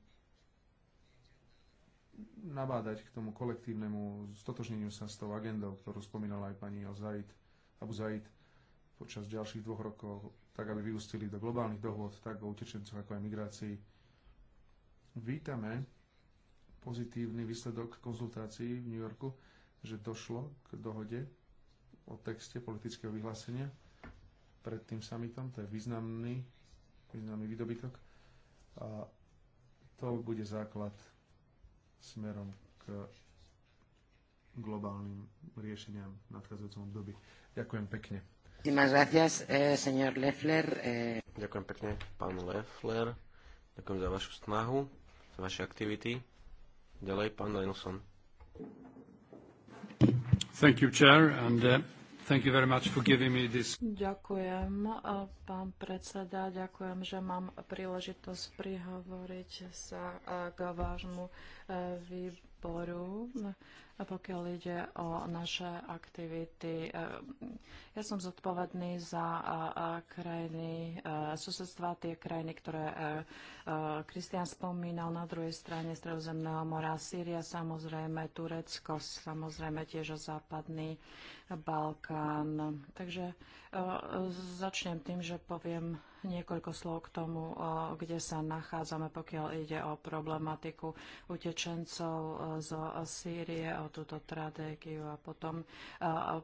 nabádať k tomu kolektívnemu stotožneniu sa s tou agendou, ktorú spomínala aj pani Zaid, Abu Zaid počas ďalších dvoch rokov, tak aby vyústili do globálnych dohôd, tak o utečencoch ako aj migrácii. Vítame pozitívny výsledok konzultácií v New Yorku, že došlo k dohode o texte politického vyhlásenia pred tým summitom. To je významný, významný výdobytok. A to bude základ smerom k globálnym riešeniam v nadchádzajúcom období. Ďakujem pekne. Eh, eh. Ďakujem pekne, pán Leffler. Ďakujem za vašu snahu, za vaše aktivity. Ďalej, pán Lenilson. Uh, ďakujem, uh, pán predseda, ďakujem, že mám príležitosť prihovoriť sa uh, k vášmu výboru podporu, pokiaľ ide o naše aktivity. Eh, ja som zodpovedný za eh, krajiny eh, susedstva, tie krajiny, ktoré Kristian spomínal na druhej strane Stredozemného mora, Sýria, samozrejme Turecko, samozrejme tiež Západný Balkán. Takže Začnem tým, že poviem niekoľko slov k tomu, kde sa nachádzame, pokiaľ ide o problematiku utečencov z Sýrie, o túto stratégiu a potom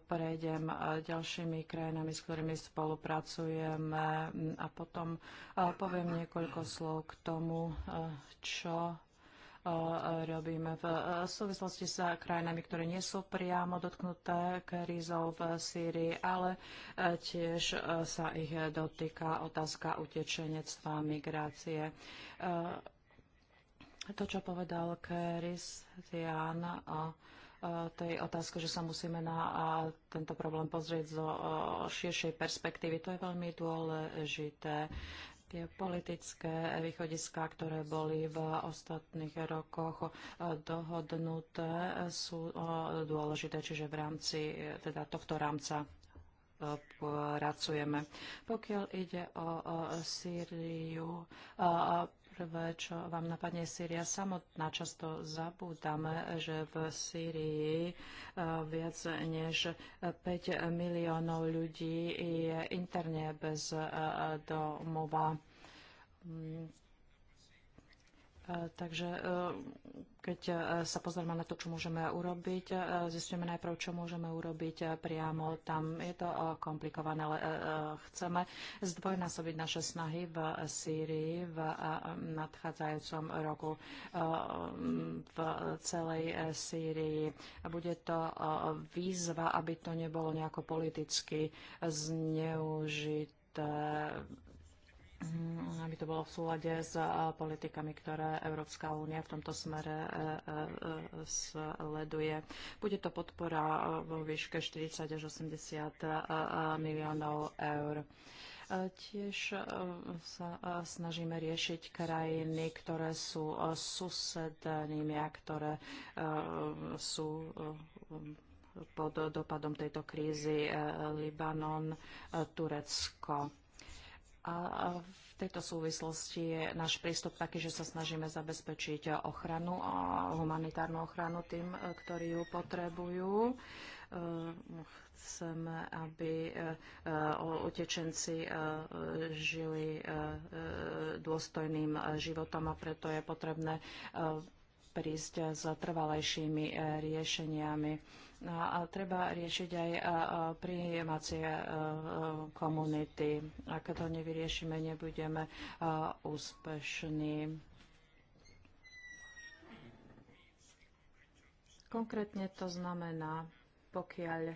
prejdem ďalšími krajinami, s ktorými spolupracujeme a potom poviem niekoľko slov k tomu, čo robíme v eh, súvislosti s krajinami, ktoré nie sú priamo dotknuté krízou v Sýrii, ale eh, tiež eh, sa ich dotýka otázka utečenectva, migrácie. To, čo povedal Kristian o tej otázke, že sa musíme na tento problém pozrieť zo širšej perspektívy. To je veľmi dôležité tie politické východiska, ktoré boli v ostatných rokoch e, dohodnuté, sú e, dôležité, čiže v rámci e, teda tohto rámca pracujeme. Pokiaľ ide o Sýriu, prvé, čo vám napadne Sýria samotná. Často zabúdame, že v Sýrii eh, viac než 5 miliónov ľudí je interne bez eh, domova mm, E, takže e, keď e, sa pozrieme na to, čo môžeme urobiť, zistíme najprv, čo môžeme urobiť priamo tam. Je to komplikované, ale chceme zdvojnásobiť naše snahy v Sýrii v nadchádzajúcom roku v celej Sýrii. Bude to výzva, aby to nebolo nejako politicky zneužité Mm, aby to bolo v súlade s e, politikami, ktoré Európska únia v tomto smere e, e, sleduje. Bude to podpora vo výške 40 až 80 miliónov eur. Tiež sa snažíme riešiť krajiny, ktoré sú susednými a ktoré sú pod dopadom tejto krízy Libanon, Turecko. A v tejto súvislosti je náš prístup taký, že sa snažíme zabezpečiť ochranu, a humanitárnu ochranu tým, e, ktorí ju potrebujú. E, Chceme, aby e, utečenci žili dôstojným životom a preto je potrebné prísť s trvalejšími riešeniami a treba riešiť aj prijímacie komunity. Ak to nevyriešime, nebudeme úspešní. Konkrétne to znamená, pokiaľ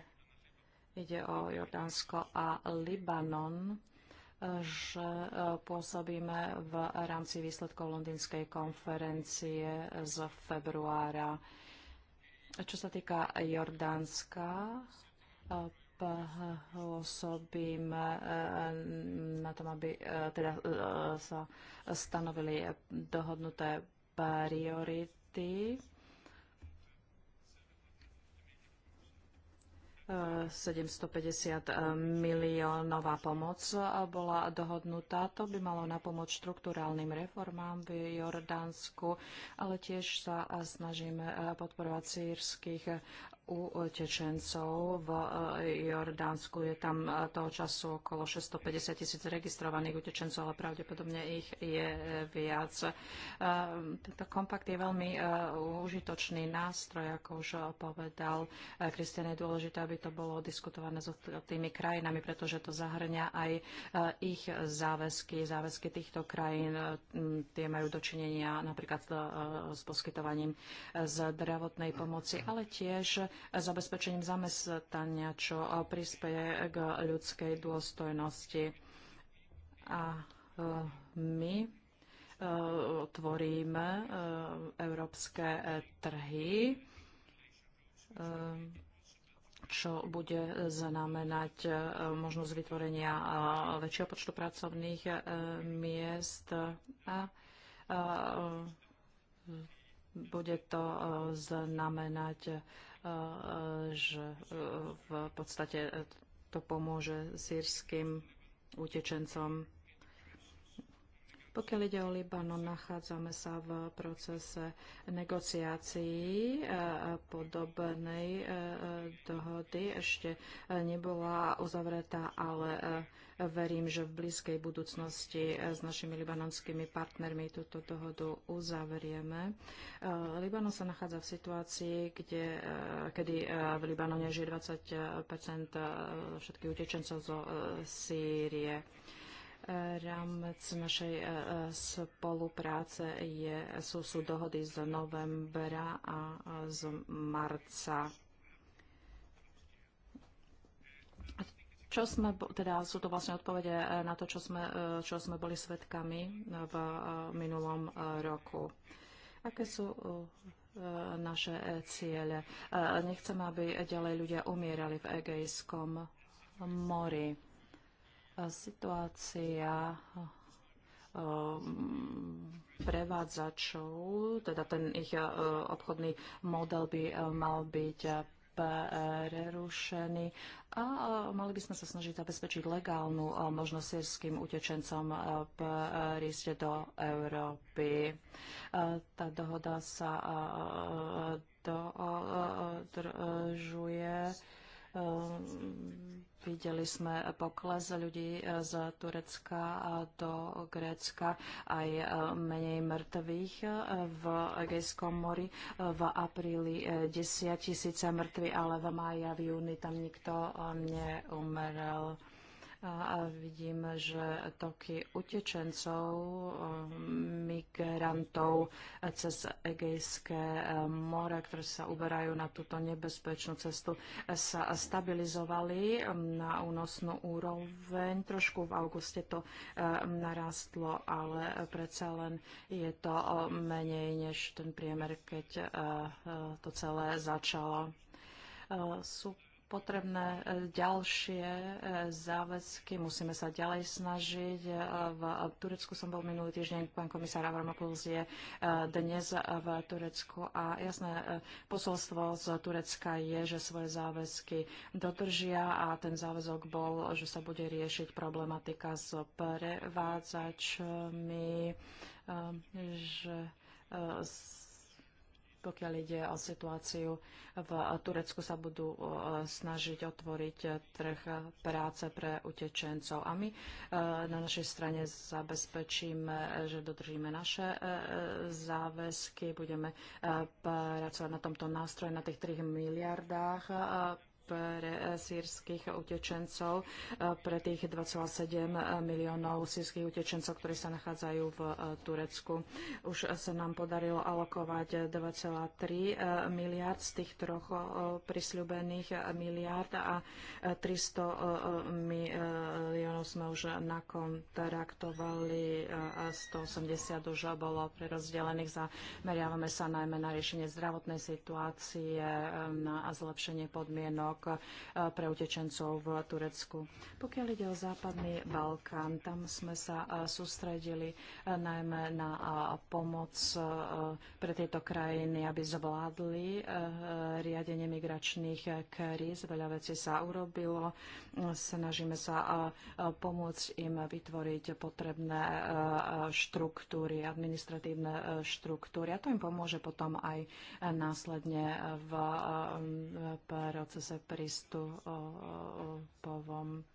ide o Jordánsko a Libanon, že e, pôsobíme v rámci výsledkov londýnskej konferencie z februára čo sa týka Jordánska, e, pôsobím e, na tom, aby e, teda sa stanovili dohodnuté priority 750 eh, miliónová pomoc eh, bola dohodnutá. To by malo na pomoc štruktúrálnym reformám v Jordánsku, ale tiež sa eh, snažíme podporovať sírskych u utečencov v eh, Jordánsku. Je tam eh, toho času okolo 650 tisíc registrovaných utečencov, ale pravdepodobne ich je eh, viac. Tento kompakt je veľmi užitočný nástroj, ako už povedal Kristian. Je dôležité, aby to bolo diskutované s tými krajinami, pretože to zahrňa aj ich záväzky, záväzky týchto krajín. Tie majú dočinenia napríklad s poskytovaním zdravotnej pomoci, ale tiež zabezpečením zamestania, čo prispieje k ľudskej dôstojnosti. A e, my e, tvoríme e, európske trhy, čo bude znamenať možnosť vytvorenia väčšieho počtu pracovných miest a bude to znamenať Eh, že eh, v podstate eh, to pomôže sírským utečencom pokiaľ ide o Libanon, nachádzame sa v procese negociácií e, e, podobnej e, dohody. Ešte nebola uzavretá, ale verím, že v blízkej budúcnosti s našimi libanonskými partnermi túto dohodu uzavrieme. Libanon sa nachádza v situácii, kde, kedy v Libanone žije 20 všetkých utečencov zo Sýrie. Rámec našej e, spolupráce je, sú, sú dohody z novembra a z marca. Čo sme, teda sú to vlastne odpovede e, na to, čo sme, e, čo sme boli svetkami v minulom roku. Aké sú naše ciele? Nechceme, aby ďalej ľudia umierali v Egejskom mori situácia e, prevádzačov, teda ten ich e, obchodný model by e, mal byť prerušený a mali by sme sa snažiť zabezpečiť legálnu možnosť sírským utečencom prísť do Európy. Tá dohoda sa dodržuje. Do, Ehm, videli sme pokles ľudí eh, z Turecka do Grécka, aj eh, menej mŕtvych eh, v Egejskom mori. V apríli 10 tisíce mŕtvych, ale v máji a v júni tam nikto neumrel. A vidím, že toky utečencov, um, migrantov cez Egejské um, more, ktoré sa uberajú na túto nebezpečnú cestu, sa stabilizovali um, na únosnú úroveň. Trošku v auguste to narastlo, ale predsa len je to menej než ten priemer, keď uh, uh, to celé začalo. Uh, sú potrebné e, ďalšie e, záväzky. Musíme sa ďalej snažiť. E, v Turecku som bol minulý týždeň, pán komisár Avramopoulos je dnes v Turecku a jasné posolstvo z Turecka je, že svoje záväzky dodržia a ten záväzok bol, že sa bude riešiť problematika s prevádzačmi, že pokiaľ ide o situáciu v Turecku, sa budú e, snažiť otvoriť trh práce pre utečencov. A my e, na našej strane zabezpečíme, že dodržíme naše e, záväzky, budeme pracovať na tomto nástroji, na tých 3 miliardách pre eh, sírskych utečencov, eh, pre tých 2,7 miliónov sírskych utečencov, ktorí sa nachádzajú v eh, Turecku. Už sa nám podarilo alokovať 2,3 miliard z tých troch prisľubených miliard a 300 miliónov sme už nakontraktovali a 180 už bolo prerozdelených. Zameriavame sa najmä na riešenie zdravotnej situácie, na zlepšenie podmienok rok eh, pre utečencov v Turecku. Pokiaľ ide o západný Balkán, tam sme sa eh, sústredili eh, najmä na pomoc pre tieto krajiny, aby zvládli riadenie migračných kríz. Veľa vecí sa urobilo. Snažíme sa pomôcť im vytvoriť potrebné štruktúry, administratívne štruktúry. A to im pomôže potom aj následne v procese prístupovom.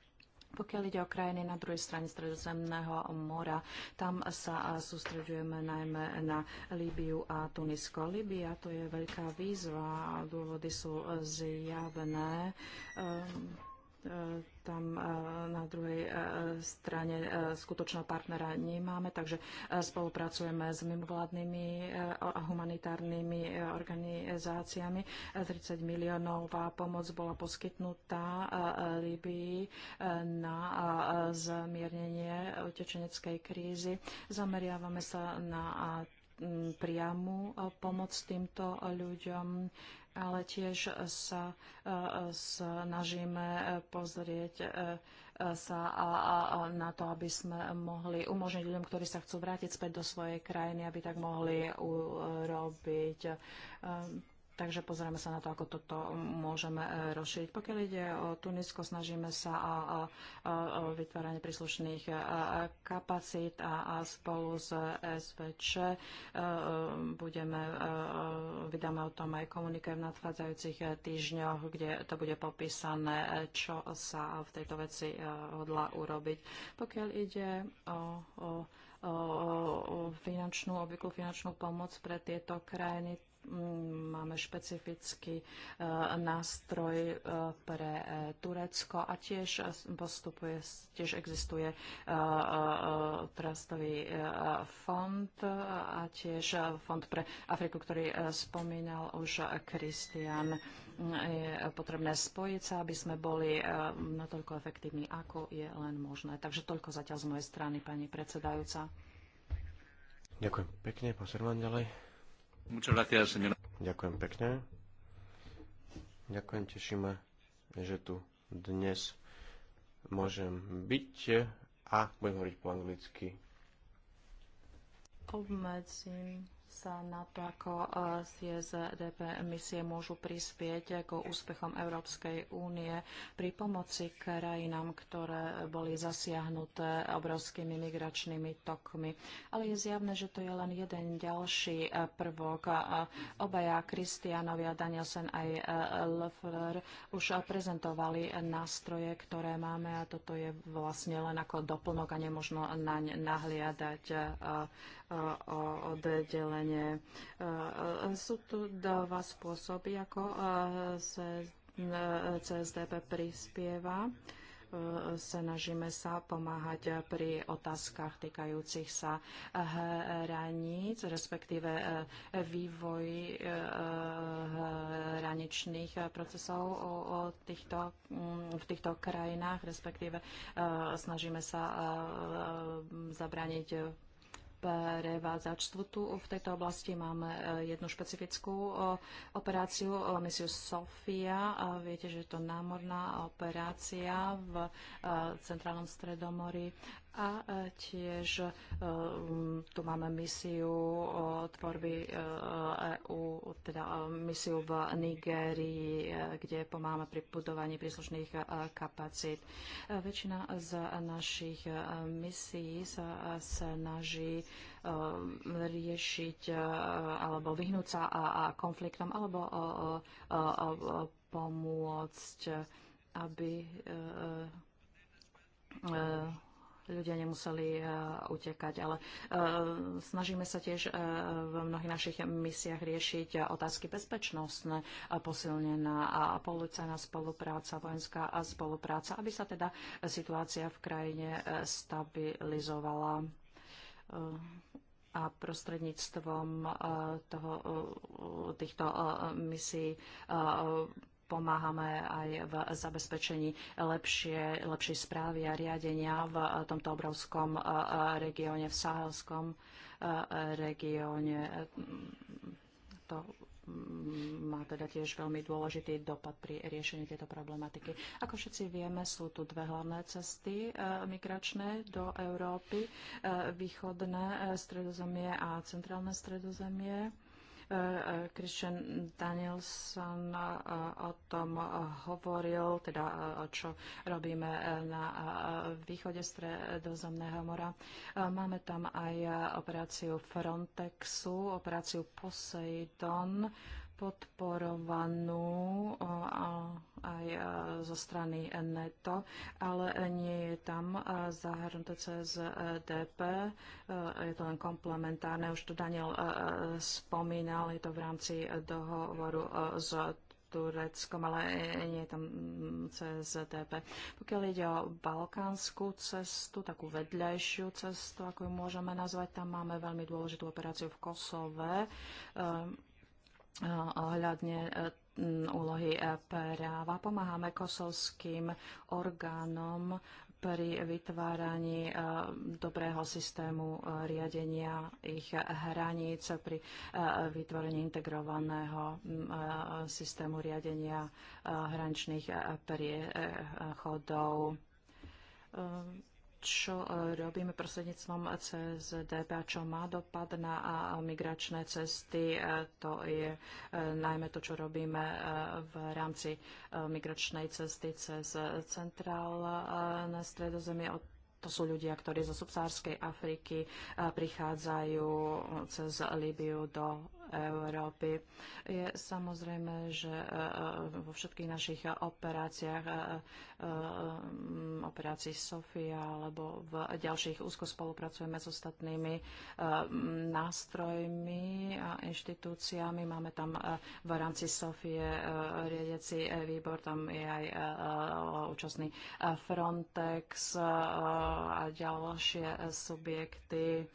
Pokiaľ ide o krajiny na druhej strane Stredozemného mora, tam sa sústredujeme najmä na Líbiu a Tunisko. Líbia to je veľká výzva a dôvody sú e, zjavné e, e, tam e, na druhej e, strane e, skutočného partnera nemáme, takže spolupracujeme s mimovládnymi a humanitárnymi organizáciami. 30 miliónová pomoc bola poskytnutá Libii na zmiernenie utečeneckej krízy. Zameriavame sa na priamu pomoc týmto ľuďom ale tiež sa e, e, snažíme e, pozrieť sa na to, aby sme mohli umožniť ľuďom, ktorí sa chcú vrátiť späť do svojej krajiny, aby tak mohli urobiť Takže pozrieme sa na to, ako toto môžeme e, rozšíriť. Pokiaľ ide o Tunisko, snažíme sa o, o, o vytváranie príslušných e, kapacít a, a spolu s e, SVČ budeme, vydáme o tom aj komuniké v nadchádzajúcich týždňoch, kde to bude popísané, čo sa v tejto veci hodla urobiť. Pokiaľ ide o, o finančnú, obvyklú finančnú pomoc pre tieto krajiny, Máme špecifický e, nástroj e, pre e, Turecko a tiež postupuje, tiež existuje trastový fond a tiež fond pre Afriku, ktorý spomínal už Kristian. Je potrebné spojiť sa, aby sme boli natoľko efektívni, ako je len možné. Takže toľko zatiaľ z mojej strany, pani predsedajúca. Ďakujem pekne, pán ďalej. Ďakujem pekne. Ďakujem, teším, že tu dnes môžem byť a budem hovoriť po anglicky. Obmedzím sa na to, ako CSDP e, misie môžu prispieť k úspechom Európskej únie pri pomoci krajinám, ktoré boli zasiahnuté obrovskými migračnými tokmi. Ale je zjavné, že to je len jeden ďalší e, prvok. Obaja Kristianovia, Danielsen aj e, Lefler už prezentovali nástroje, ktoré máme a toto je vlastne len ako doplnok a nemožno naň nahliadať o oddelenie. Sú tu dva spôsoby, ako CSDP prispieva snažíme sa pomáhať pri otázkach týkajúcich sa hraníc, respektíve e, vývoj e, e, hraničných procesov o týchto, mm, v týchto krajinách, respektíve snažíme sa zabrániť prevádzačstvu. Tu v tejto oblasti máme e, jednu špecifickú e, operáciu, e, misiu Sofia. Viete, že je to námorná operácia v centrálnom stredomori. A e, tiež e, tu máme misiu e, tvorby EU, teda misiu v Nigérii, kde pomáhame pri budovaní príslušných kapacít. Väčšina z našich misií sa snaží riešiť alebo vyhnúť sa konfliktom alebo pomôcť, aby ľudia nemuseli eh, utekať. Ale eh, snažíme sa tiež eh, v mnohých našich misiách riešiť otázky bezpečnostné, posilnená a policajná spolupráca, vojenská spolupráca, aby sa teda situácia v krajine stabilizovala a prostredníctvom toho, týchto misií pomáhame aj v zabezpečení lepšie, lepšej správy a riadenia v tomto obrovskom e, e, regióne, v sahelskom e, regióne. To mm, má teda tiež veľmi dôležitý dopad pri riešení tejto problematiky. Ako všetci vieme, sú tu dve hlavné cesty migračné do Európy. Východné stredozemie a centrálne stredozemie Christian Danielson o tom hovoril, teda o čo robíme e, na východe stredozemného mora. E, máme tam aj e, operáciu Frontexu, operáciu Poseidon, podporovanú aj e, zo strany NETO, ale nie je tam e, zahrnuté cez e, DP. Je to len komplementárne, už to Daniel spomínal, je to v rámci dohovoru z Tureckom, ale nie je tam cez DP. Pokiaľ ide o balkánsku cestu, takú vedľajšiu cestu, ako ju môžeme nazvať, tam máme veľmi dôležitú operáciu v Kosove. Um, ohľadne e, úlohy e, A Pomáhame kosovským orgánom pri vytváraní e, dobrého systému riadenia ich hraníc, pri vytvorení integrovaného systému riadenia hraničných prechodov čo e, robíme prostredníctvom CSDP a čo má dopad na migračné cesty. E, to je e, najmä to, čo robíme v rámci migračnej cesty cez centrál na stredozemie to sú ľudia, ktorí zo subsárskej Afriky prichádzajú cez Líbiu do Európy. Je samozrejme, že e, e, vo všetkých našich operáciách, e, operácií Sofia alebo v ďalších úzko spolupracujeme s ostatnými nástrojmi a inštitúciami. Máme tam v rámci Sofie riadeci výbor, tam je aj účastný Frontex a ďalšie subjekty.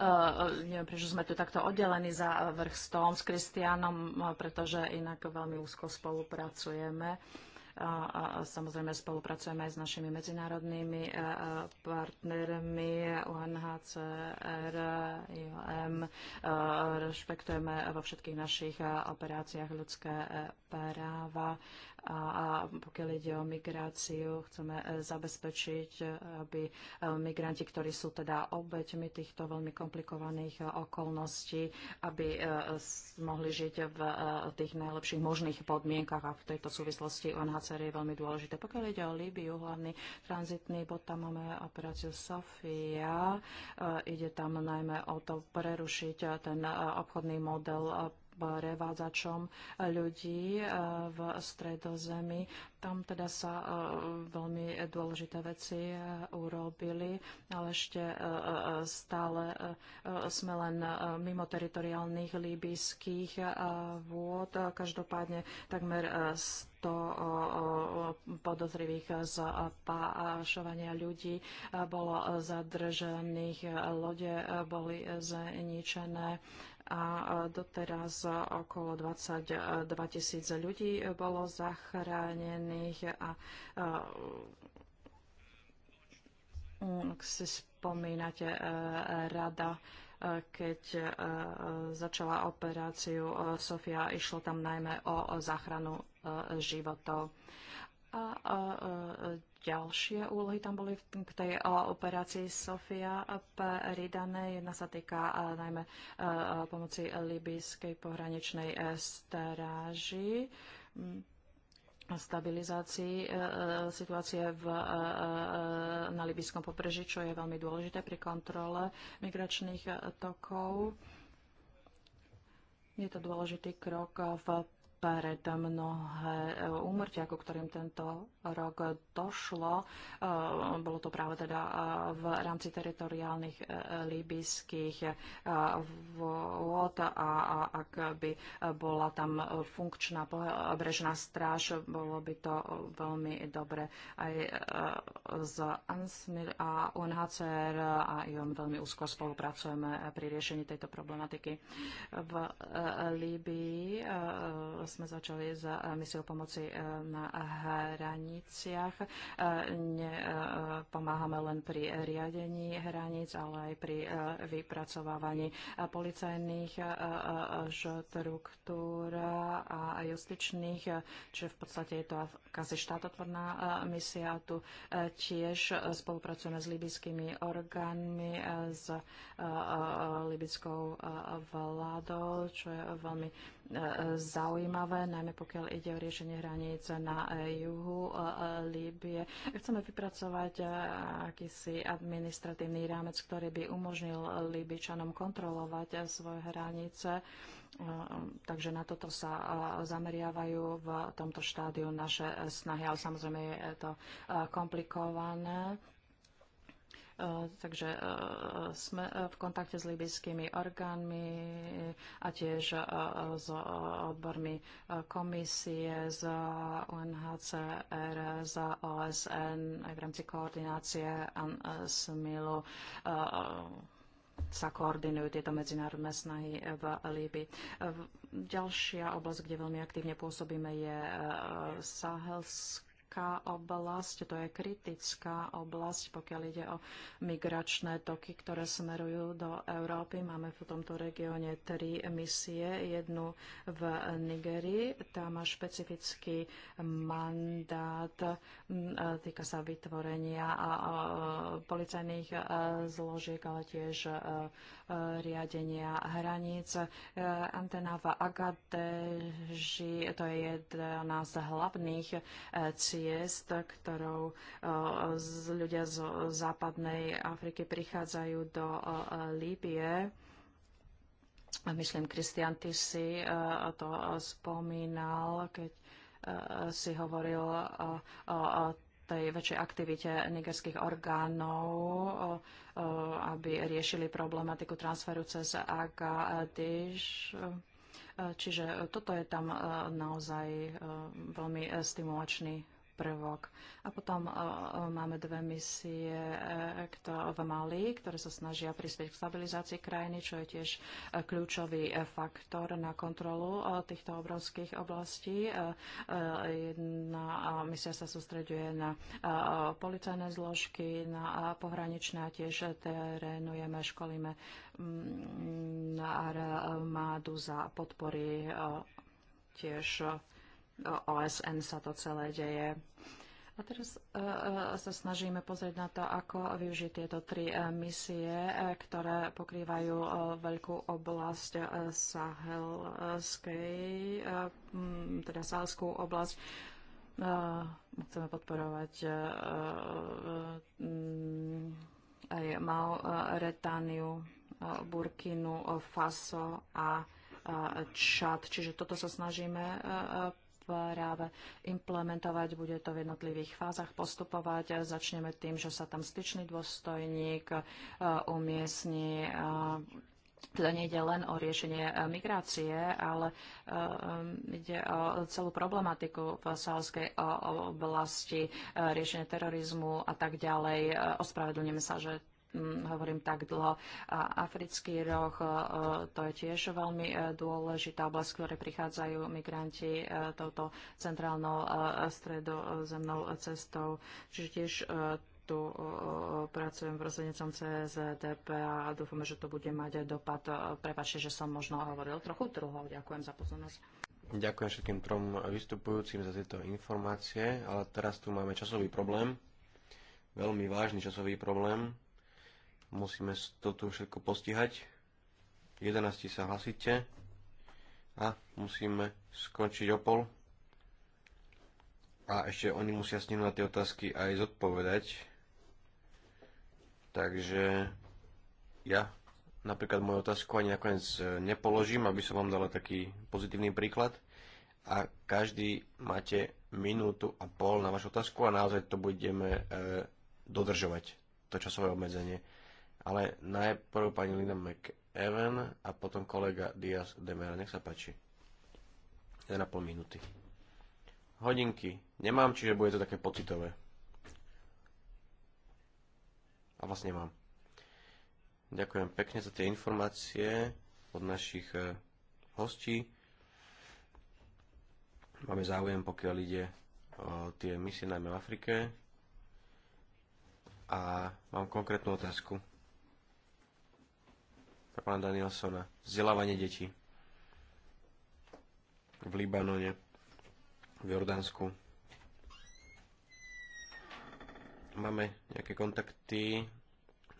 Eh, neviem, prečo sme tu takto oddelení za vrch Tom, s Kristianom, eh, pretože inak veľmi úzko spolupracujeme. A, a samozrejme spolupracujeme aj s našimi medzinárodnými eh, partnermi UNHCR, IOM. Rešpektujeme vo všetkých našich operáciách ľudské práva a pokiaľ ide o migráciu, chceme e, zabezpečiť, e, aby e, migranti, ktorí sú teda obeťmi týchto veľmi komplikovaných okolností, aby mohli žiť v tých najlepších možných podmienkach a v tejto súvislosti UNHCR je veľmi dôležité. Pokiaľ ide o Líbiu, hlavný tranzitný bod, tam máme operáciu Sofia. Ide tam najmä o to prerušiť ten obchodný model prevádzačom ľudí e, v stredozemi. Tam teda sa e, veľmi dôležité veci e, urobili, ale ešte stále sme len mimo teritoriálnych líbyských vôd. Každopádne takmer 100 podozrivých z pášovania ľudí bolo zadržených, lode boli zničené a doteraz okolo 22 tisíc ľudí bolo zachránených a mm, ak si spomínate, e, rada e, keď e, začala operáciu Sofia, išlo tam najmä o záchranu životov. A, ďalšie úlohy tam boli k tej operácii Sofia Ridane. Jedna sa týka najmä e, e, pomoci libyskej pohraničnej e, stráži stabilizácii situácie v, na libyskom pobreží, čo je veľmi dôležité pri kontrole migračných tokov. Je to dôležitý krok v pred mnohé e, úmrtia, ku ktorým tento rok došlo. E, bolo to práve teda e, v rámci teritoriálnych líbyských vôd a ak by bola tam funkčná brežná stráž, bolo by to veľmi dobre aj z ANSMIR a UNHCR a IOM veľmi úzko spolupracujeme pri riešení tejto problematiky. V Líbii sme začali s eh, misiou pomoci eh, na hraniciach. Eh, pomáhame len pri riadení hraníc, ale aj pri vypracovávaní policajných štruktúr a justičných, čiže v podstate je to akási štátotvorná misia. Tu tiež spolupracujeme s libyskými orgánmi, s libyskou vládou, čo je veľmi zaujímavé správe, najmä pokiaľ ide o riešenie hraníc na e, juhu e, e, Líbie. Chceme vypracovať akýsi administratívny rámec, ktorý by umožnil Líbičanom kontrolovať svoje hranice. Takže na toto sa zameriavajú v tomto štádiu naše snahy, ale samozrejme je to komplikované. E, takže e, sme e, v kontakte s libyskými orgánmi a tiež s odbormi komisie, za UNHCR, za OSN aj v rámci koordinácie SMILu sa koordinujú tieto medzinárodné snahy v Líbii. Ďalšia oblasť, kde veľmi aktívne pôsobíme, je Sahelsk veľká oblasť, to je kritická oblasť, pokiaľ ide o migračné toky, ktoré smerujú do Európy. Máme v tomto regióne tri misie. Jednu v Nigerii, tá má špecifický mandát, e, týka sa vytvorenia policajných e, zložiek, ale tiež e, riadenia hraníc. E, Antena v Agadeži, to je jedna z hlavných e, ciest, ktorou e, ľudia z západnej Afriky prichádzajú do Líbie. Myslím, Kristian, ty si to spomínal, keď si hovoril o, o, o tej väčšej aktivite nigerských orgánov, eh, eh, aby riešili problematiku transferu cez Agadež. Eh, čiže toto je tam naozaj veľmi stimulačný prvok. A potom e, máme dve misie e, v Mali, ktoré sa snažia prispieť k stabilizácii krajiny, čo je tiež e, kľúčový faktor na kontrolu týchto obrovských oblastí. Jedna misia sa sústreďuje na policajné zložky, na pohraničné a tiež terénujeme, školíme mm, na armádu za podpory tiež OSN sa to celé deje. A teraz e, e, sa snažíme pozrieť na to, ako využiť tieto tri e, misie, ktoré pokrývajú veľkú oblasť sahelskej, teda sahelskú oblasť chceme podporovať aj Mauretániu, Burkinu, Faso a Čad. Čiže toto sa snažíme práve implementovať, bude to v jednotlivých fázach postupovať. Začneme tým, že sa tam styčný dôstojník e, umiestni e, teda nejde len o riešenie e, migrácie, ale ide o celú problematiku v sálskej oblasti, riešenie terorizmu a tak ďalej. Ospravedlňujeme sa, že Mm, hovorím tak dlho. Africký roh, e, to je tiež veľmi e, dôležitá oblasť, ktoré prichádzajú migranti e, touto centrálnou stredozemnou cestou. Čiže tiež tu pracujem v rozhodnicom CZDP a dúfame, že to bude mať aj dopad. Prepačte, že som možno hovoril trochu druho. Ďakujem za pozornosť. Ďakujem všetkým trom vystupujúcim za tieto informácie, ale teraz tu máme časový problém, veľmi vážny časový problém. Musíme toto všetko postihať. 11 sa hlasíte a musíme skončiť o pol. A ešte oni musia s ním na tie otázky aj zodpovedať. Takže ja napríklad moju otázku ani nakoniec e, nepoložím, aby som vám dala taký pozitívny príklad. A každý máte minútu a pol na vašu otázku a naozaj to budeme e, dodržovať, to časové obmedzenie ale najprv pani Linda McEwen a potom kolega Diaz Demera. Nech sa páči. 1,5 minúty. Hodinky nemám, čiže bude to také pocitové. A vlastne mám. Ďakujem pekne za tie informácie od našich eh, hostí. Máme záujem, pokiaľ ide o tie misie najmä v Afrike. A mám konkrétnu otázku pre pána Danielsona. Vzdelávanie detí v Libanone, v Jordánsku. Máme nejaké kontakty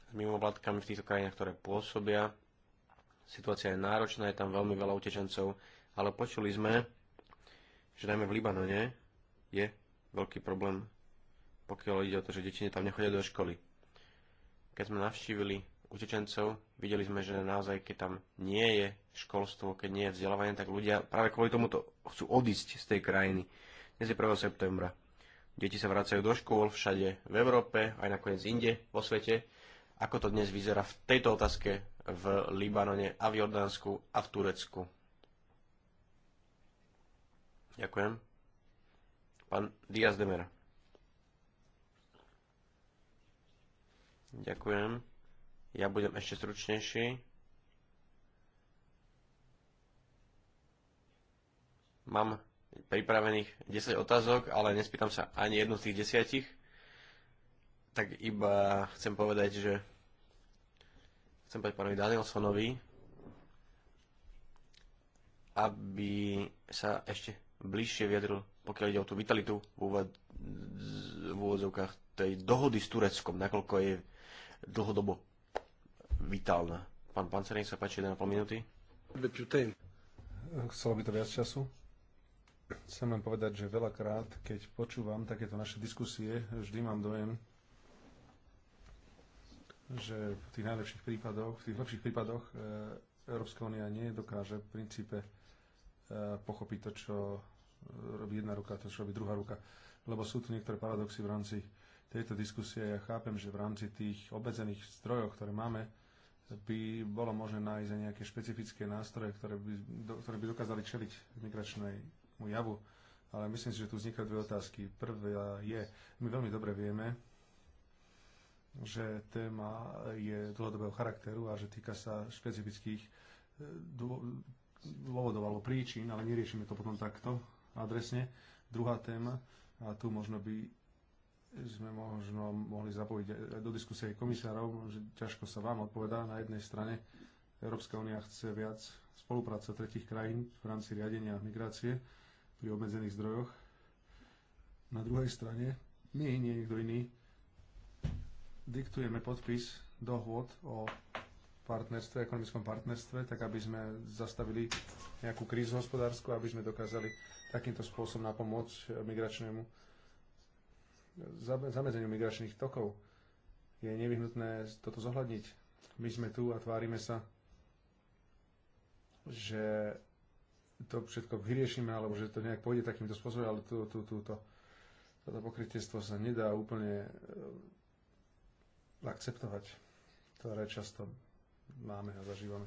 s mimovládkami v týchto krajinách, ktoré pôsobia. Situácia je náročná, je tam veľmi veľa utečencov, ale počuli sme, že najmä v Libanone je veľký problém, pokiaľ ide o to, že deti tam nechodia do školy. Keď sme navštívili utečencov. Videli sme, že naozaj, keď tam nie je školstvo, keď nie je vzdelávanie, tak ľudia práve kvôli tomuto chcú odísť z tej krajiny. Dnes je 1. septembra. Deti sa vracajú do škôl všade v Európe, aj nakoniec inde vo svete. Ako to dnes vyzerá v tejto otázke v Libanone a v Jordánsku a v Turecku? Ďakujem. Pán Diaz Demera. Ďakujem. Ja budem ešte stručnejší. Mám pripravených 10 otázok, ale nespýtam sa ani jednu z tých desiatich. Tak iba chcem povedať, že chcem povedať pánovi Danielsonovi, aby sa ešte bližšie vyjadril, pokiaľ ide o tú vitalitu v, v úvodzovkách tej dohody s Tureckom, nakoľko je dlhodobo vitálna. Pán pancerník, sa páči, 1,5 minúty. Chcelo by to viac času? Chcem len povedať, že veľakrát, keď počúvam takéto naše diskusie, vždy mám dojem, že v tých najlepších prípadoch, v tých lepších prípadoch e, Európska únia nedokáže v princípe e, pochopiť to, čo robí jedna ruka, to, čo robí druhá ruka. Lebo sú tu niektoré paradoxy v rámci tejto diskusie. Ja chápem, že v rámci tých obmedzených zdrojov, ktoré máme, by bolo možné nájsť aj nejaké špecifické nástroje, ktoré by, do, ktoré by dokázali čeliť migračnému javu. Ale myslím si, že tu vznikajú dve otázky. Prvá je, my veľmi dobre vieme, že téma je dlhodobého charakteru a že týka sa špecifických e, dôvodov alebo príčin, ale neriešime to potom takto adresne. Druhá téma, a tu možno by sme možno mohli zapojiť do diskusie aj komisárov, že ťažko sa vám odpovedá. Na jednej strane Európska únia chce viac spolupráce tretich krajín v rámci riadenia migrácie pri obmedzených zdrojoch. Na druhej strane my, nie niekto iný, diktujeme podpis dohôd o partnerstve, ekonomickom partnerstve, tak aby sme zastavili nejakú krízu hospodárskú, aby sme dokázali takýmto spôsobom napomôcť migračnému zamedzeniu migračných tokov. Je nevyhnutné toto zohľadniť. My sme tu a tvárime sa, že to všetko vyriešime, alebo že to nejak pôjde takýmto spôsobom, ale tú, tú, túto, toto pokrytiestvo sa nedá úplne eh, akceptovať, ktoré často máme a zažívame.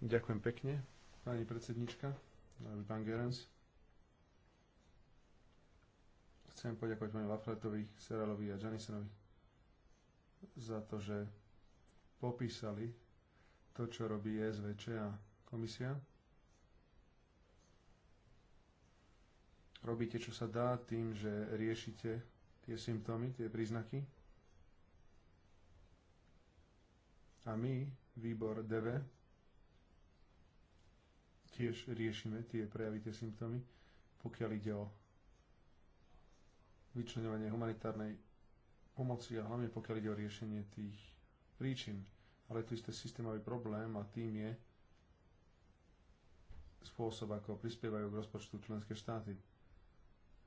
Ďakujem pekne, pani predsednička, pán Gerens. Chcem poďakovať pani Lafletovi, Seralovi a Janisonovi za to, že popísali to, čo robí SVČ a komisia. Robíte, čo sa dá tým, že riešite tie symptómy, tie príznaky. A my, výbor DV, tiež riešime tie prejavy, tie symptómy, pokiaľ ide o vyčlenovanie humanitárnej pomoci a hlavne pokiaľ ide o riešenie tých príčin. Ale tu isté systémový problém a tým je spôsob, ako prispievajú k rozpočtu členské štáty.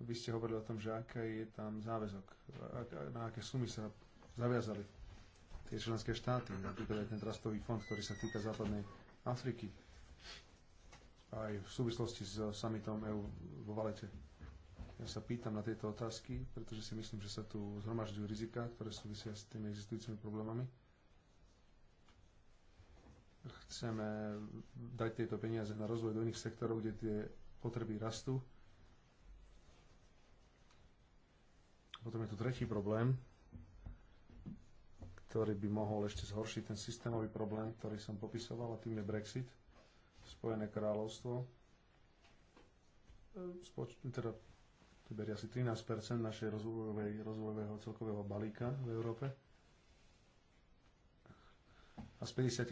Vy ste hovorili o tom, že aká je tam záväzok, na aké sumy sa zaviazali tie členské štáty, napríklad aj ten trastový fond, ktorý sa týka západnej Afriky, aj v súvislosti s summitom EU vo Valete. Ja sa pýtam na tieto otázky, pretože si myslím, že sa tu zhromažďujú rizika, ktoré súvisia s tými existujúcimi problémami. Chceme dať tieto peniaze na rozvoj do iných sektorov, kde tie potreby rastú. Potom je tu tretí problém, ktorý by mohol ešte zhoršiť ten systémový problém, ktorý som popisoval, a tým je Brexit, Spojené kráľovstvo, Spoč- teda to berie asi 13 našej rozvojovej, rozvojového celkového balíka v Európe. A z 53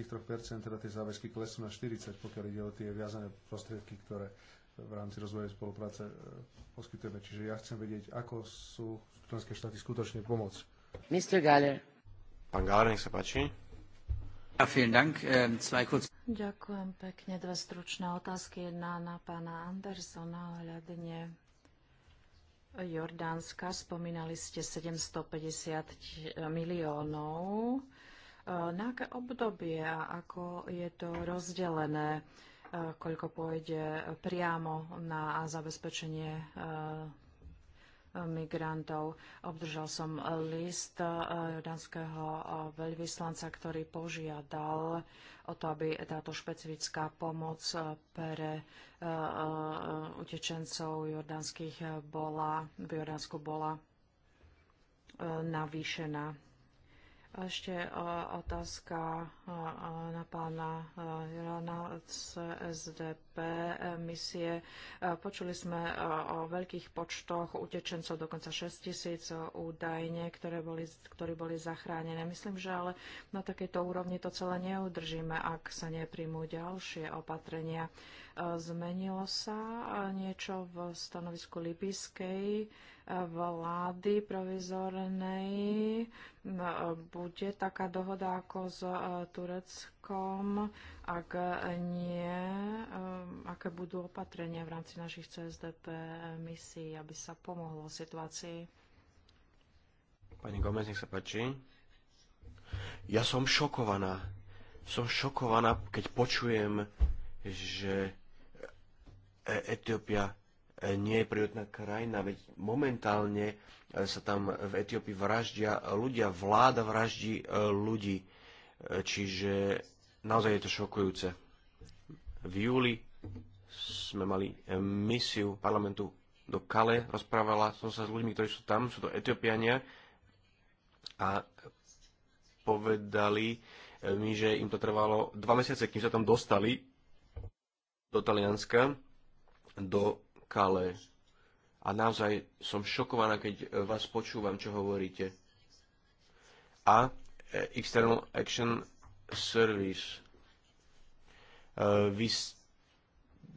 teda tie záväzky klesnú na 40, pokiaľ ide o tie viazané prostriedky, ktoré v rámci rozvojovej spolupráce e, poskytujeme. Čiže ja chcem vedieť, ako sú členské štáty skutočne pomoc. Mr. Galler. Pán Galler, nech sa páči. Ähm, Ďakujem pekne. Dve stručné otázky. Jedna na pána Andersona ohľadne Jordánska. Spomínali ste 750 miliónov. E, na aké obdobie a ako je to rozdelené? E, koľko pôjde priamo na zabezpečenie e, migrantov. Obdržal som list jordánskeho eh, eh, veľvyslanca, ktorý požiadal o to, aby táto špecifická pomoc eh, pre utečencov jordanských bola, v Jordánsku bola navýšená. Ešte e, otázka e, e, na pána jelana z SDP misie. Počuli sme o veľkých počtoch utečencov, dokonca 6 tisíc údajne, ktoré boli, ktorí boli zachránené. Myslím, že ale na takejto úrovni to celé neudržíme, ak sa nepríjmú ďalšie opatrenia. Zmenilo sa niečo v stanovisku Libyskej vlády provizornej no, bude taká dohoda ako s e, Tureckom, ak nie, e, aké budú opatrenia v rámci našich CSDP misií, aby sa pomohlo situácii. Pani Gomez, nech sa páči. Ja som šokovaná. Som šokovaná, keď počujem, že e- Etiópia nie je prírodná krajina, veď momentálne e, sa tam v Etiópii vraždia ľudia, vláda vraždí e, ľudí, e, čiže naozaj je to šokujúce. V júli sme mali misiu parlamentu do Kale, rozprávala som sa s ľuďmi, ktorí sú tam, sú to Etiópiania a povedali mi, že im to trvalo dva mesiace, kým sa tam dostali do Talianska, do Kale. A naozaj som šokovaná, keď eh, vás počúvam, čo hovoríte. A eh, External Action Service. Eh, vy,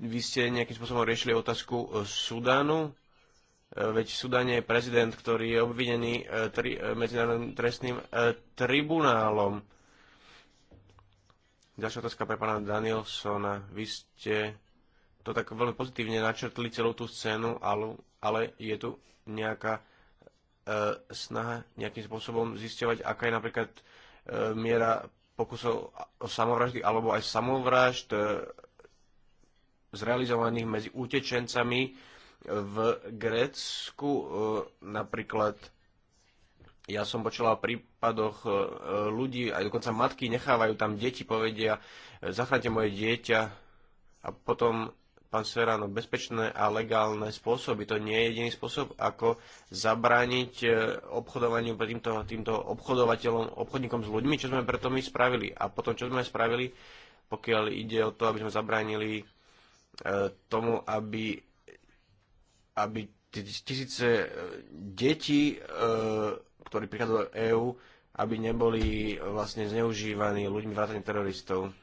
vy ste nejakým spôsobom riešili otázku Sudánu. Veď v Sudáne je prezident, ktorý je obvinený tri, medzinárodným trestným tribunálom. Ďalšia otázka pre pána Danielsona. Vy ste to tak veľmi pozitívne načrtli celú tú scénu, ale, ale je tu nejaká e, snaha nejakým spôsobom zistiovať, aká je napríklad e, miera pokusov o samovraždy alebo aj samovražd e, zrealizovaných medzi utečencami v Grécku. E, napríklad ja som počula o prípadoch e, ľudí, aj dokonca matky nechávajú tam deti, povedia, e, zachráňte moje dieťa, a potom pán Sverano, bezpečné a legálne spôsoby. To nie je jediný spôsob, ako zabrániť e, obchodovaniu týmto, týmto obchodovateľom, obchodníkom s ľuďmi, čo sme preto my spravili. A potom, čo sme spravili, pokiaľ ide o to, aby sme zabránili e, tomu, aby, aby tisíce e, detí, ktorí prichádzajú do EÚ, aby neboli vlastne zneužívaní ľuďmi vrátane teroristov.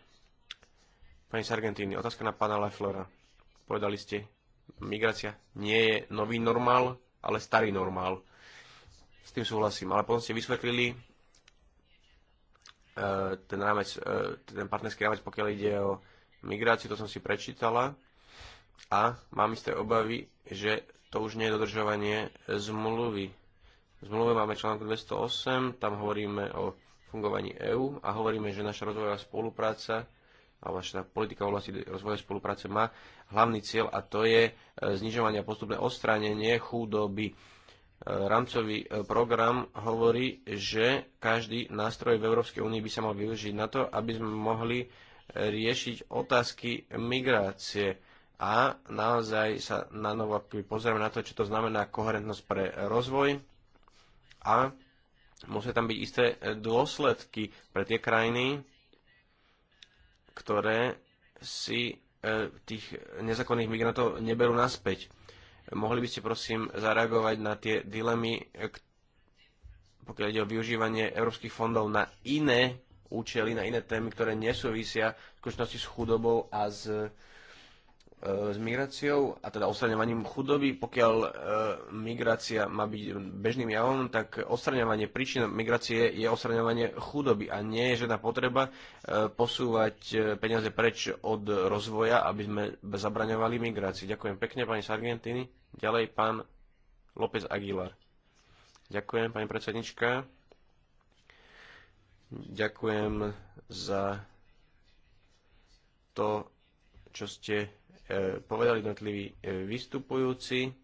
Pani Sargentini, otázka na pána Leflora. Povedali ste, migrácia nie je nový normál, ale starý normál. S tým súhlasím. Ale potom ste vysvetlili e, ten, rámec, e, ten partnerský rámec, pokiaľ ide o migráciu, to som si prečítala a mám isté obavy, že to už nie je dodržovanie zmluvy. V zmluve máme článku 208, tam hovoríme o fungovaní EÚ a hovoríme, že naša rozvojová spolupráca alebo naša vlastne politika v oblasti rozvoja spolupráce má hlavný cieľ a to je e, znižovanie a postupné odstránenie chudoby. E, rámcový e, program hovorí, že každý nástroj v Európskej únii by sa mal využiť na to, aby sme mohli riešiť otázky migrácie a naozaj sa na novo pozrieme na to, čo to znamená koherentnosť pre rozvoj a musia tam byť isté dôsledky pre tie krajiny, ktoré si e, tých nezákonných migrantov neberú naspäť. Mohli by ste prosím zareagovať na tie dilemy, e, pokiaľ ide o využívanie európskych fondov na iné účely, na iné témy, ktoré nesúvisia v skutočnosti s chudobou a s s migráciou a teda odstraňovaním chudoby. Pokiaľ e, migrácia má byť bežným javom, tak odstraňovanie príčin migrácie je odstraňovanie chudoby a nie je žiadna potreba e, posúvať e, peniaze preč od rozvoja, aby sme zabraňovali migrácii. Ďakujem pekne, pani Sargentini. Ďalej pán López Aguilar. Ďakujem, pani predsednička. Ďakujem za to, čo ste E, povedali jednotliví e, vystupujúci.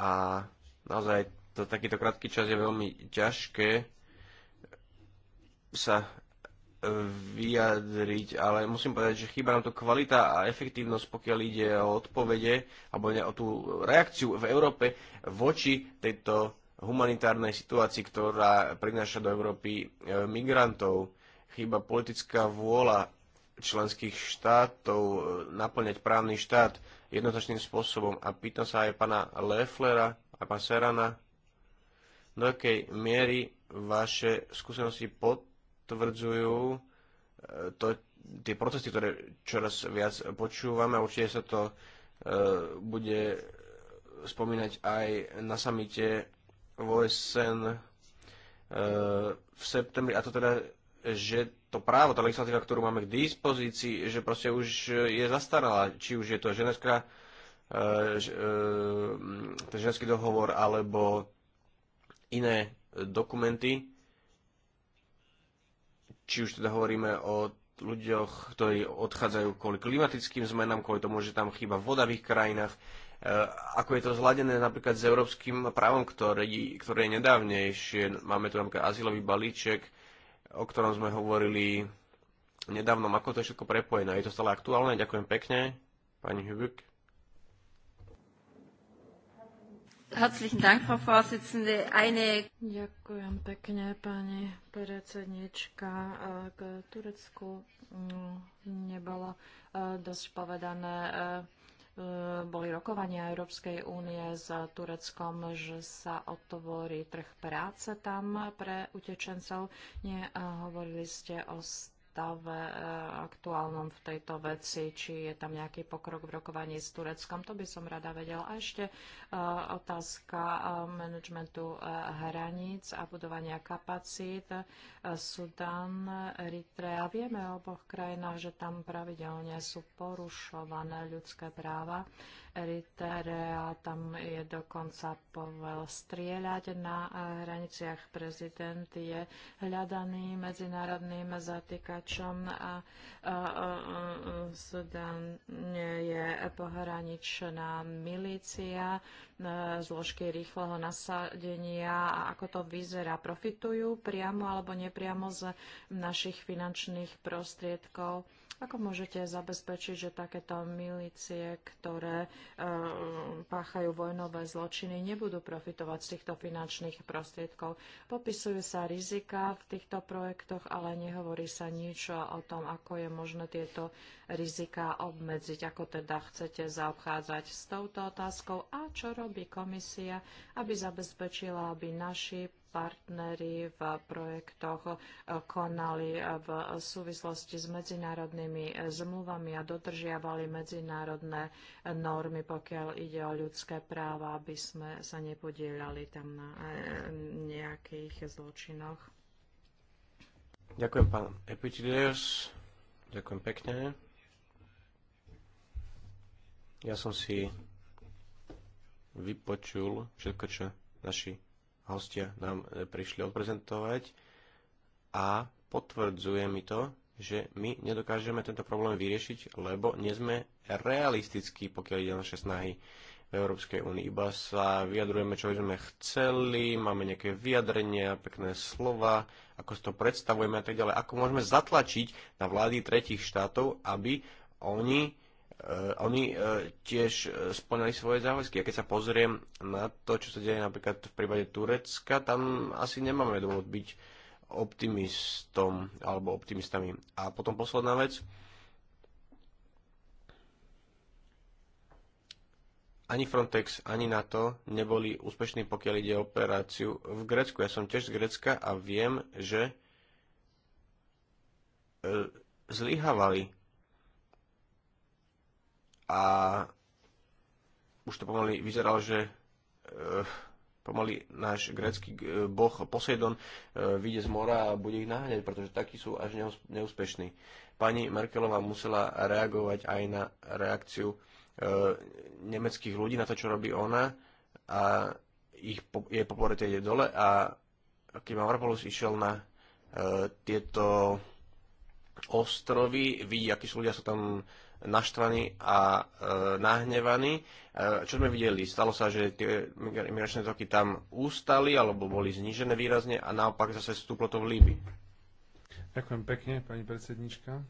A naozaj to takýto krátky čas je veľmi ťažké sa e, vyjadriť, ale musím povedať, že chýba nám to kvalita a efektívnosť, pokiaľ ide o odpovede alebo ne, o tú reakciu v Európe voči tejto humanitárnej situácii, ktorá prináša do Európy migrantov. Chýba politická vôľa členských štátov e, naplňať právny štát jednoznačným spôsobom. A pýtam sa aj pána Lefflera a pána Serana, do akej miery vaše skúsenosti potvrdzujú e, to, tie procesy, ktoré čoraz viac počúvame. Určite sa to e, bude spomínať aj na samite OSN e, v septembri, a to teda, že to právo, tá legislatíva, ktorú máme k dispozícii, že proste už eh, je zastaralá, či už je to ženská, e, eh, eh, ženský dohovor alebo iné dokumenty, či už teda hovoríme o ľuďoch, ktorí odchádzajú kvôli klimatickým zmenám, kvôli tomu, že tam chýba voda v ich krajinách, ako je to zladené napríklad s európskym právom, ktoré, ktoré je nedávnejšie. Máme tu napríklad azylový balíček, o ktorom sme hovorili nedávno, ako to je všetko prepojené. Je to stále aktuálne? Ďakujem pekne, pani Hübük. Herzlichen Dank, Frau Vorsitzende. Eine Ďakujem pekne, pani predsednička. K Turecku mm, nebolo eh, dosť povedané eh, E, boli rokovania Európskej únie s Tureckom, že sa otvorí trh práce tam pre utečencov. Nehovorili e, ste o stave e, aktuálnom v tejto veci, či je tam nejaký pokrok v rokovaní s Tureckom. To by som rada vedela. A ešte e, otázka e, managementu hraníc a budovania kapacít. Sudan, Eritrea. Vieme o oboch krajinách, že tam pravidelne sú porušované ľudské práva. Eritrea. Tam je dokonca povel strieľať na e, hraniciach. Prezident je hľadaný medzinárodným zatýkačom a Sudan je pohraničná milícia, e, zložky rýchleho nasadenia a ako to vyzerá. Profitujú priamo alebo nepriamo z našich finančných prostriedkov. Ako môžete zabezpečiť, že takéto milície, ktoré e, páchajú vojnové zločiny, nebudú profitovať z týchto finančných prostriedkov? Popisujú sa rizika v týchto projektoch, ale nehovorí sa nič o tom, ako je možné tieto rizika obmedziť, ako teda chcete zaobchádzať s touto otázkou a čo robí komisia, aby zabezpečila, aby naši partneri v projektoch konali v súvislosti s medzinárodnými zmluvami a dodržiavali medzinárodné normy, pokiaľ ide o ľudské práva, aby sme sa nepodielali tam na eh, nejakých zločinoch. Ďakujem, pán Epitideus. Ďakujem pekne. Ja som si vypočul všetko, čo naši hostia nám e, prišli odprezentovať a potvrdzuje mi to, že my nedokážeme tento problém vyriešiť, lebo nie sme realistickí, pokiaľ ide naše snahy v Európskej únii. Iba sa vyjadrujeme, čo by sme chceli, máme nejaké vyjadrenia, pekné slova, ako si to predstavujeme a tak ďalej. Ako môžeme zatlačiť na vlády tretich štátov, aby oni E, oni e, tiež e, splňali svoje záväzky. A keď sa pozriem na to, čo sa deje napríklad v prípade Turecka, tam asi nemáme dôvod byť optimistom alebo optimistami. A potom posledná vec. Ani Frontex, ani NATO neboli úspešní, pokiaľ ide o operáciu v Grécku. Ja som tiež z Grécka a viem, že zlyhávali a už to pomaly vyzeralo, že eh, pomaly náš grecký eh, boh Poseidon eh, vyjde z mora a bude ich naháňať, pretože takí sú až neúspešní. Pani Merkelová musela reagovať aj na reakciu nemeckých ľudí, na to, čo robí ona a ich, jej poporete ide dole a keď Mavropoulos išiel na e, tieto ostrovy, vidí, akí sú ľudia, sú tam naštvaní a e, nahnevaní. E, čo sme videli? Stalo sa, že tie imigračné toky tam ústali alebo boli znížené výrazne a naopak zase stúplo to v líby. Ďakujem pekne, pani predsednička.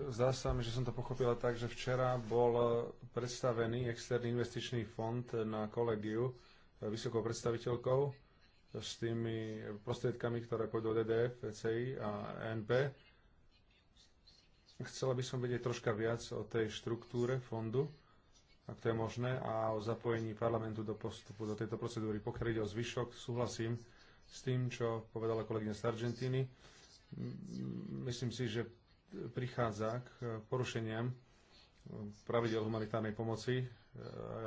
Zdá sa mi, že som to pochopila tak, že včera bol e, predstavený externý investičný fond na kolegiu vysokou predstaviteľkou s tými prostriedkami, ktoré pôjdu od EDF, ECI a NP Chcela by som vedieť troška viac o tej štruktúre fondu, ak to je možné, a o zapojení parlamentu do postupu, do tejto procedúry. Pokiaľ ide o zvyšok, súhlasím s tým, čo povedala kolegyňa z Argentíny. Myslím si, že prichádza k porušeniam pravidel humanitárnej pomoci,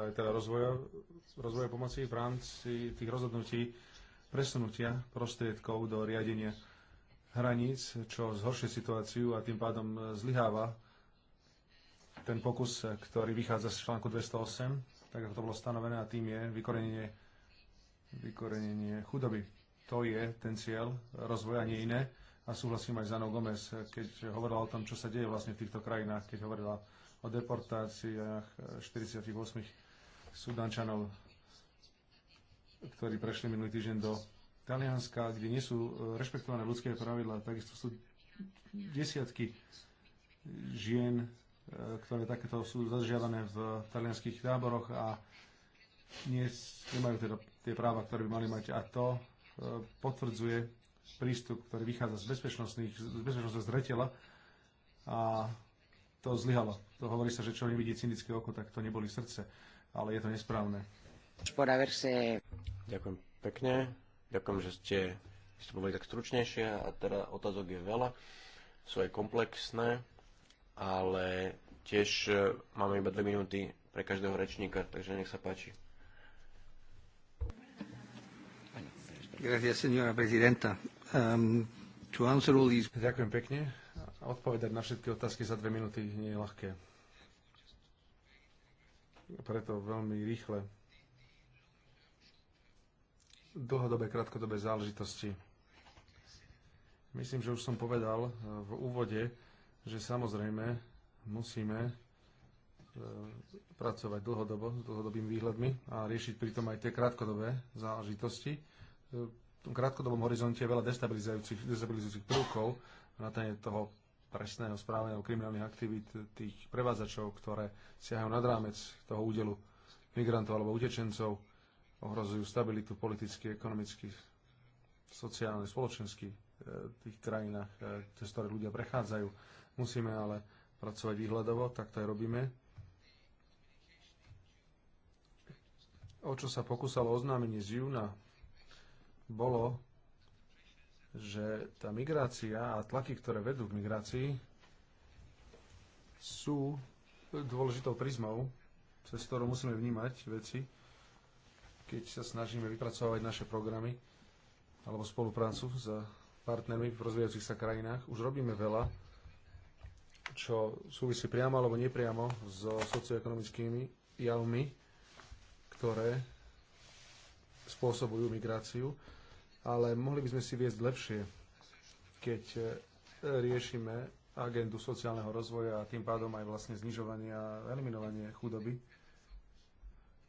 aj teda rozvoja, rozvoja pomoci v rámci tých rozhodnutí presunutia prostriedkov do riadenia hraníc, čo zhoršuje situáciu a tým pádom e, zlyháva ten pokus, e, ktorý vychádza z článku 208, tak ako to bolo stanovené, a tým je vykorenenie, vykorenenie chudoby. To je ten cieľ rozvoja, nie iné. A súhlasím aj s Anou Gomez, e, keď hovorila o tom, čo sa deje vlastne v týchto krajinách, keď hovorila o deportáciách 48 sudančanov, ktorí prešli minulý týždeň do Talianska, kde nie sú e, rešpektované ľudské pravidlá. Takisto sú desiatky žien, e, ktoré takéto sú zadržiavané v talianských táboroch a nie, nemajú teda tie práva, ktoré by mali mať. A to e, potvrdzuje prístup, ktorý vychádza z, bezpečnostných, z bezpečnostného zretela a to zlyhalo. To hovorí sa, že čo nevidí cynické oko, tak to neboli srdce, ale je to nesprávne. Ďakujem pekne Ďakujem, že ste vystupovali tak stručnejšie a teda otázok je veľa, sú aj komplexné, ale tiež e, máme iba dve minúty pre každého rečníka, takže nech sa páči. Gracias, señora Um, to answer all these... Ďakujem pekne. Odpovedať na všetky otázky za dve minúty nie je ľahké. Preto veľmi rýchle dlhodobé, krátkodobé záležitosti. Myslím, že už som povedal e, v úvode, že samozrejme musíme e, pracovať dlhodobo, s dlhodobými výhľadmi a riešiť pritom aj tie krátkodobé záležitosti. E, v tom krátkodobom horizonte je veľa destabilizujúcich, destabilizujúcich prvkov, vrátane toho presného správania kriminálnych aktivít tých prevádzačov, ktoré siahajú nad rámec toho údelu migrantov alebo utečencov ohrozujú stabilitu politicky, ekonomicky, sociálne, spoločensky v eh, tých krajinách, eh, cez ktoré ľudia prechádzajú. Musíme ale pracovať výhľadovo, tak to aj robíme. O čo sa pokúsalo oznámenie z júna, bolo, že tá migrácia a tlaky, ktoré vedú k migrácii, sú dôležitou prizmou, cez ktorú musíme vnímať veci, keď sa snažíme vypracovať naše programy alebo spoluprácu s partnermi v rozvíjajúcich sa krajinách. Už robíme veľa, čo súvisí priamo alebo nepriamo so socioekonomickými javmi, ktoré spôsobujú migráciu, ale mohli by sme si viesť lepšie, keď e, riešime agendu sociálneho rozvoja a tým pádom aj vlastne znižovanie a eliminovanie chudoby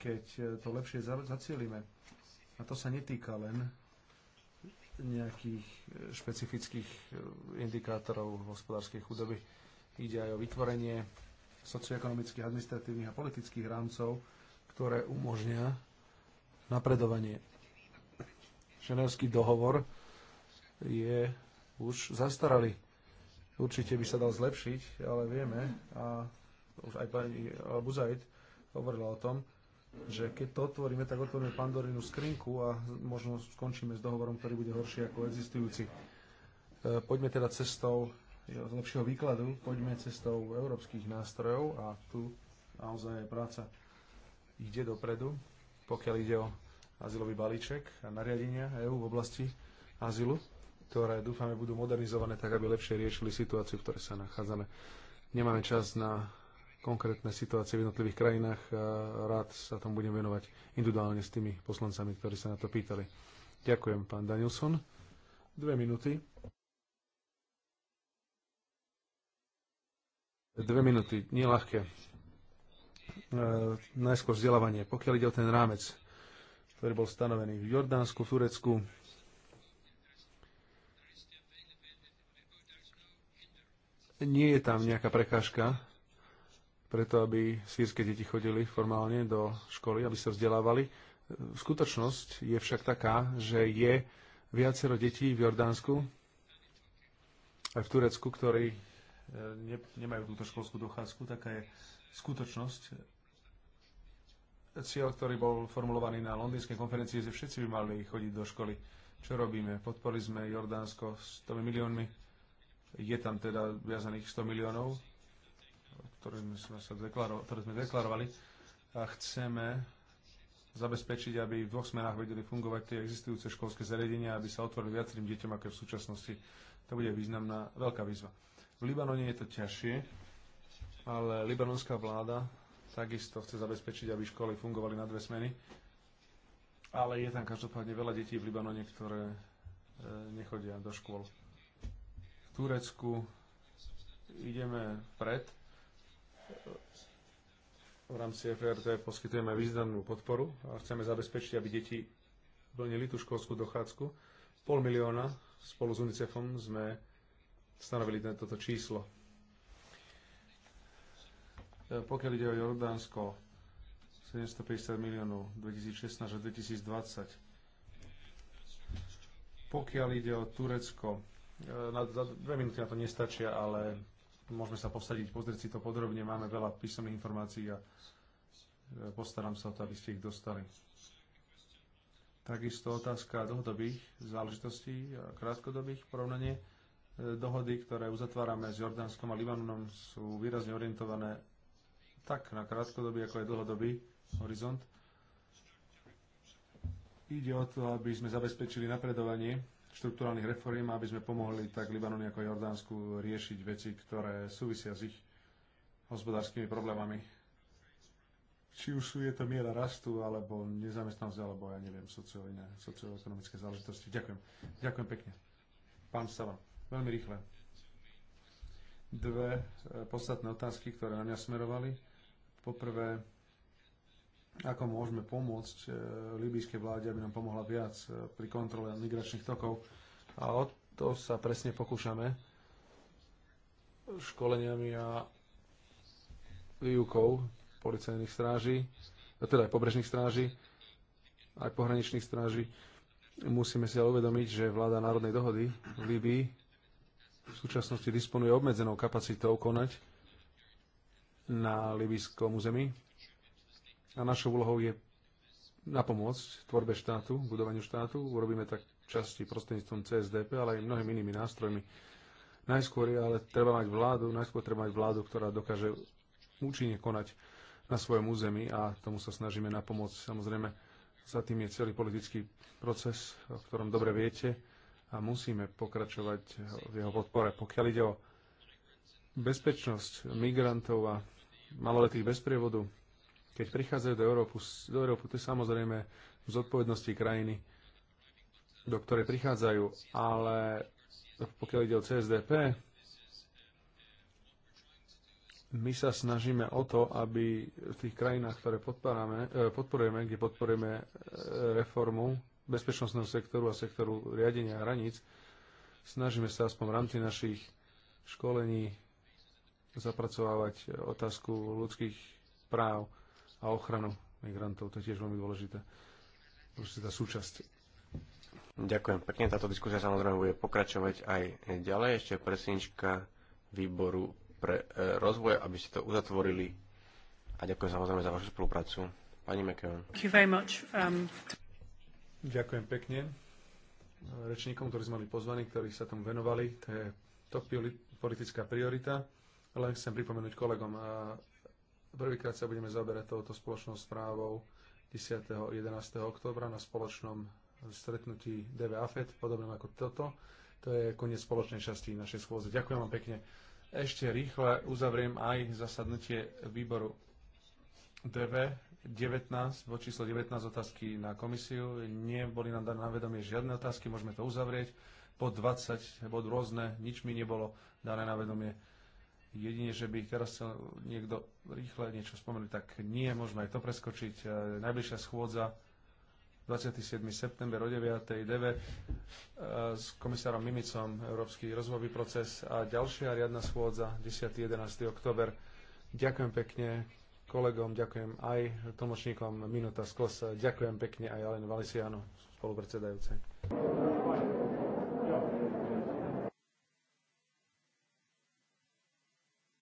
keď e, to lepšie zacielime. A to sa netýka len nejakých e, špecifických e, indikátorov hospodárskej chudoby. Ide aj o vytvorenie socioekonomických, administratívnych a politických rámcov, ktoré umožnia napredovanie. Ženevský dohovor je už zastaralý. Určite by sa dal zlepšiť, ale vieme, a už aj pani Buzajt hovorila o tom, že keď to otvoríme, tak otvoríme Pandorinu skrinku a možno skončíme s dohovorom, ktorý bude horší ako existujúci. E, poďme teda cestou e, z lepšieho výkladu, poďme cestou európskych nástrojov a tu naozaj práca ide dopredu, pokiaľ ide o azylový balíček a nariadenia EÚ v oblasti azylu, ktoré dúfame budú modernizované tak, aby lepšie riešili situáciu, v ktorej sa nachádzame. Nemáme čas na konkrétne situácie v jednotlivých krajinách. Rád sa tom budem venovať individuálne s tými poslancami, ktorí sa na to pýtali. Ďakujem, pán Danielson. Dve minúty. Dve minúty, nie ľahké. E, najskôr vzdelávanie. Pokiaľ ide o ten rámec, ktorý bol stanovený v Jordánsku, v Turecku, nie je tam nejaká prekážka preto, aby sírske deti chodili formálne do školy, aby sa vzdelávali. Skutočnosť je však taká, že je viacero detí v Jordánsku, aj v Turecku, ktorí e, ne, nemajú túto školskú dochádzku. Taká je skutočnosť. Cieľ, ktorý bol formulovaný na londýnskej konferencii, že všetci by mali chodiť do školy. Čo robíme? Podporili sme Jordánsko s 100 miliónmi. Je tam teda viazaných 100 miliónov ktoré sme, sme, sa deklaro, ktoré sme deklarovali. A chceme zabezpečiť, aby v dvoch smerách vedeli fungovať tie existujúce školské zariadenia, aby sa otvorili viacerým deťom, aké v súčasnosti. To bude významná, veľká výzva. V Libanone je to ťažšie, ale libanonská vláda takisto chce zabezpečiť, aby školy fungovali na dve smeny. Ale je tam každopádne veľa detí v Libanone, ktoré e, nechodia do škôl. V Turecku ideme pred v rámci FRT poskytujeme významnú podporu a chceme zabezpečiť, aby deti plnili tú školskú dochádzku. Pol milióna spolu s UNICEFom sme stanovili toto číslo. E, pokiaľ ide o Jordánsko, 750 miliónov 2016 až 2020. Pokiaľ ide o Turecko, e, na, dve minúty na to nestačia, ale môžeme sa posadiť, pozrieť si to podrobne, máme veľa písomných informácií a e, postaram sa o to, aby ste ich dostali. Takisto otázka dlhodobých záležitostí a krátkodobých porovnanie. Dohody, ktoré uzatvárame s Jordánskom a Libanonom, sú výrazne orientované tak na krátkodobý, ako aj dlhodobý horizont. Ide o to, aby sme zabezpečili napredovanie štruktúrálnych reforiem, aby sme pomohli tak Libanonu ako Jordánsku riešiť veci, ktoré súvisia s ich hospodárskymi problémami. Či už sú je to miera rastu, alebo nezamestnanosť, alebo ja neviem, socioekonomické záležitosti. Ďakujem. Ďakujem pekne. Pán Sala, veľmi rýchle. Dve eh, podstatné otázky, ktoré na mňa smerovali. Poprvé, ako môžeme pomôcť e, libyjskej vláde, aby nám pomohla viac e, pri kontrole migračných tokov. A o to sa presne pokúšame školeniami a výukou policajných stráží, teda aj pobrežných stráží, aj pohraničných stráží. Musíme si ale uvedomiť, že vláda národnej dohody v Libii v súčasnosti disponuje obmedzenou kapacitou konať na libijskom území a našou úlohou je napomôcť tvorbe štátu, budovaniu štátu. Urobíme tak časti prostredníctvom CSDP, ale aj mnohými inými nástrojmi. Najskôr je ale treba mať vládu, najskôr treba mať vládu, ktorá dokáže účinne konať na svojom území a tomu sa snažíme napomôcť. Samozrejme, za tým je celý politický proces, o ktorom dobre viete a musíme pokračovať v jeho podpore. Pokiaľ ide o bezpečnosť migrantov a maloletých bez prievodu, keď prichádzajú do Európy, do Európy to je samozrejme z odpovednosti krajiny, do ktorej prichádzajú, ale pokiaľ ide o CSDP, my sa snažíme o to, aby v tých krajinách, ktoré e, podporujeme, kde podporujeme e, reformu bezpečnostného sektoru a sektoru riadenia hraníc, snažíme sa aspoň v rámci našich školení zapracovávať otázku ľudských práv a ochranu migrantov. To je tiež veľmi dôležité. tá súčasť. Ďakujem pekne. Táto diskusia samozrejme bude pokračovať aj ďalej. Ešte presnička výboru pre e, rozvoj, aby ste to uzatvorili. A ďakujem samozrejme za vašu spoluprácu. Pani McEwan. Um... Ďakujem pekne rečníkom, ktorí sme mali pozvaní, ktorí sa tomu venovali. To je top politická priorita. Len chcem pripomenúť kolegom, Prvýkrát sa budeme zaberať touto spoločnou správou 10. 11. oktobra na spoločnom stretnutí DV AFED, podobne ako toto. To je koniec spoločnej časti našej schôdze. Ďakujem vám pekne. Ešte rýchle uzavriem aj zasadnutie výboru DV 19, vo číslo 19 otázky na komisiu. Neboli nám dané na vedomie žiadne otázky, môžeme to uzavrieť. Po 20, bod rôzne, nič mi nebolo dané na vedomie. Jedine, že by teraz chcel niekto rýchle niečo spomenúť, tak nie, môžeme aj to preskočiť. E, najbližšia schôdza 27. september o 9. deve s komisárom Mimicom, Európsky rozvojový proces a ďalšia riadna schôdza 10. 11. oktober. Ďakujem pekne kolegom, ďakujem aj tlmočníkom Minuta Skos, ďakujem pekne aj Alenu Valisianu, spolupredsedajúcej.